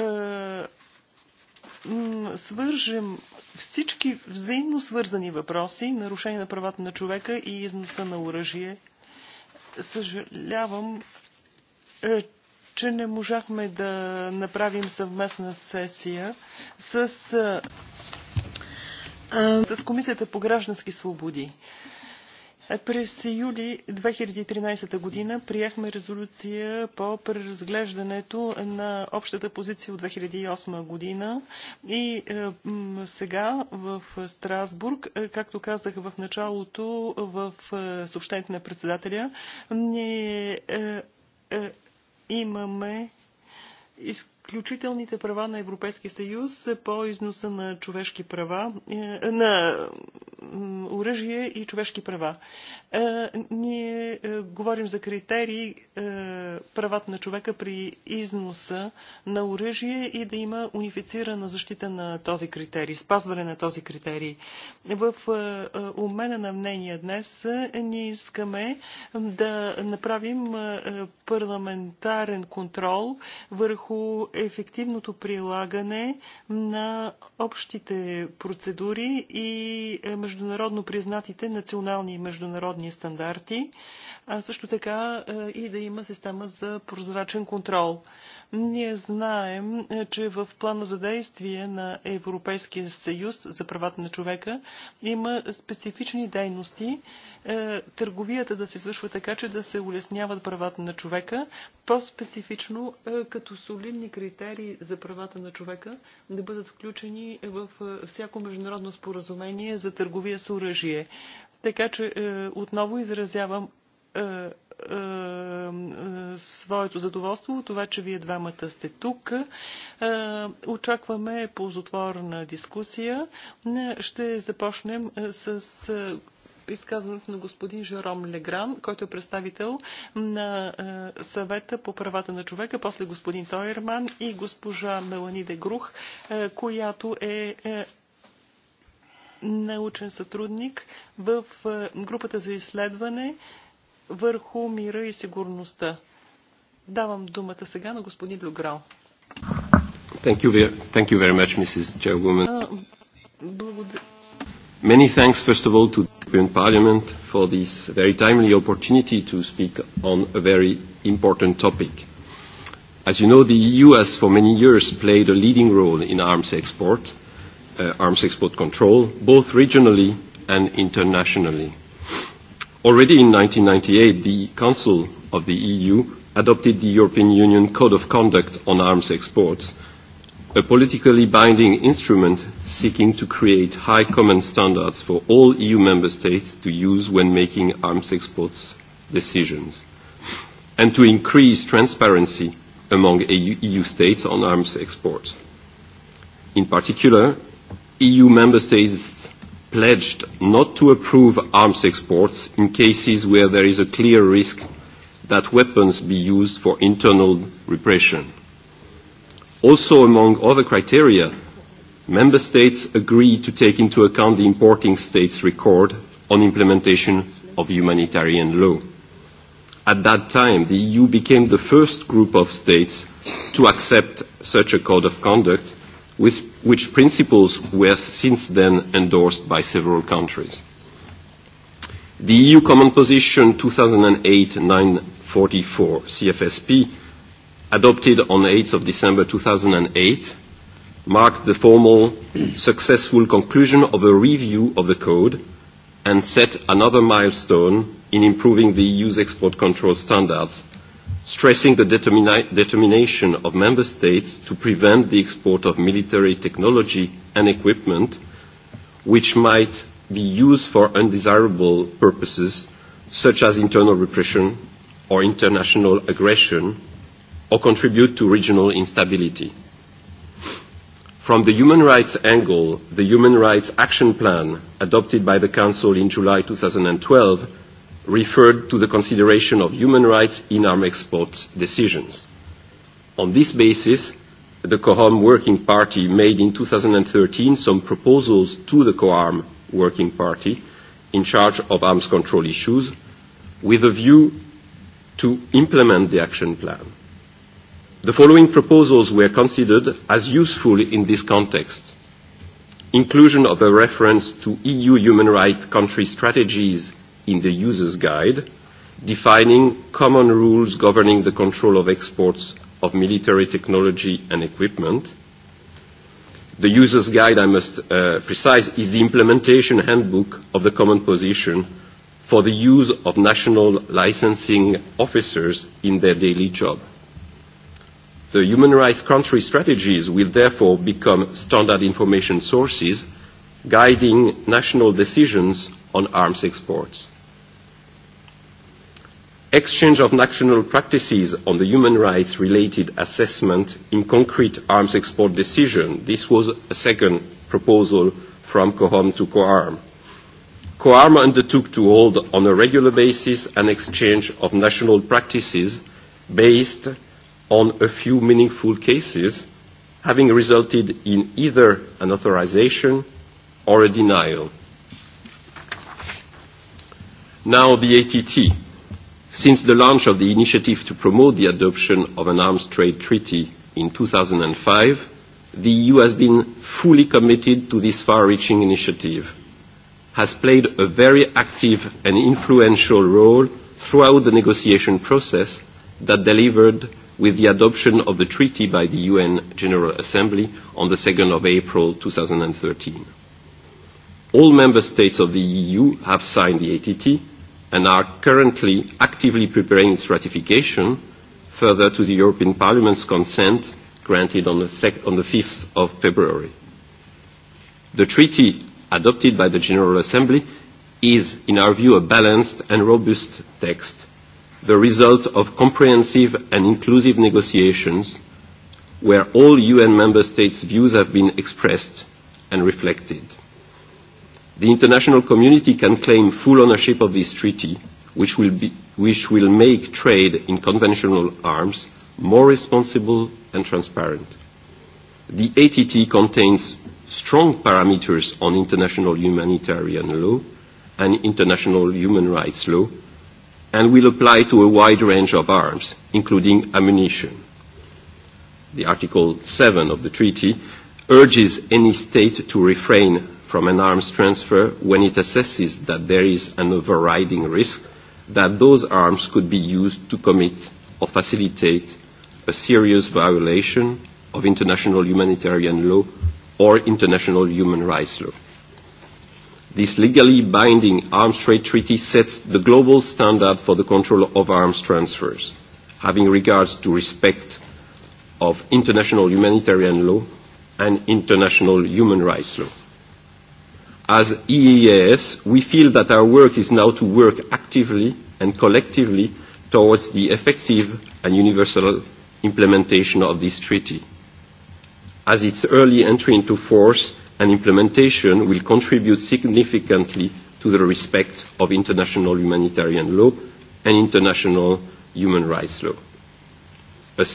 свържем всички взаимно свързани въпроси, нарушение на правата на човека и износа на оръжие. Съжалявам, е, че не можахме да направим съвместна сесия с, с Комисията по граждански свободи. През юли 2013 година приехме резолюция по преразглеждането на общата позиция от 2008 година и е, сега в Страсбург, е, както казах в началото в е, съобщението на председателя, ние имаме иск изключителните права на Европейския съюз по износа на човешки права, е, на оръжие и човешки права. Е, ние е, говорим за критерии правата на човека при износа на оръжие и да има унифицирана защита на този критерий, спазване на този критерий. В умена на мнение днес ние искаме да направим парламентарен контрол върху ефективното прилагане на общите процедури и е, международно признатите национални и международни стандарти, а също така е, и да има система за прозрачен контрол. Ние знаем, е, че в плана за действие на Европейския съюз за правата на човека има специфични дейности, е, търговията да се извършва така, че да се улесняват правата на човека, по-специфично като солидни критерии за правата на човека да бъдат включени в всяко международно споразумение за търговия с оръжие. Така че отново изразявам е, е, е, своето задоволство, това, че вие двамата сте тук. Очакваме ползотворна дискусия. Ще започнем с изказването на господин Жером Легран, който е представител на съвета по правата на човека, после господин Тойерман и госпожа Меланиде Грух, която е научен сътрудник в групата за изследване върху мира и сигурността. Давам думата сега на господин Люграл. Thank you, very, thank you very much, Mrs. Chairwoman. Many thanks, first of all, to the European Parliament for this very timely opportunity to speak on a very important topic. As you know, the EU has for many years played a leading role in arms export, uh, arms export control, both regionally and internationally. Already in 1998, the Council of the EU adopted the European Union Code of Conduct on Arms Exports, a politically binding instrument seeking to create high common standards for all EU member states to use when making arms exports decisions, and to increase transparency among EU states on arms exports. In particular, EU member states pledged not to approve arms exports in cases where there is a clear risk that weapons be used for internal repression. Also, among other criteria, Member States agree to take into account the importing state's record on implementation of humanitarian law. At that time, the EU became the first group of states to accept such a code of conduct with, which principles were since then endorsed by several countries. The EU Common Position 2008-944 CFSP, adopted on 8th of December 2008, marked the formal successful conclusion of a review of the code and set another milestone in improving the EU's export control standards stressing the determina- determination of member states to prevent the export of military technology and equipment which might be used for undesirable purposes such as internal repression or international aggression or contribute to regional instability. From the human rights angle, the Human Rights Action Plan adopted by the Council in July 2012 referred to the consideration of human rights in arm export decisions. On this basis, the COHOM Working Party made in 2013 some proposals to the COARM Working Party in charge of arms control issues with a view to implement the action plan. The following proposals were considered as useful in this context. Inclusion of a reference to EU human rights country strategies in the user's guide defining common rules governing the control of exports of military technology and equipment. The user's guide, I must uh, precise, is the implementation handbook of the common position for the use of national licensing officers in their daily job. The human rights country strategies will therefore become standard information sources guiding national decisions on arms exports exchange of national practices on the human rights related assessment in concrete arms export decision. This was a second proposal from COHOM to COARM. COARM undertook to hold on a regular basis an exchange of national practices based on a few meaningful cases having resulted in either an authorization or a denial. Now the ATT Since the launch of the initiative to promote the adoption of an arms trade treaty in 2005, the EU has been fully committed to this far-reaching initiative, has played a very active and influential role throughout the negotiation process that delivered with the adoption of the treaty by the UN General Assembly on the 2nd of April 2013. All member states of the EU have signed the ATT, and are currently actively preparing its ratification further to the European Parliament's consent granted on the, sec- on the 5th of February. The treaty adopted by the General Assembly is, in our view, a balanced and robust text, the result of comprehensive and inclusive negotiations where all UN member states' views have been expressed and reflected. The international community can claim full ownership of this treaty, which will, be, which will make trade in conventional arms more responsible and transparent. The ATT contains strong parameters on international humanitarian law and international human rights law, and will apply to a wide range of arms, including ammunition. The Article 7 of the treaty urges any state to refrain from an arms transfer when it assesses that there is an overriding risk that those arms could be used to commit or facilitate a serious violation of international humanitarian law or international human rights law. This legally binding arms trade treaty sets the global standard for the control of arms transfers, having regards to respect of international humanitarian law and international human rights law. As EEAS, we feel that our work is now to work actively and collectively towards the effective and universal implementation of this treaty, as its early entry into force and implementation will contribute significantly to the respect of international humanitarian law and international human rights law. A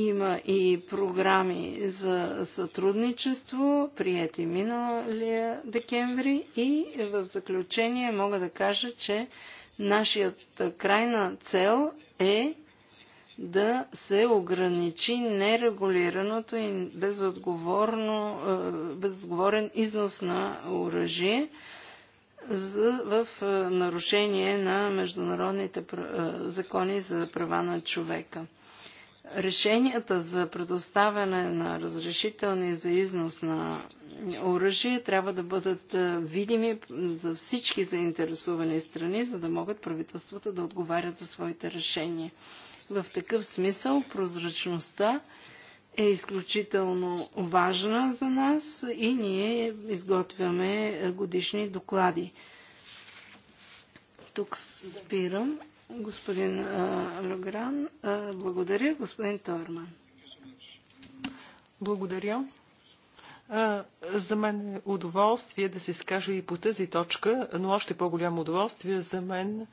Има и програми за сътрудничество, прияти миналия декември и в заключение мога да кажа, че нашият крайна цел е да се ограничи нерегулираното и безотговорно, е, безотговорен износ на оръжие в е, нарушение на международните е, закони за права на човека решенията за предоставяне на разрешителни за износ на оръжие трябва да бъдат е, видими за всички заинтересувани страни, за да могат правителствата да отговарят за своите решения. В такъв смисъл прозрачността е изключително важна за нас и ние изготвяме годишни доклади. Тук спирам. Господин Логран, благодаря. Господин Торман. Благодаря. За мен е удоволствие да се изкажа и по тази точка, но още по-голямо удоволствие за мен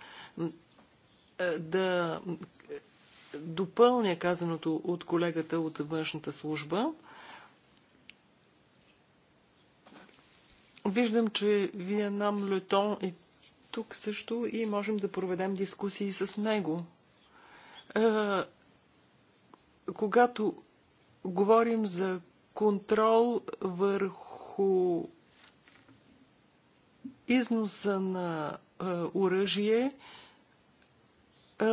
да допълня казаното от колегата от външната служба. Виждам, че Виенам Летон и тук също и можем да проведем дискусии с него. Е, когато говорим за контрол върху износа на е, оръжие, е,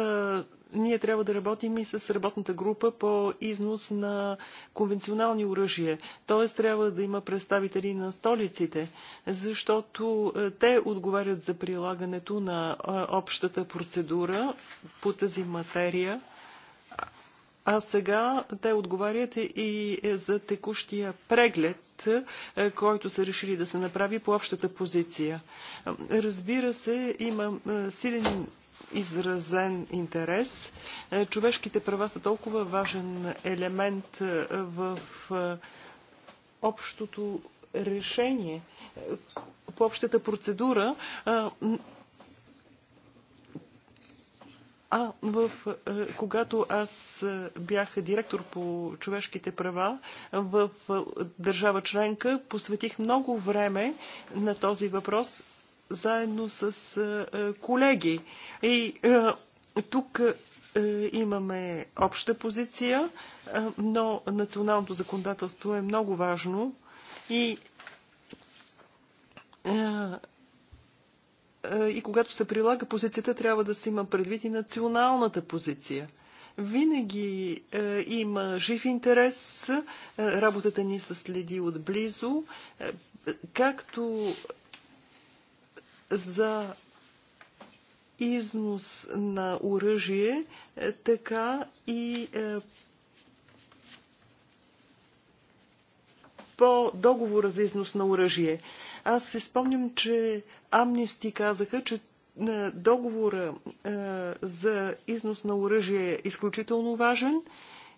ние трябва да работим и с работната група по износ на конвенционални оръжия. Т.е. трябва да има представители на столиците, защото е, те отговарят за прилагането на е, общата процедура по тази материя. А сега те отговарят и е, за текущия преглед, който са решили да се направи по общата позиция. Разбира се, има силен изразен интерес. Е, човешките права са толкова важен елемент е, в е, общото решение, по общата процедура. А, в, когато аз бях директор по човешките права в държава членка, посветих много време на този въпрос заедно с е, е, колеги. И е, тук имаме обща позиция, но националното законодателство е много важно и и когато се прилага позицията, трябва да се има предвид и националната позиция. Винаги е, има жив интерес, е, работата ни се следи отблизо, е, както за износ на оръжие, е, така и е, по договора за износ на оръжие. Аз се спомням, че амнисти казаха, че е, договора за износ на оръжие е изключително важен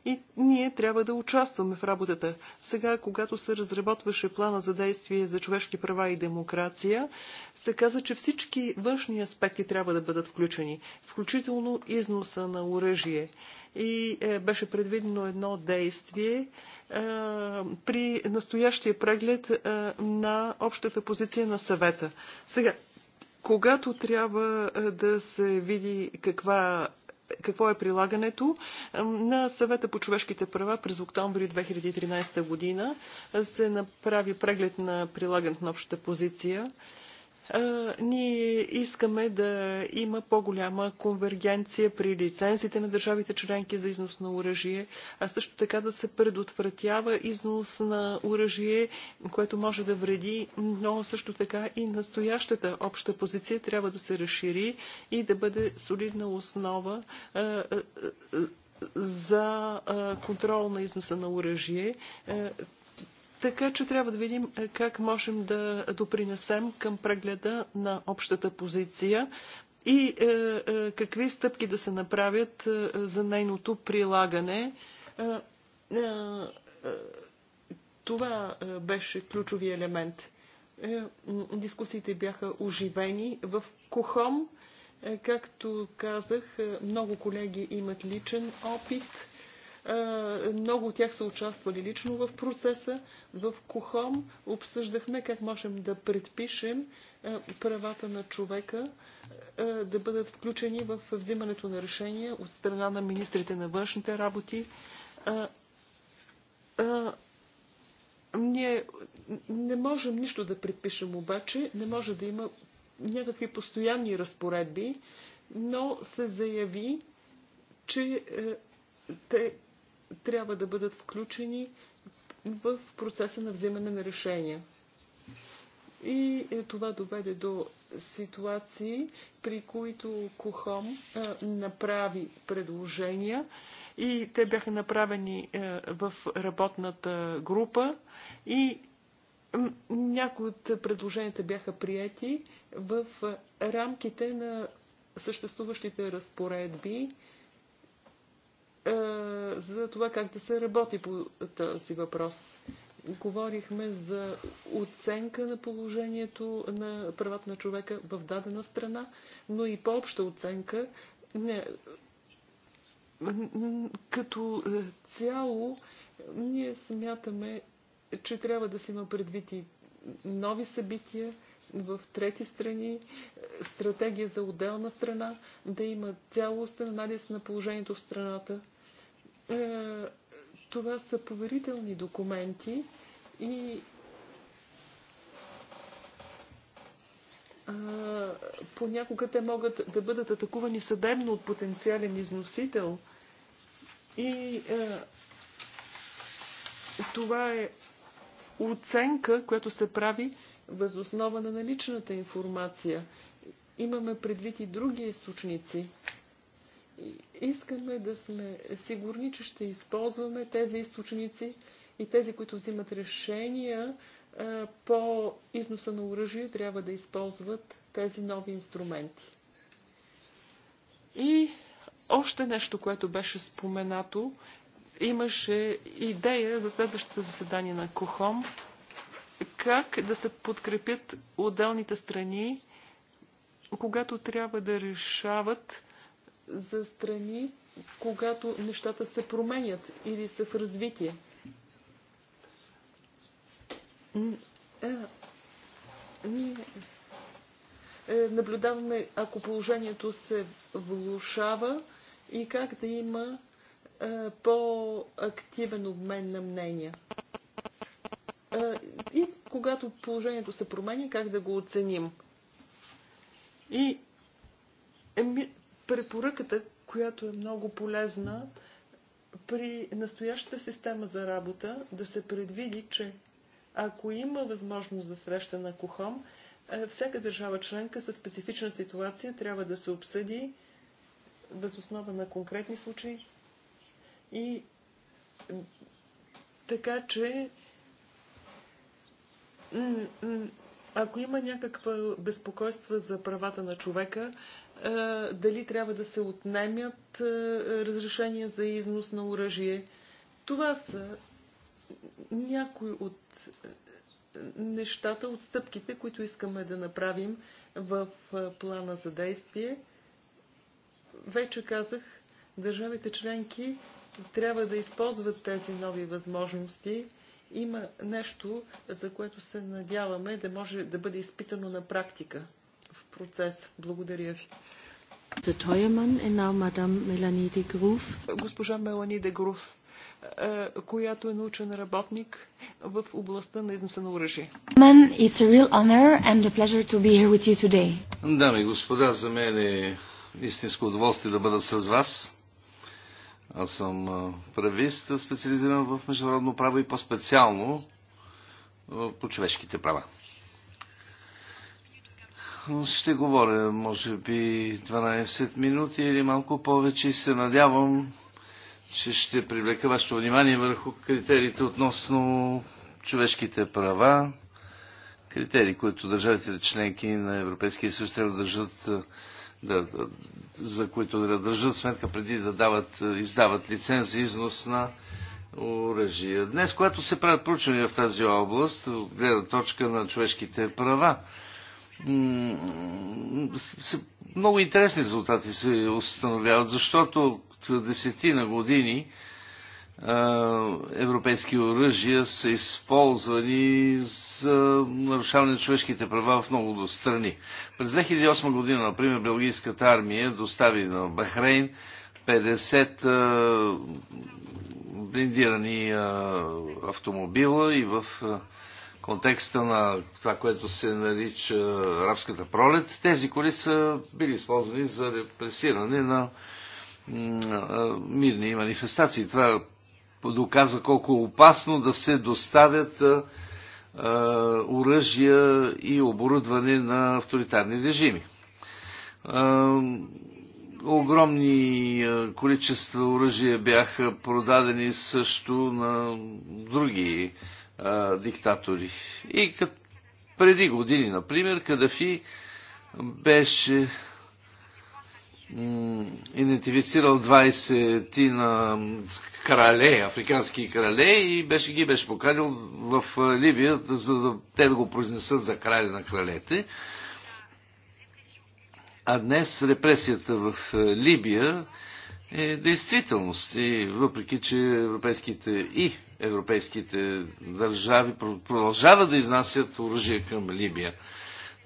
и ние трябва да участваме в работата. Сега, когато се разработваше плана за действие за човешки права и демокрация, се каза, че всички външни аспекти трябва да бъдат включени, включително износа на оръжие. И е, беше предвидено едно действие, е, при настоящия преглед е, на общата позиция на съвета. Сега, когато трябва е, да се види каква какво е прилагането на съвета по човешките права през октомври 2013 година се направи преглед на прилагането на общата позиция ние искаме да има по-голяма конвергенция при лицензите на държавите членки за износ на оръжие, а също така да се предотвратява износ на оръжие, което може да вреди, но също така и настоящата обща позиция трябва да се разшири и да бъде солидна основа за контрол на износа на оръжие. Така че трябва да видим е, как можем да допринесем към прегледа на общата позиция и е, е, какви стъпки да се направят е, за нейното прилагане. Е, е, това беше ключови елемент. Дискусиите бяха оживени в Кохом. Както казах, много колеги имат личен опит много от тях са участвали лично в процеса. В Кохом обсъждахме как можем да предпишем правата на човека да бъдат включени в взимането на решения от страна на министрите на външните работи. Ние не можем нищо да предпишем обаче, не може да има някакви постоянни разпоредби, но се заяви, че е, те трябва да бъдат включени в процеса на взимане на решения. И е, това доведе до ситуации, при които Кохом е, направи предложения и те бяха направени е, в работната група и някои от предложенията бяха приети в рамките на съществуващите разпоредби за това как да се работи по този въпрос. Говорихме за оценка на положението на правата на човека в дадена страна, но и по-обща оценка не, като е, цяло ние смятаме, че трябва да се има предвид и нови събития в трети страни, стратегия за отделна страна, да има цялостен анализ на положението в страната, е, това са поверителни документи и понякога те могат да бъдат атакувани съдебно от потенциален износител. И е, това е оценка, която се прави възоснова на наличната информация. Имаме предвид и други източници. Искаме да сме сигурни, че ще използваме тези източници и тези, които взимат решения по износа на оръжие, трябва да използват тези нови инструменти. И още нещо, което беше споменато, имаше идея за следващото заседание на КОХОМ, как да се подкрепят отделните страни, когато трябва да решават за страни, когато нещата се променят или са в развитие. Е, ние е, наблюдаваме, ако положението се влушава и как да има е, по-активен обмен на мнения. И когато положението се променя, как да го оценим. И препоръката, която е много полезна при настоящата система за работа, да се предвиди, че ако има възможност за среща на КОХОМ, е, всяка държава членка със специфична ситуация трябва да се обсъди възоснова на конкретни случаи и така, че ако има някаква безпокойство за правата на човека, е, дали трябва да се отнемят е, разрешения за износ на оръжие. Това са някои от е, нещата, от стъпките, които искаме да направим в плана за действие. Вече казах, държавите членки трябва да използват тези нови възможности. Има нещо, за което се надяваме да може да бъде изпитано на практика процес. Благодаря ви. Госпожа Мелани Груф, е, която е научен работник в областта на износа на оръжие. Дами и господа, за мен е истинско удоволствие да бъда с вас. Аз съм е, правист, специализиран в международно право и по-специално е, по човешките права. Ще говоря, може би, 12 минути или малко повече и се надявам, че ще привлека вашето внимание върху критериите относно човешките права, критерии, които държавите членки на Европейския съюз трябва да държат е, да, да, за които да държат сметка преди да дават, е, издават лиценз за износ на оръжия. Днес, когато се правят проучвания в тази област, гледа точка на човешките права, много интересни резултати се установяват, защото от десетина години европейски оръжия са използвани за нарушаване на човешките права в много страни. През 2008 година, например, Белгийската армия достави на Бахрейн 50 блиндирани автомобила и в контекста на това, което се нарича арабската пролет, тези коли са били използвани за репресиране на мирни манифестации. Това доказва колко е опасно да се доставят оръжия и оборудване на авторитарни режими. Огромни количества оръжия бяха продадени също на други а, диктатори. И като преди години, например, Кадафи беше идентифицирал 20 на крале, африкански крале и беше, ги беше поканил в Либия, за да те да го произнесат за краля на кралете. А днес репресията в Либия е действителност. И въпреки, че европейските и европейските държави продължават да изнасят оръжие към Либия.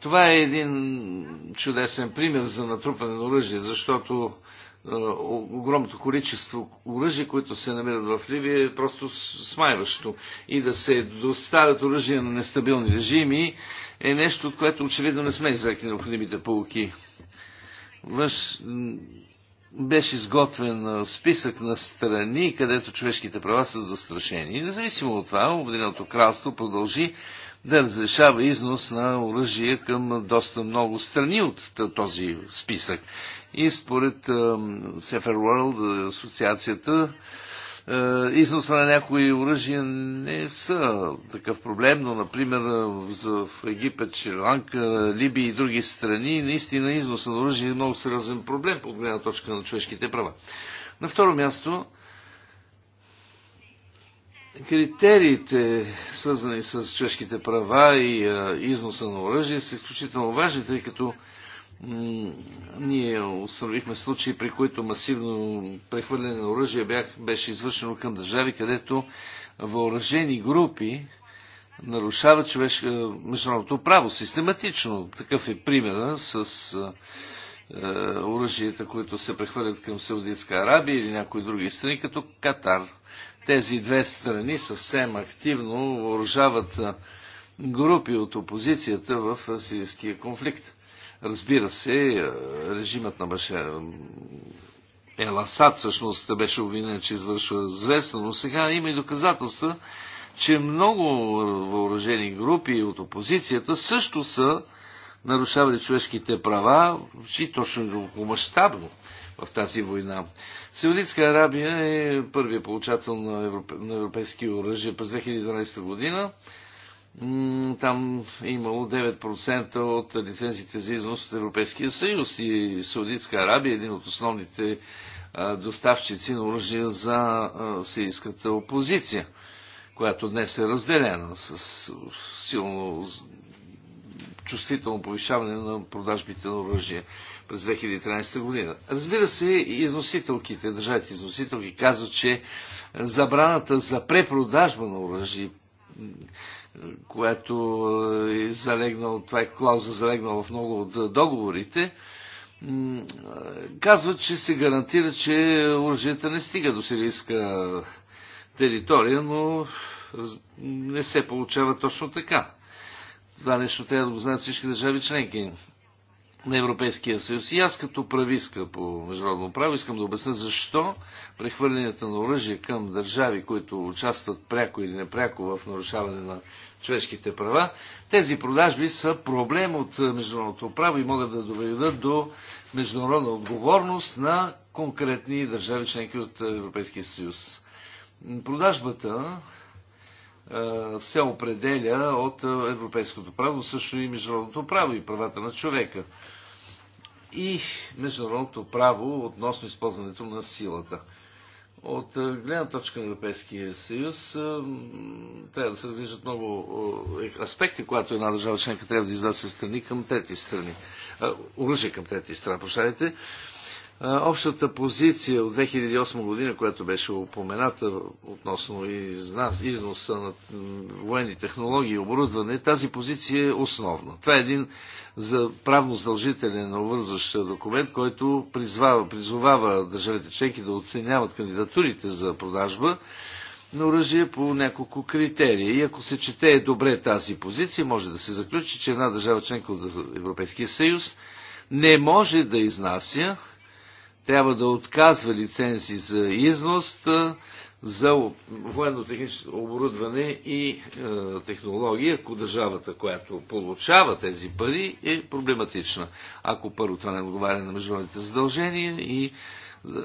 Това е един чудесен пример за натрупване на оръжие, защото е, огромното количество оръжие, които се намират в Ливия, е просто смайващо. И да се доставят оръжие на нестабилни режими е нещо, от което очевидно не сме извлекли необходимите полуки. Въз беше изготвен списък на страни, където човешките права са застрашени. И независимо от това, Обединеното кралство продължи да разрешава износ на оръжие към доста много страни от този списък. И според Сефер World, асоциацията, е, износа на някои оръжия не са такъв проблем, но, например, в Египет, Шри-Ланка, Либия и други страни, наистина износа на оръжие е много сериозен проблем по гледна точка на човешките права. На второ място, критериите, свързани с човешките права и е, износа на оръжие, са изключително важни, тъй като ние установихме случаи, при които масивно прехвърляне на оръжие бях, беше извършено към държави, където въоръжени групи нарушават човешка, е, международното право систематично. Такъв е примера с е, е, оръжията, които се прехвърлят към Саудитска Арабия или някои други страни, като Катар. Тези две страни съвсем активно въоръжават е, групи от опозицията в сирийския конфликт. Разбира се, е, режимът на Башар Еласад всъщност беше обвинен, че извършва звестно, но сега има и доказателства, че много въоръжени групи от опозицията също са нарушавали човешките права, и точно мащабно в тази война. Саудитска Арабия е първият получател на, на европейски оръжия през 2012 година там е имало 9% от лицензите за износ от Европейския съюз и Саудитска Арабия, е един от основните доставчици на оръжия за сирийската опозиция, която днес е разделена с силно чувствително повишаване на продажбите на оръжие през 2013 година. Разбира се, износителките, държавите износителки казват, че забраната за препродажба на оръжие което е залегнал, това е клауза залегнала в много от е, договорите, казва, че се гарантира, че оръжията не стига до сирийска територия, но не се получава точно така. Това нещо трябва да го знаят всички държави членки на Европейския съюз. И аз като прависка по международно право искам да обясня защо прехвърлянето на оръжие към държави, които участват пряко или непряко в нарушаване на човешките права, тези продажби са проблем от международното право и могат да доведат до международна отговорност на конкретни държави членки от Европейския съюз. Продажбата е, се определя от е, европейското право, също и международното право и правата на човека. И международното право относно използването на силата. От е, гледна точка на Европейския съюз трябва да се различат много аспекти, когато една държава членка трябва да изнася страни към трети страни. Оръжие към трети страни, прощавайте. Общата позиция от 2008 година, която беше упомената относно износа на военни технологии и оборудване, тази позиция е основна. Това е един за правно задължителен обвързващ документ, който призвава, призовава държавите членки да оценяват кандидатурите за продажба на оръжие по няколко критерия. И ако се чете добре тази позиция, може да се заключи, че една държава членка от Европейския съюз не може да изнася трябва да отказва лицензи за износ за военно-техническо оборудване и е, технологии, ако държавата, която получава тези пари, е проблематична. Ако първо това не отговаря на международните задължения и е,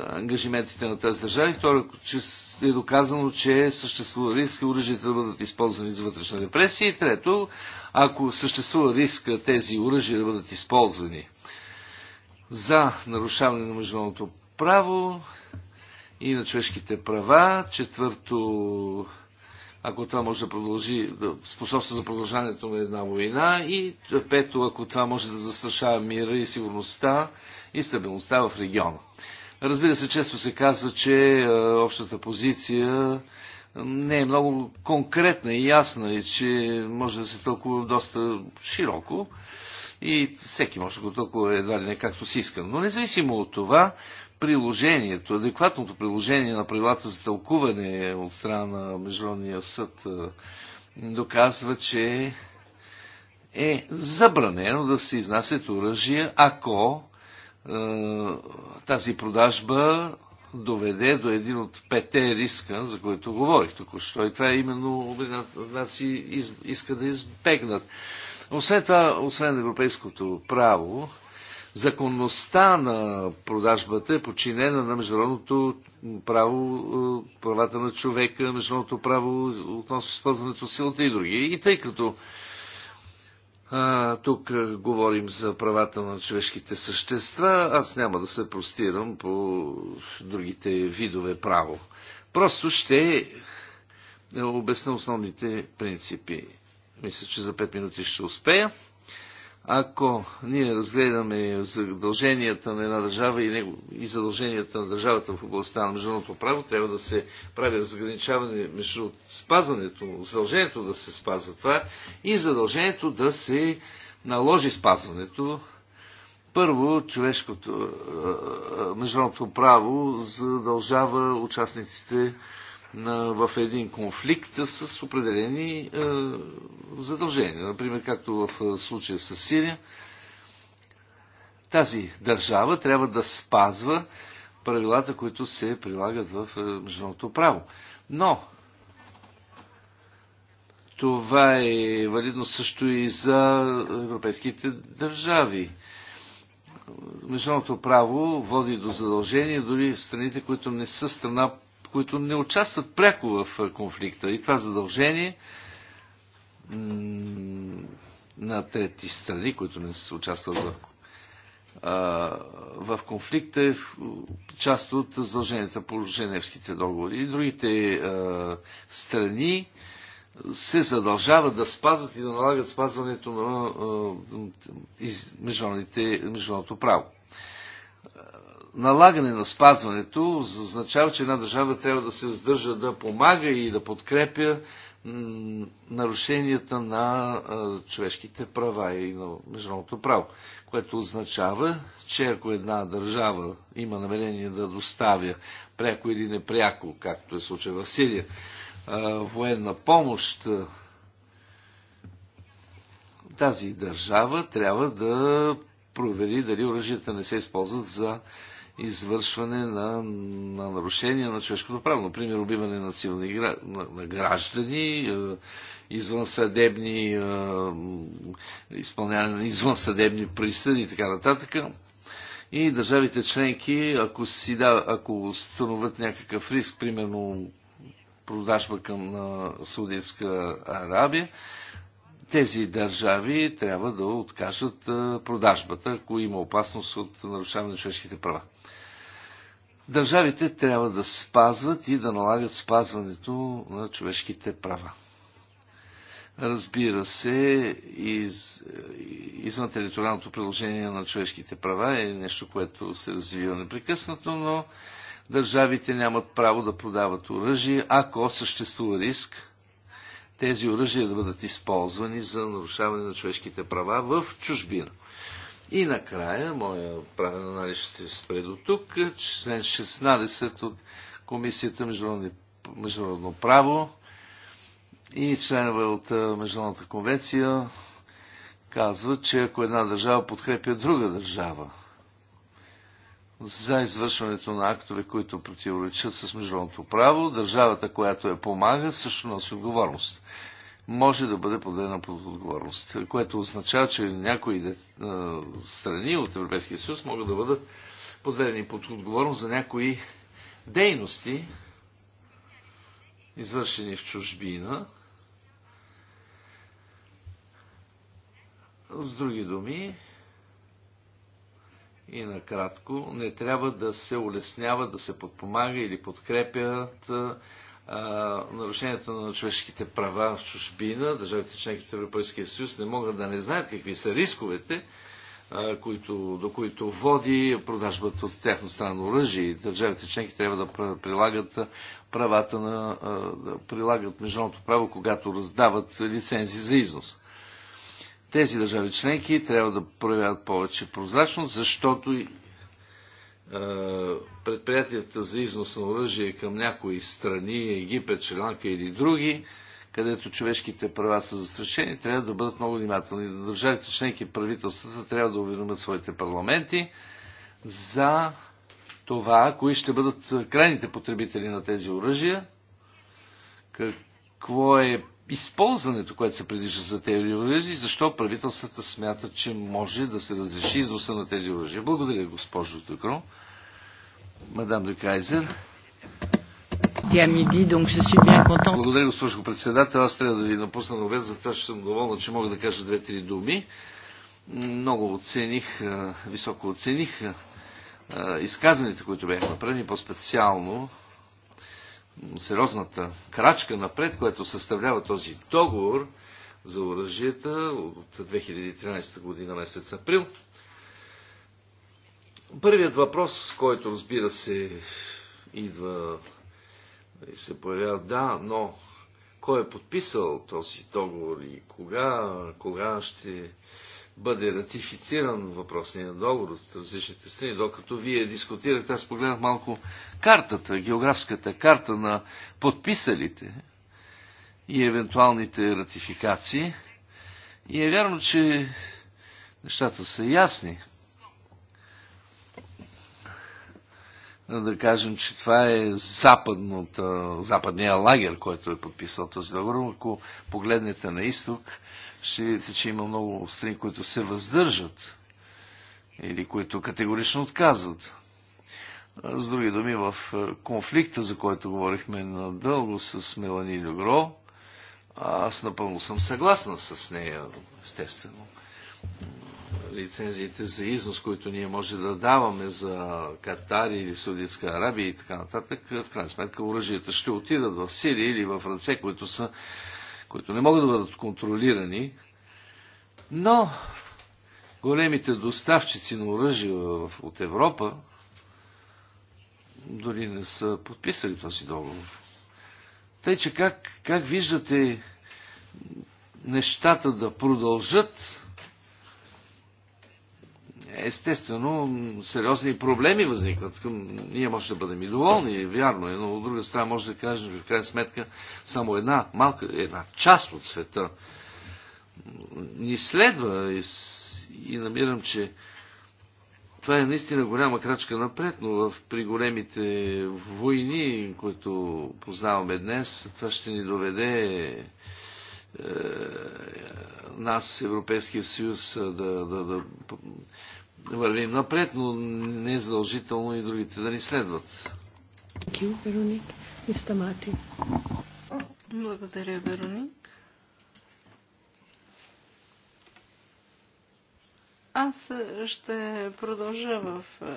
ангажиментите на тази държава и второ, че е доказано, че съществува риск оръжията да бъдат използвани за вътрешна депресия и трето, ако съществува риск тези оръжия да бъдат използвани за нарушаване на международното право и на човешките права. Четвърто, ако това може да продължи, да способства за продължаването на една война. И пето, ако това може да застрашава мира и сигурността и стабилността в региона. Разбира се, често се казва, че общата позиция не е много конкретна и ясна и че може да се тълкува доста широко и всеки може да го толкова едва ли не както си иска. Но независимо от това, приложението, адекватното приложение на правилата за тълкуване от страна на Международния съд е, доказва, че е забранено да се изнасят оръжия, ако е, тази продажба доведе до един от пете риска, за които говорих току-що. И това е именно нации иска да избегнат. Освен това, освен европейското право, законността на продажбата е подчинена на международното право, е, правата на човека, международното право относно използването силата и други. И тъй като а, тук а, е, говорим за правата на човешките същества, аз няма да се простирам по другите видове право. Просто ще е, обясня основните принципи. Мисля, че за 5 минути ще успея. Ако ние разгледаме задълженията на една държава и, него, и задълженията на държавата в областта на международното право, трябва да се прави разграничаване между спазването, задължението да се спазва това и задължението да се наложи спазването първо, човешкото, международното право задължава участниците на, в един конфликт с определени е, задължения. Например, както в е, случая с Сирия, тази държава трябва да спазва правилата, които се прилагат в е, международното право. Но това е валидно също и за европейските държави. Международното право води до задължение дори в страните, които не са страна които не участват пряко в конфликта. И това задължение на трети страни, които не се участват в, а, в конфликта, е част от задълженията по Женевските договори. И другите а, страни се задължават да спазват и да налагат спазването на а, международното право налагане на спазването означава, че една държава трябва да се въздържа да помага и да подкрепя нарушенията на човешките права и на международното право, което означава, че ако една държава има намерение да доставя пряко или непряко, както е случай в Сирия, военна помощ, тази държава трябва да провери дали оръжията не се използват за извършване на, на нарушения на човешкото право. Например, убиване на цивилни на, граждани, е, извънсъдебни, е, изпълняване на извънсъдебни присъди и така нататък. И държавите членки, ако, си да, ако становят някакъв риск, примерно продажба към Саудитска Арабия, тези държави трябва да откажат продажбата, ако има опасност от нарушаване на човешките права. Държавите трябва да спазват и да налагат спазването на човешките права. Разбира се, из, извън териториалното приложение на човешките права е нещо, което се развива непрекъснато, но държавите нямат право да продават оръжие, ако съществува риск тези оръжия да бъдат използвани за нарушаване на човешките права в чужбина. И накрая, моя правен анализ ще се спре до тук, член 16 от Комисията Международно право и членове от е, Международната конвенция казват, че ако една държава подкрепя друга държава за извършването на актове, които противоречат с международното право, държавата, която я помага, също носи отговорност може да бъде подведена под отговорност, което означава, че някои е, страни от Европейския съюз могат да бъдат подведени под отговорност за някои дейности, извършени в чужбина. С други думи, и накратко, не трябва да се улеснява, да се подпомага или подкрепят е, нарушенията на човешките права в чужбина, държавите членки от Европейския съюз не могат да не знаят какви са рисковете, които, до които води продажбата от тяхна страна оръжие. Държавите членки трябва да прилагат правата на, да прилагат международното право, когато раздават лицензии за износ. Тези държави членки трябва да проявяват повече прозрачност, защото е, предприятията за износ на оръжие към някои страни, Египет, Шриланка или други, където човешките права са застрашени, трябва да бъдат много внимателни. Държавите членки правителствата трябва да уведомят своите парламенти за това, кои ще бъдат крайните потребители на тези оръжия, какво е използването, което се предвижда за тези оръжия, защо правителствата смятат, че може да се разреши износа на тези оръжия. Благодаря, госпожо Токро. Мадам Декайзер. Благодаря, госпожо председател. Аз трябва да ви напусна на обед, затова ще съм доволна, че мога да кажа две-три думи. Много оцених, високо оцених изказаните, които бяха направени, по-специално сериозната крачка напред, която съставлява този договор за оръжията от 2013 година месец април. Първият въпрос, който разбира се идва и се появява, да, но кой е подписал този договор и кога, кога ще бъде ратифициран въпросния договор от различните страни. Докато вие дискутирахте, аз погледнах малко картата, географската карта на подписалите и евентуалните ратификации. И е вярно, че нещата са ясни. Да кажем, че това е западният западния лагер, който е подписал този договор. Ако погледнете на изток, ще видите, че има много страни, които се въздържат или които категорично отказват. С други думи, в е, конфликта, за който говорихме надълго с Мелани Люгро, аз напълно съм съгласна с нея, естествено. Лицензиите за износ, които ние може да даваме за Катар или Саудитска Арабия и така нататък, в крайна сметка оръжията ще отидат в Сирия или в ръце, които са които не могат да бъдат контролирани, но големите доставчици на оръжие от Европа дори не са подписали този договор. Тъй, че как, как виждате нещата да продължат естествено, сериозни проблеми възникват. Ние може да бъдем и доволни, вярно е, но от друга страна може да кажем, че в крайна сметка само една малка, една част от света ни следва и, и намирам, че това е наистина голяма крачка напред, но в, при големите войни, които познаваме днес, това ще ни доведе е, е, нас, Европейския съюз, да, да, да вървим напред, но не задължително и другите да ни следват. Благодаря, Вероник. Аз ще продължа в е,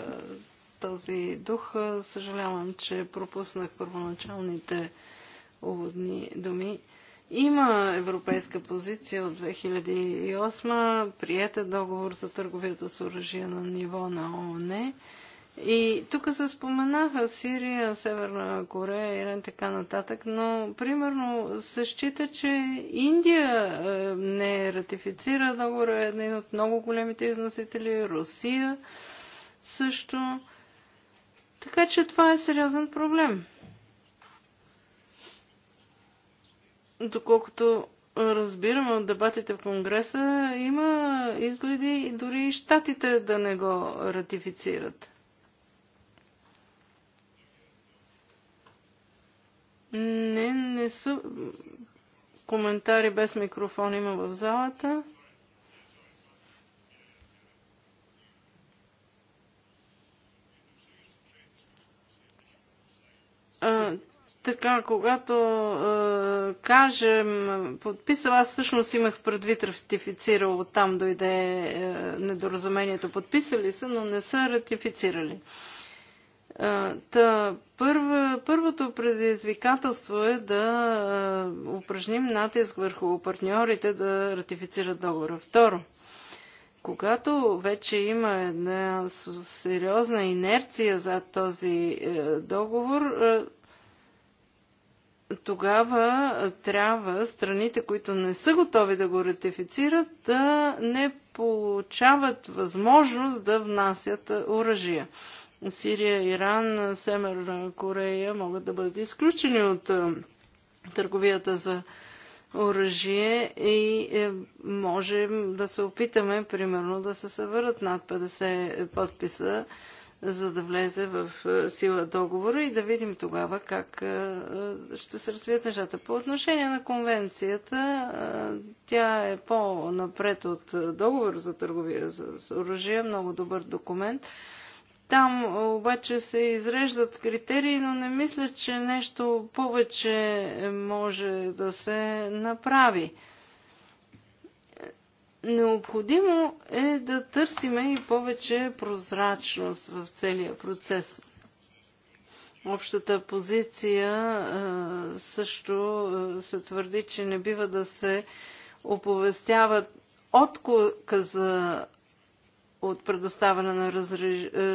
този дух. Съжалявам, че пропуснах първоначалните уводни думи. Има европейска позиция от 2008, приятен договор за търговията с оръжие на ниво на ООН. И тук се споменаха Сирия, Северна Корея и така нататък, но примерно се счита, че Индия е, не ратифицира договора, е един от много големите износители, Русия също. Така че това е сериозен проблем. доколкото разбирам от дебатите в Конгреса, има изгледи и дори и щатите да не го ратифицират. Не, не са. Коментари без микрофон има в залата. А, така, когато е, кажем подписал, аз всъщност имах предвид ратифицирал, там дойде е, недоразумението. Подписали са, но не са ратифицирали. Та, първо, първото предизвикателство е да е, упражним натиск върху партньорите да ратифицират договора. Второ, когато вече има една сериозна инерция за този е, договор, е, тогава трябва страните, които не са готови да го ратифицират, да не получават възможност да внасят оръжия. Сирия, Иран, Семерна Корея могат да бъдат изключени от търговията за оръжие и е, можем да се опитаме, примерно, да се съберат над 50 подписа за да влезе в е, сила договора и да видим тогава как е, е, ще се развият нещата. По отношение на конвенцията, тя е по-напред от договор за търговия с оръжие, много добър документ. Там обаче се изреждат критерии, но не мисля, че нещо повече може да се направи. Необходимо е да търсиме и повече прозрачност в целия процес. Общата позиция е, също е, се твърди, че не бива да се оповестяват отказа от предоставяне на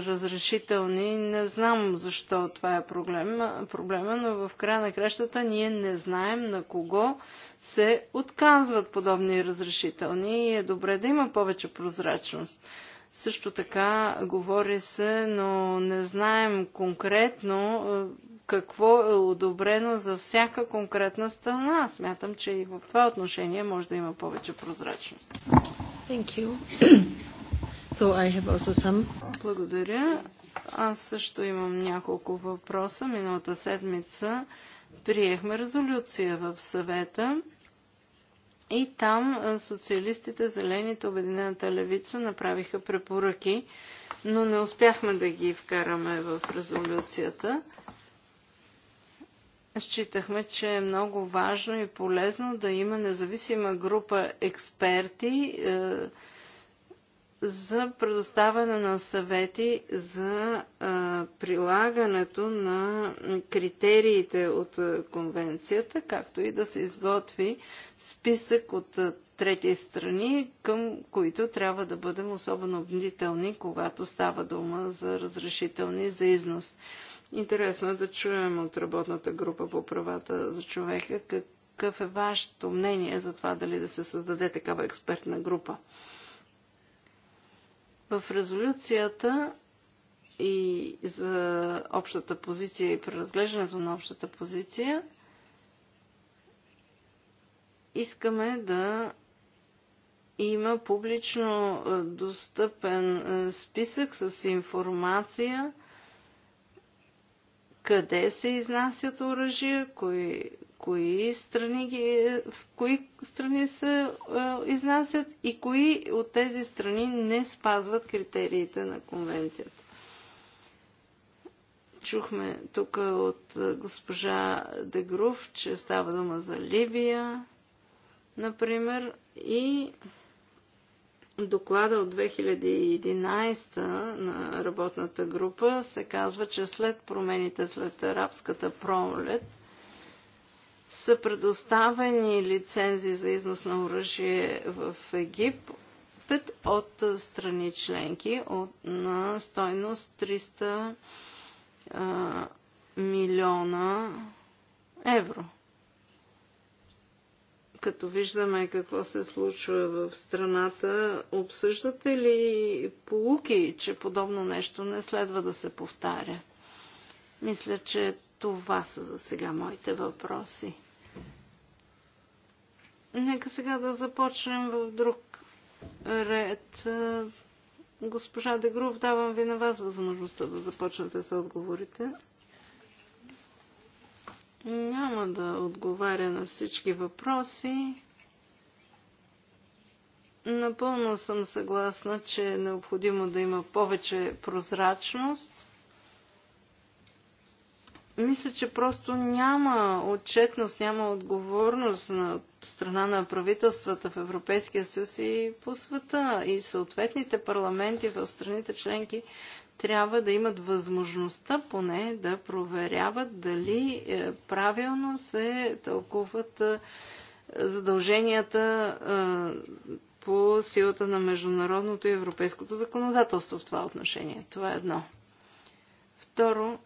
разрешителни. Не знам защо това е проблема, но в края на кращата ние не знаем на кого се отказват подобни разрешителни и е добре да има повече прозрачност. Също така говори се, но не знаем конкретно е, какво е одобрено за всяка конкретна страна. Смятам, че и в това отношение може да има повече прозрачност. Thank you. So I have also some. Благодаря. Аз също имам няколко въпроса. Миналата седмица приехме резолюция в съвета и там социалистите, зелените, обединената левица направиха препоръки, но не успяхме да ги вкараме в резолюцията. Считахме, че е много важно и полезно да има независима група експерти, за предоставяне на съвети за а, прилагането на критериите от конвенцията, както и да се изготви списък от трети страни, към които трябва да бъдем особено бдителни, когато става дума за разрешителни за износ. Интересно е да чуем от работната група по правата за човека какъв е вашето мнение за това дали да се създаде такава експертна група. В резолюцията и за общата позиция и преразглеждането на общата позиция искаме да има публично е, достъпен е, списък с информация къде се изнасят оръжия, кои, кои страни ги, в кои страни се е, изнасят и кои от тези страни не спазват критериите на конвенцията. Чухме тук от е, госпожа Дегрув, че става дума за Либия, например, и доклада от 2011 на работната група се казва, че след промените след арабската пролет са предоставени лицензии за износ на оръжие в Египет от страни членки от, на стойност 300 а, милиона евро като виждаме какво се случва в страната, обсъждате ли полуки, че подобно нещо не следва да се повтаря? Мисля, че това са за сега моите въпроси. Нека сега да започнем в друг ред. Госпожа Дегров, давам ви на вас възможността да започнете с отговорите. Няма да отговаря на всички въпроси. Напълно съм съгласна, че е необходимо да има повече прозрачност. Мисля, че просто няма отчетност, няма отговорност на страна на правителствата в Европейския съюз и по света. И съответните парламенти в страните членки трябва да имат възможността поне да проверяват дали е, правилно се тълкуват е, задълженията е, по силата на международното и европейското законодателство в това отношение. Това е едно. Второ,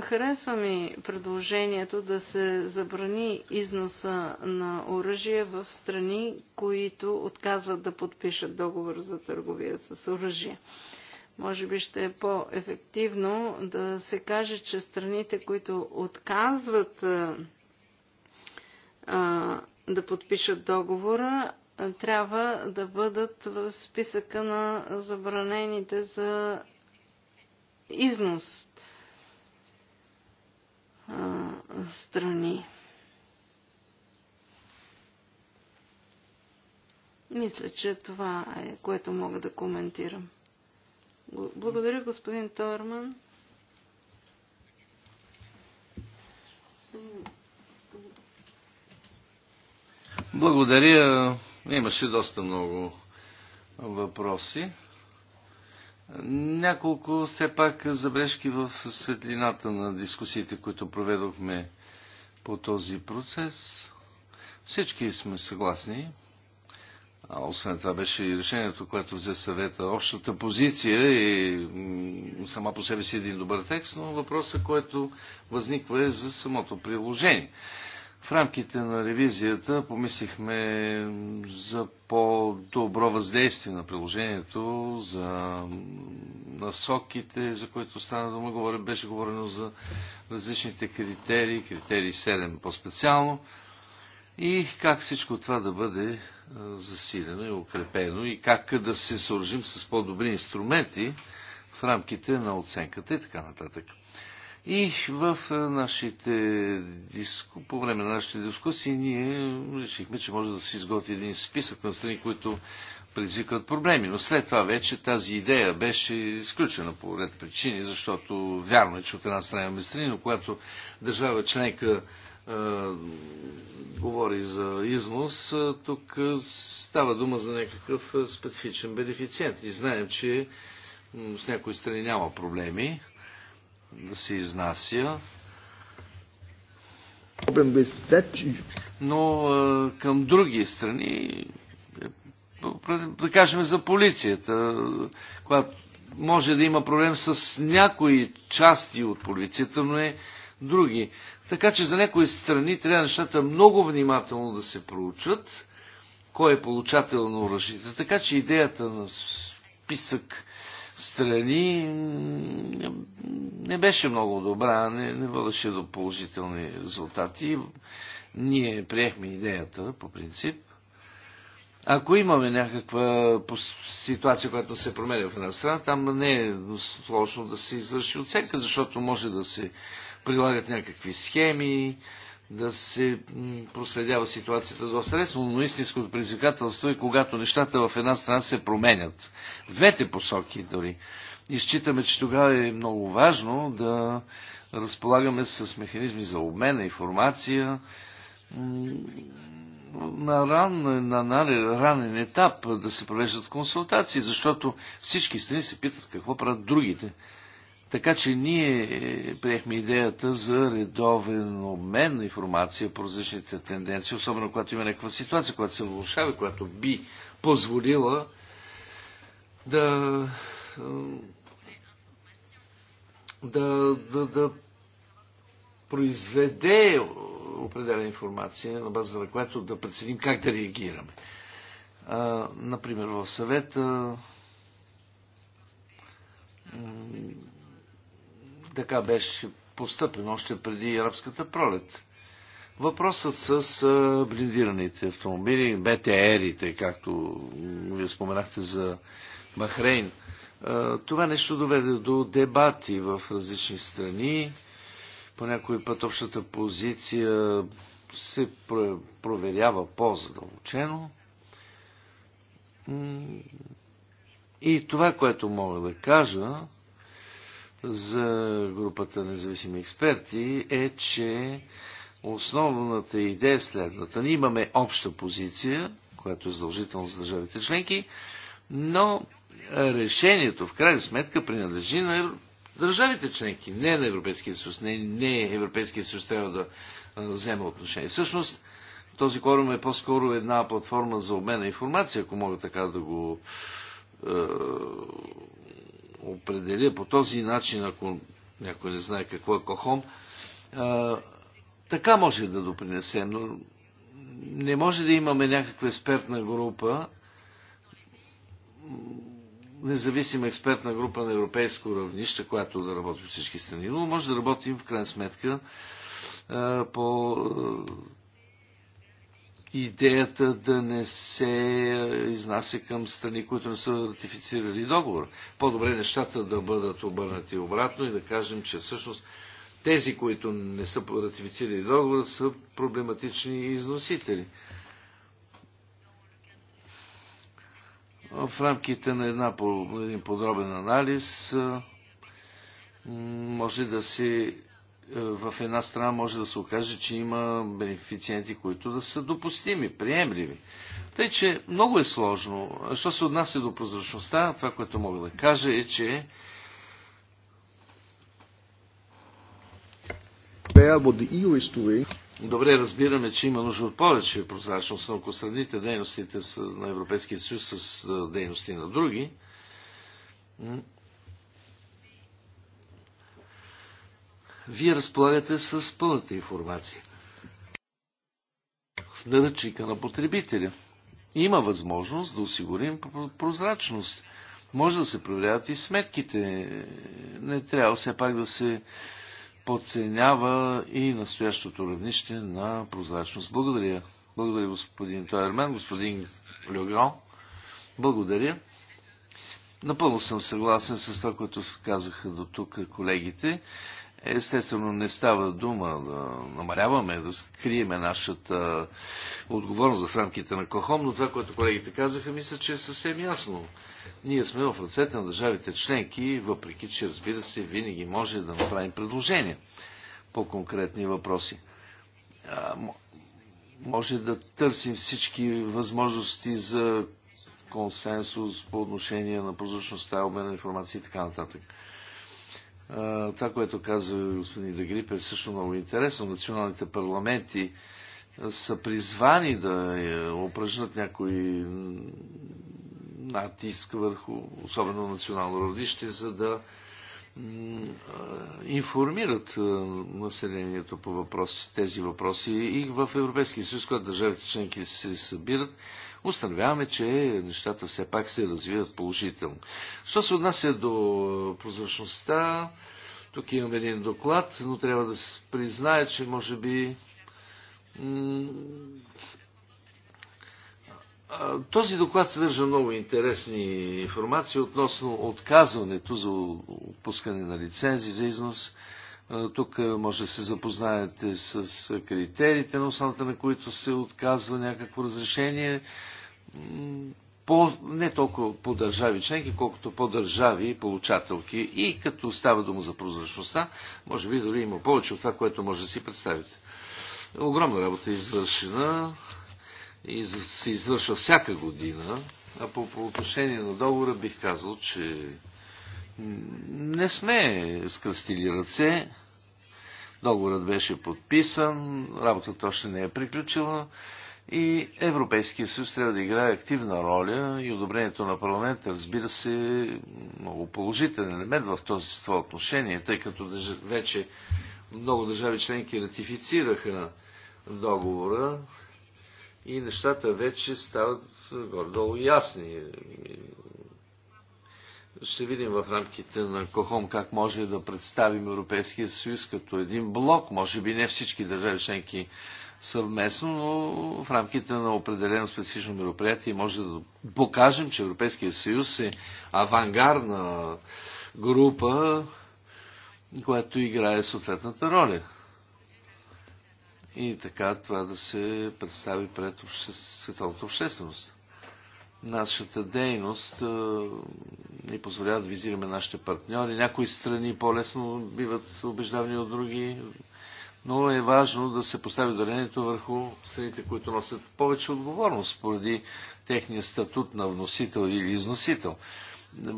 харесва ми предложението да се забрани износа на оръжие в страни, които отказват да подпишат договор за търговия с оръжие може би ще е по-ефективно да се каже, че страните, които отказват да подпишат договора, трябва да бъдат в списъка на забранените за износ страни. Мисля, че това е което мога да коментирам. Благодаря, господин Торман. Благодаря. Имаше доста много въпроси. Няколко все пак забележки в светлината на дискусиите, които проведохме по този процес. Всички сме съгласни, освен това беше и решението, което взе съвета. Общата позиция е сама по себе си един добър текст, но въпросът, който възниква е за самото приложение. В рамките на ревизията помислихме за по-добро въздействие на приложението, за насоките, за които стана дума, говоря, беше говорено за различните критерии, критерии 7 по-специално и как всичко това да бъде засилено и укрепено и как да се съоръжим с по-добри инструменти в рамките на оценката и така нататък. И в нашите диску... по време на нашите дискусии ние решихме, че може да се изготви един списък на страни, които предизвикват проблеми. Но след това вече тази идея беше изключена по ред причини, защото вярно е, че от една страна имаме страни, но когато държава членка е, говори за износ, е, тук е, става дума за някакъв специфичен бенефициент. И знаем, че с някои страни няма проблеми да се изнася. Но към други страни, да кажем за полицията, която може да има проблем с някои части от полицията, но е други. Така че за някои страни трябва нещата много внимателно да се проучат, кой е получател на оръжията. Така че идеята на списък страни не беше много добра, не, не водеше до положителни резултати. Ние приехме идеята, по принцип. Ако имаме някаква ситуация, която се променя в една страна, там не е сложно да се извърши оценка, защото може да се прилагат някакви схеми, да се проследява ситуацията до средство, но истинското предизвикателство е когато нещата в една страна се променят. В двете посоки дори. Изчитаме, че тогава е много важно да разполагаме с механизми за обмен на информация на, ран, на, на ранен етап да се провеждат консултации, защото всички страни се питат какво правят другите. Така че ние е, приехме идеята за редовен обмен на информация по различните тенденции, особено когато има някаква ситуация, която се влушава, която би позволила да, да, да, да произведе определена информация, на база на която да преценим как да реагираме. А, например, в съвета така беше постъпен още преди арабската пролет. Въпросът с блиндираните автомобили, БТР-ите, както вие споменахте за Бахрейн, това нещо доведе до дебати в различни страни. По някой път общата позиция се проверява по-задълбочено. И това, което мога да кажа, за групата независими експерти е, че основната идея е следната. Ние имаме обща позиция, която е задължителна за държавите членки, но решението в крайна сметка принадлежи на евро... държавите членки, не на Европейския съюз. Не, не Европейския съюз трябва да взема отношение. Всъщност, този корум е по-скоро една платформа за обмен на информация, ако мога така да го е, определя по този начин, ако някой не знае какво е кохом, а, така може да допринесем, но не може да имаме някаква експертна група, независима експертна група на европейско равнище, която да работи в всички страни, но може да работим в крайна сметка по идеята да не се е, изнася към страни, които не са ратифицирали договор. По-добре нещата да бъдат обърнати обратно и да кажем, че всъщност тези, които не са ратифицирали договора, са проблематични износители. В рамките на една, един подробен анализ е, може да се в една страна може да се окаже, че има бенефициенти, които да са допустими, приемливи. Тъй, че много е сложно. Що се отнася до прозрачността, това, което мога да кажа е, че e Добре разбираме, че има нужда от повече прозрачност, но ако сравните дейностите на Европейския съюз с дейности на други, вие разполагате с пълната информация. В наръчника на потребителя има възможност да осигурим прозрачност. Може да се проверяват и сметките. Не трябва все пак да се подценява и настоящото равнище на прозрачност. Благодаря. Благодаря господин Тойермен, господин Легран. Благодаря. Напълно съм съгласен с това, което казаха до тук колегите. Естествено, не става дума да намаряваме, да скриеме нашата отговорност в рамките на КОХОМ, но това, което колегите казаха, мисля, че е съвсем ясно. Ние сме в ръцете на държавите членки, въпреки че, разбира се, винаги може да направим предложения по конкретни въпроси. Може да търсим всички възможности за консенсус по отношение на прозрачността, обмена на информация и така нататък. Това, което каза господин Дегрип е също много интересно. Националните парламенти са призвани да е, упражнат някой натиск върху, особено национално родище, за да информират населението по въпроси, тези въпроси и в Европейския съюз, когато държавите членки се събират установяваме, че нещата все пак се развиват положително. Що се отнася до е, прозрачността, тук имам един доклад, но трябва да се признае, че може би този доклад съдържа много интересни информации относно отказването за отпускане на лицензи за износ тук може да се запознаете с критериите, на основата на които се отказва някакво разрешение. По, не толкова по държави членки, колкото по държави и получателки. И като става дума за прозрачността, може би дори има повече от това, което може да си представите. Огромна работа е извършена и се извършва всяка година. А по, по отношение на договора бих казал, че не сме скръстили ръце. Договорът беше подписан, работата още не е приключила и Европейския съюз трябва да играе активна роля и одобрението на парламента, разбира се, е много положителен елемент в този това отношение, тъй като вече много държави членки ратифицираха договора и нещата вече стават горе-долу ясни ще видим в рамките на КОХОМ как може да представим Европейския съюз като един блок. Може би не всички държави членки съвместно, но в рамките на определено специфично мероприятие може да покажем, че Европейския съюз е авангардна група, която играе съответната роля. И така това да се представи пред обществ... световната общественост нашата дейност ни позволява да визираме нашите партньори. Някои страни по-лесно биват убеждавани от други, но е важно да се постави ударението върху страните, които носят повече отговорност поради техния статут на вносител или износител.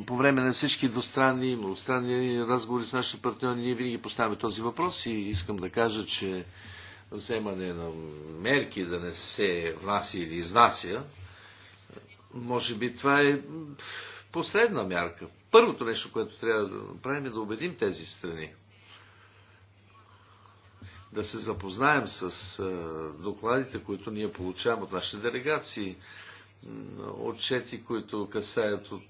По време на всички двустранни, многостранни разговори с нашите партньори ние винаги поставяме този въпрос и искам да кажа, че вземане на мерки да не се внася или изнася може би това е последна мярка. Първото нещо, което трябва да направим е да убедим тези страни. Да се запознаем с докладите, които ние получаваме от нашите делегации, отчети, които касаят от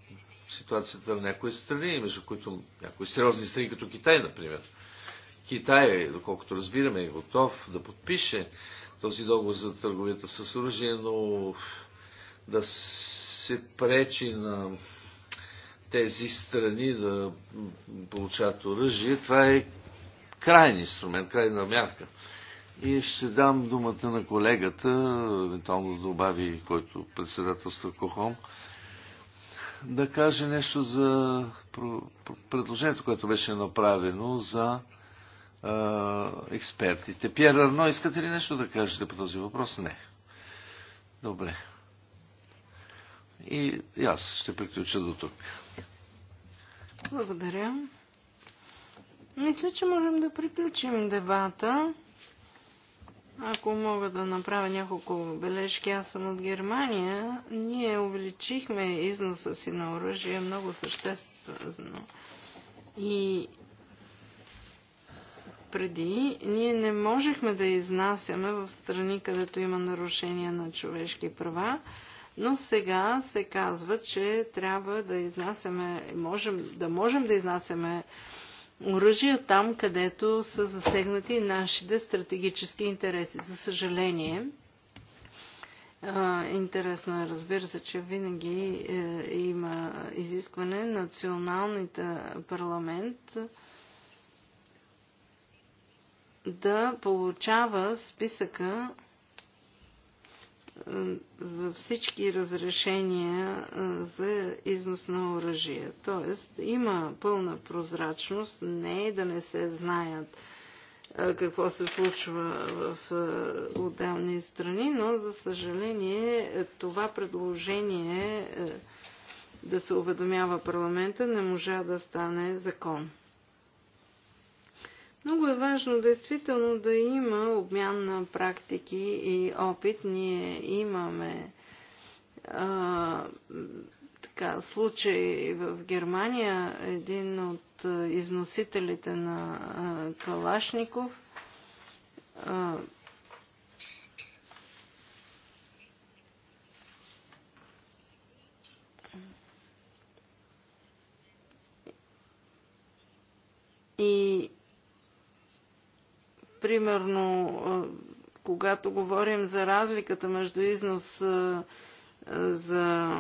ситуацията на някои страни, между които някои сериозни страни, като Китай, например. Китай, доколкото разбираме, е готов да подпише този договор за търговията с оръжие, но да се пречи на тези страни да получат оръжие, това е крайен инструмент, крайна мярка. И ще дам думата на колегата, евентуално да добави, който председателства Кохом, да каже нещо за предложението, което беше направено за е, експертите. Пьер Арно, искате ли нещо да кажете по този въпрос? Не. Добре. И, аз ще приключа до тук. Благодаря. Мисля, че можем да приключим дебата. Ако мога да направя няколко бележки, аз съм от Германия. Ние увеличихме износа си на оръжие много съществено. И преди ние не можехме да изнасяме в страни, където има нарушения на човешки права но сега се казва, че трябва да изнасяме, можем, да можем да изнасяме оръжия там, където са засегнати нашите стратегически интереси. За съжаление, интересно е, разбира се, че винаги е, има изискване националните парламент да получава списъка за всички разрешения за износ на оръжие. Тоест има пълна прозрачност, не е да не се знаят какво се случва в отделни страни, но за съжаление това предложение е, да се уведомява парламента не можа да стане закон. Много е важно действително да има обмян на практики и опит. Ние имаме а, така, случай в Германия, един от износителите на а, Калашников а, и примерно, когато говорим за разликата между износ за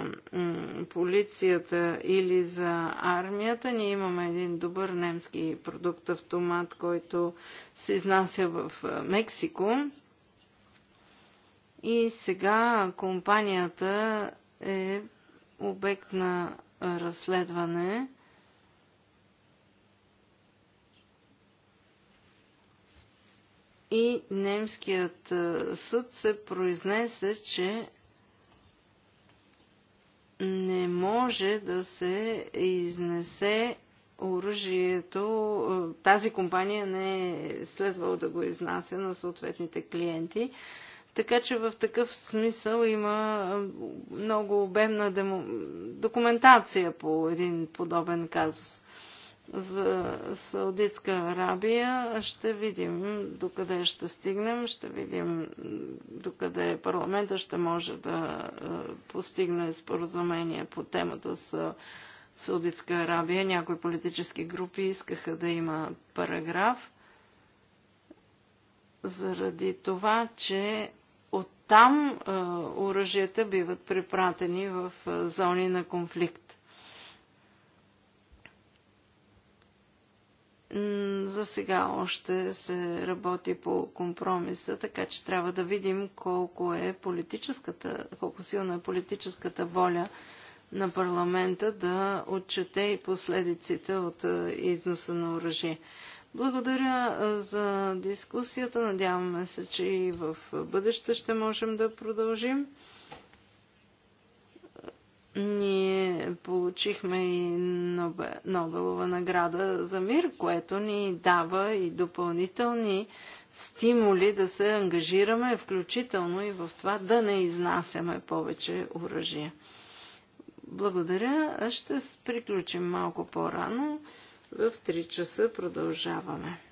полицията или за армията. Ние имаме един добър немски продукт автомат, който се изнася в Мексико. И сега компанията е обект на разследване и немският е, съд се произнесе, че не може да се изнесе оръжието. Е, тази компания не е следвало да го изнася на съответните клиенти. Така че в такъв смисъл има е, много обемна демо... документация по един подобен казус за Саудитска Арабия. Ще видим докъде ще стигнем, ще видим докъде парламента ще може да е, постигне споразумение по темата с Саудитска Арабия. Някои политически групи искаха да има параграф заради това, че оттам е, оръжията биват препратени в е, зони на конфликт. За сега още се работи по компромиса, така че трябва да видим колко, е политическата, колко силна е политическата воля на парламента да отчете и последиците от е, износа на оръжие. Благодаря е, за дискусията. Надяваме се, че и в бъдеще ще можем да продължим. Ние получихме и Нобелова награда за мир, което ни дава и допълнителни стимули да се ангажираме, включително и в това да не изнасяме повече оръжие. Благодаря. Ще приключим малко по-рано. В 3 часа продължаваме.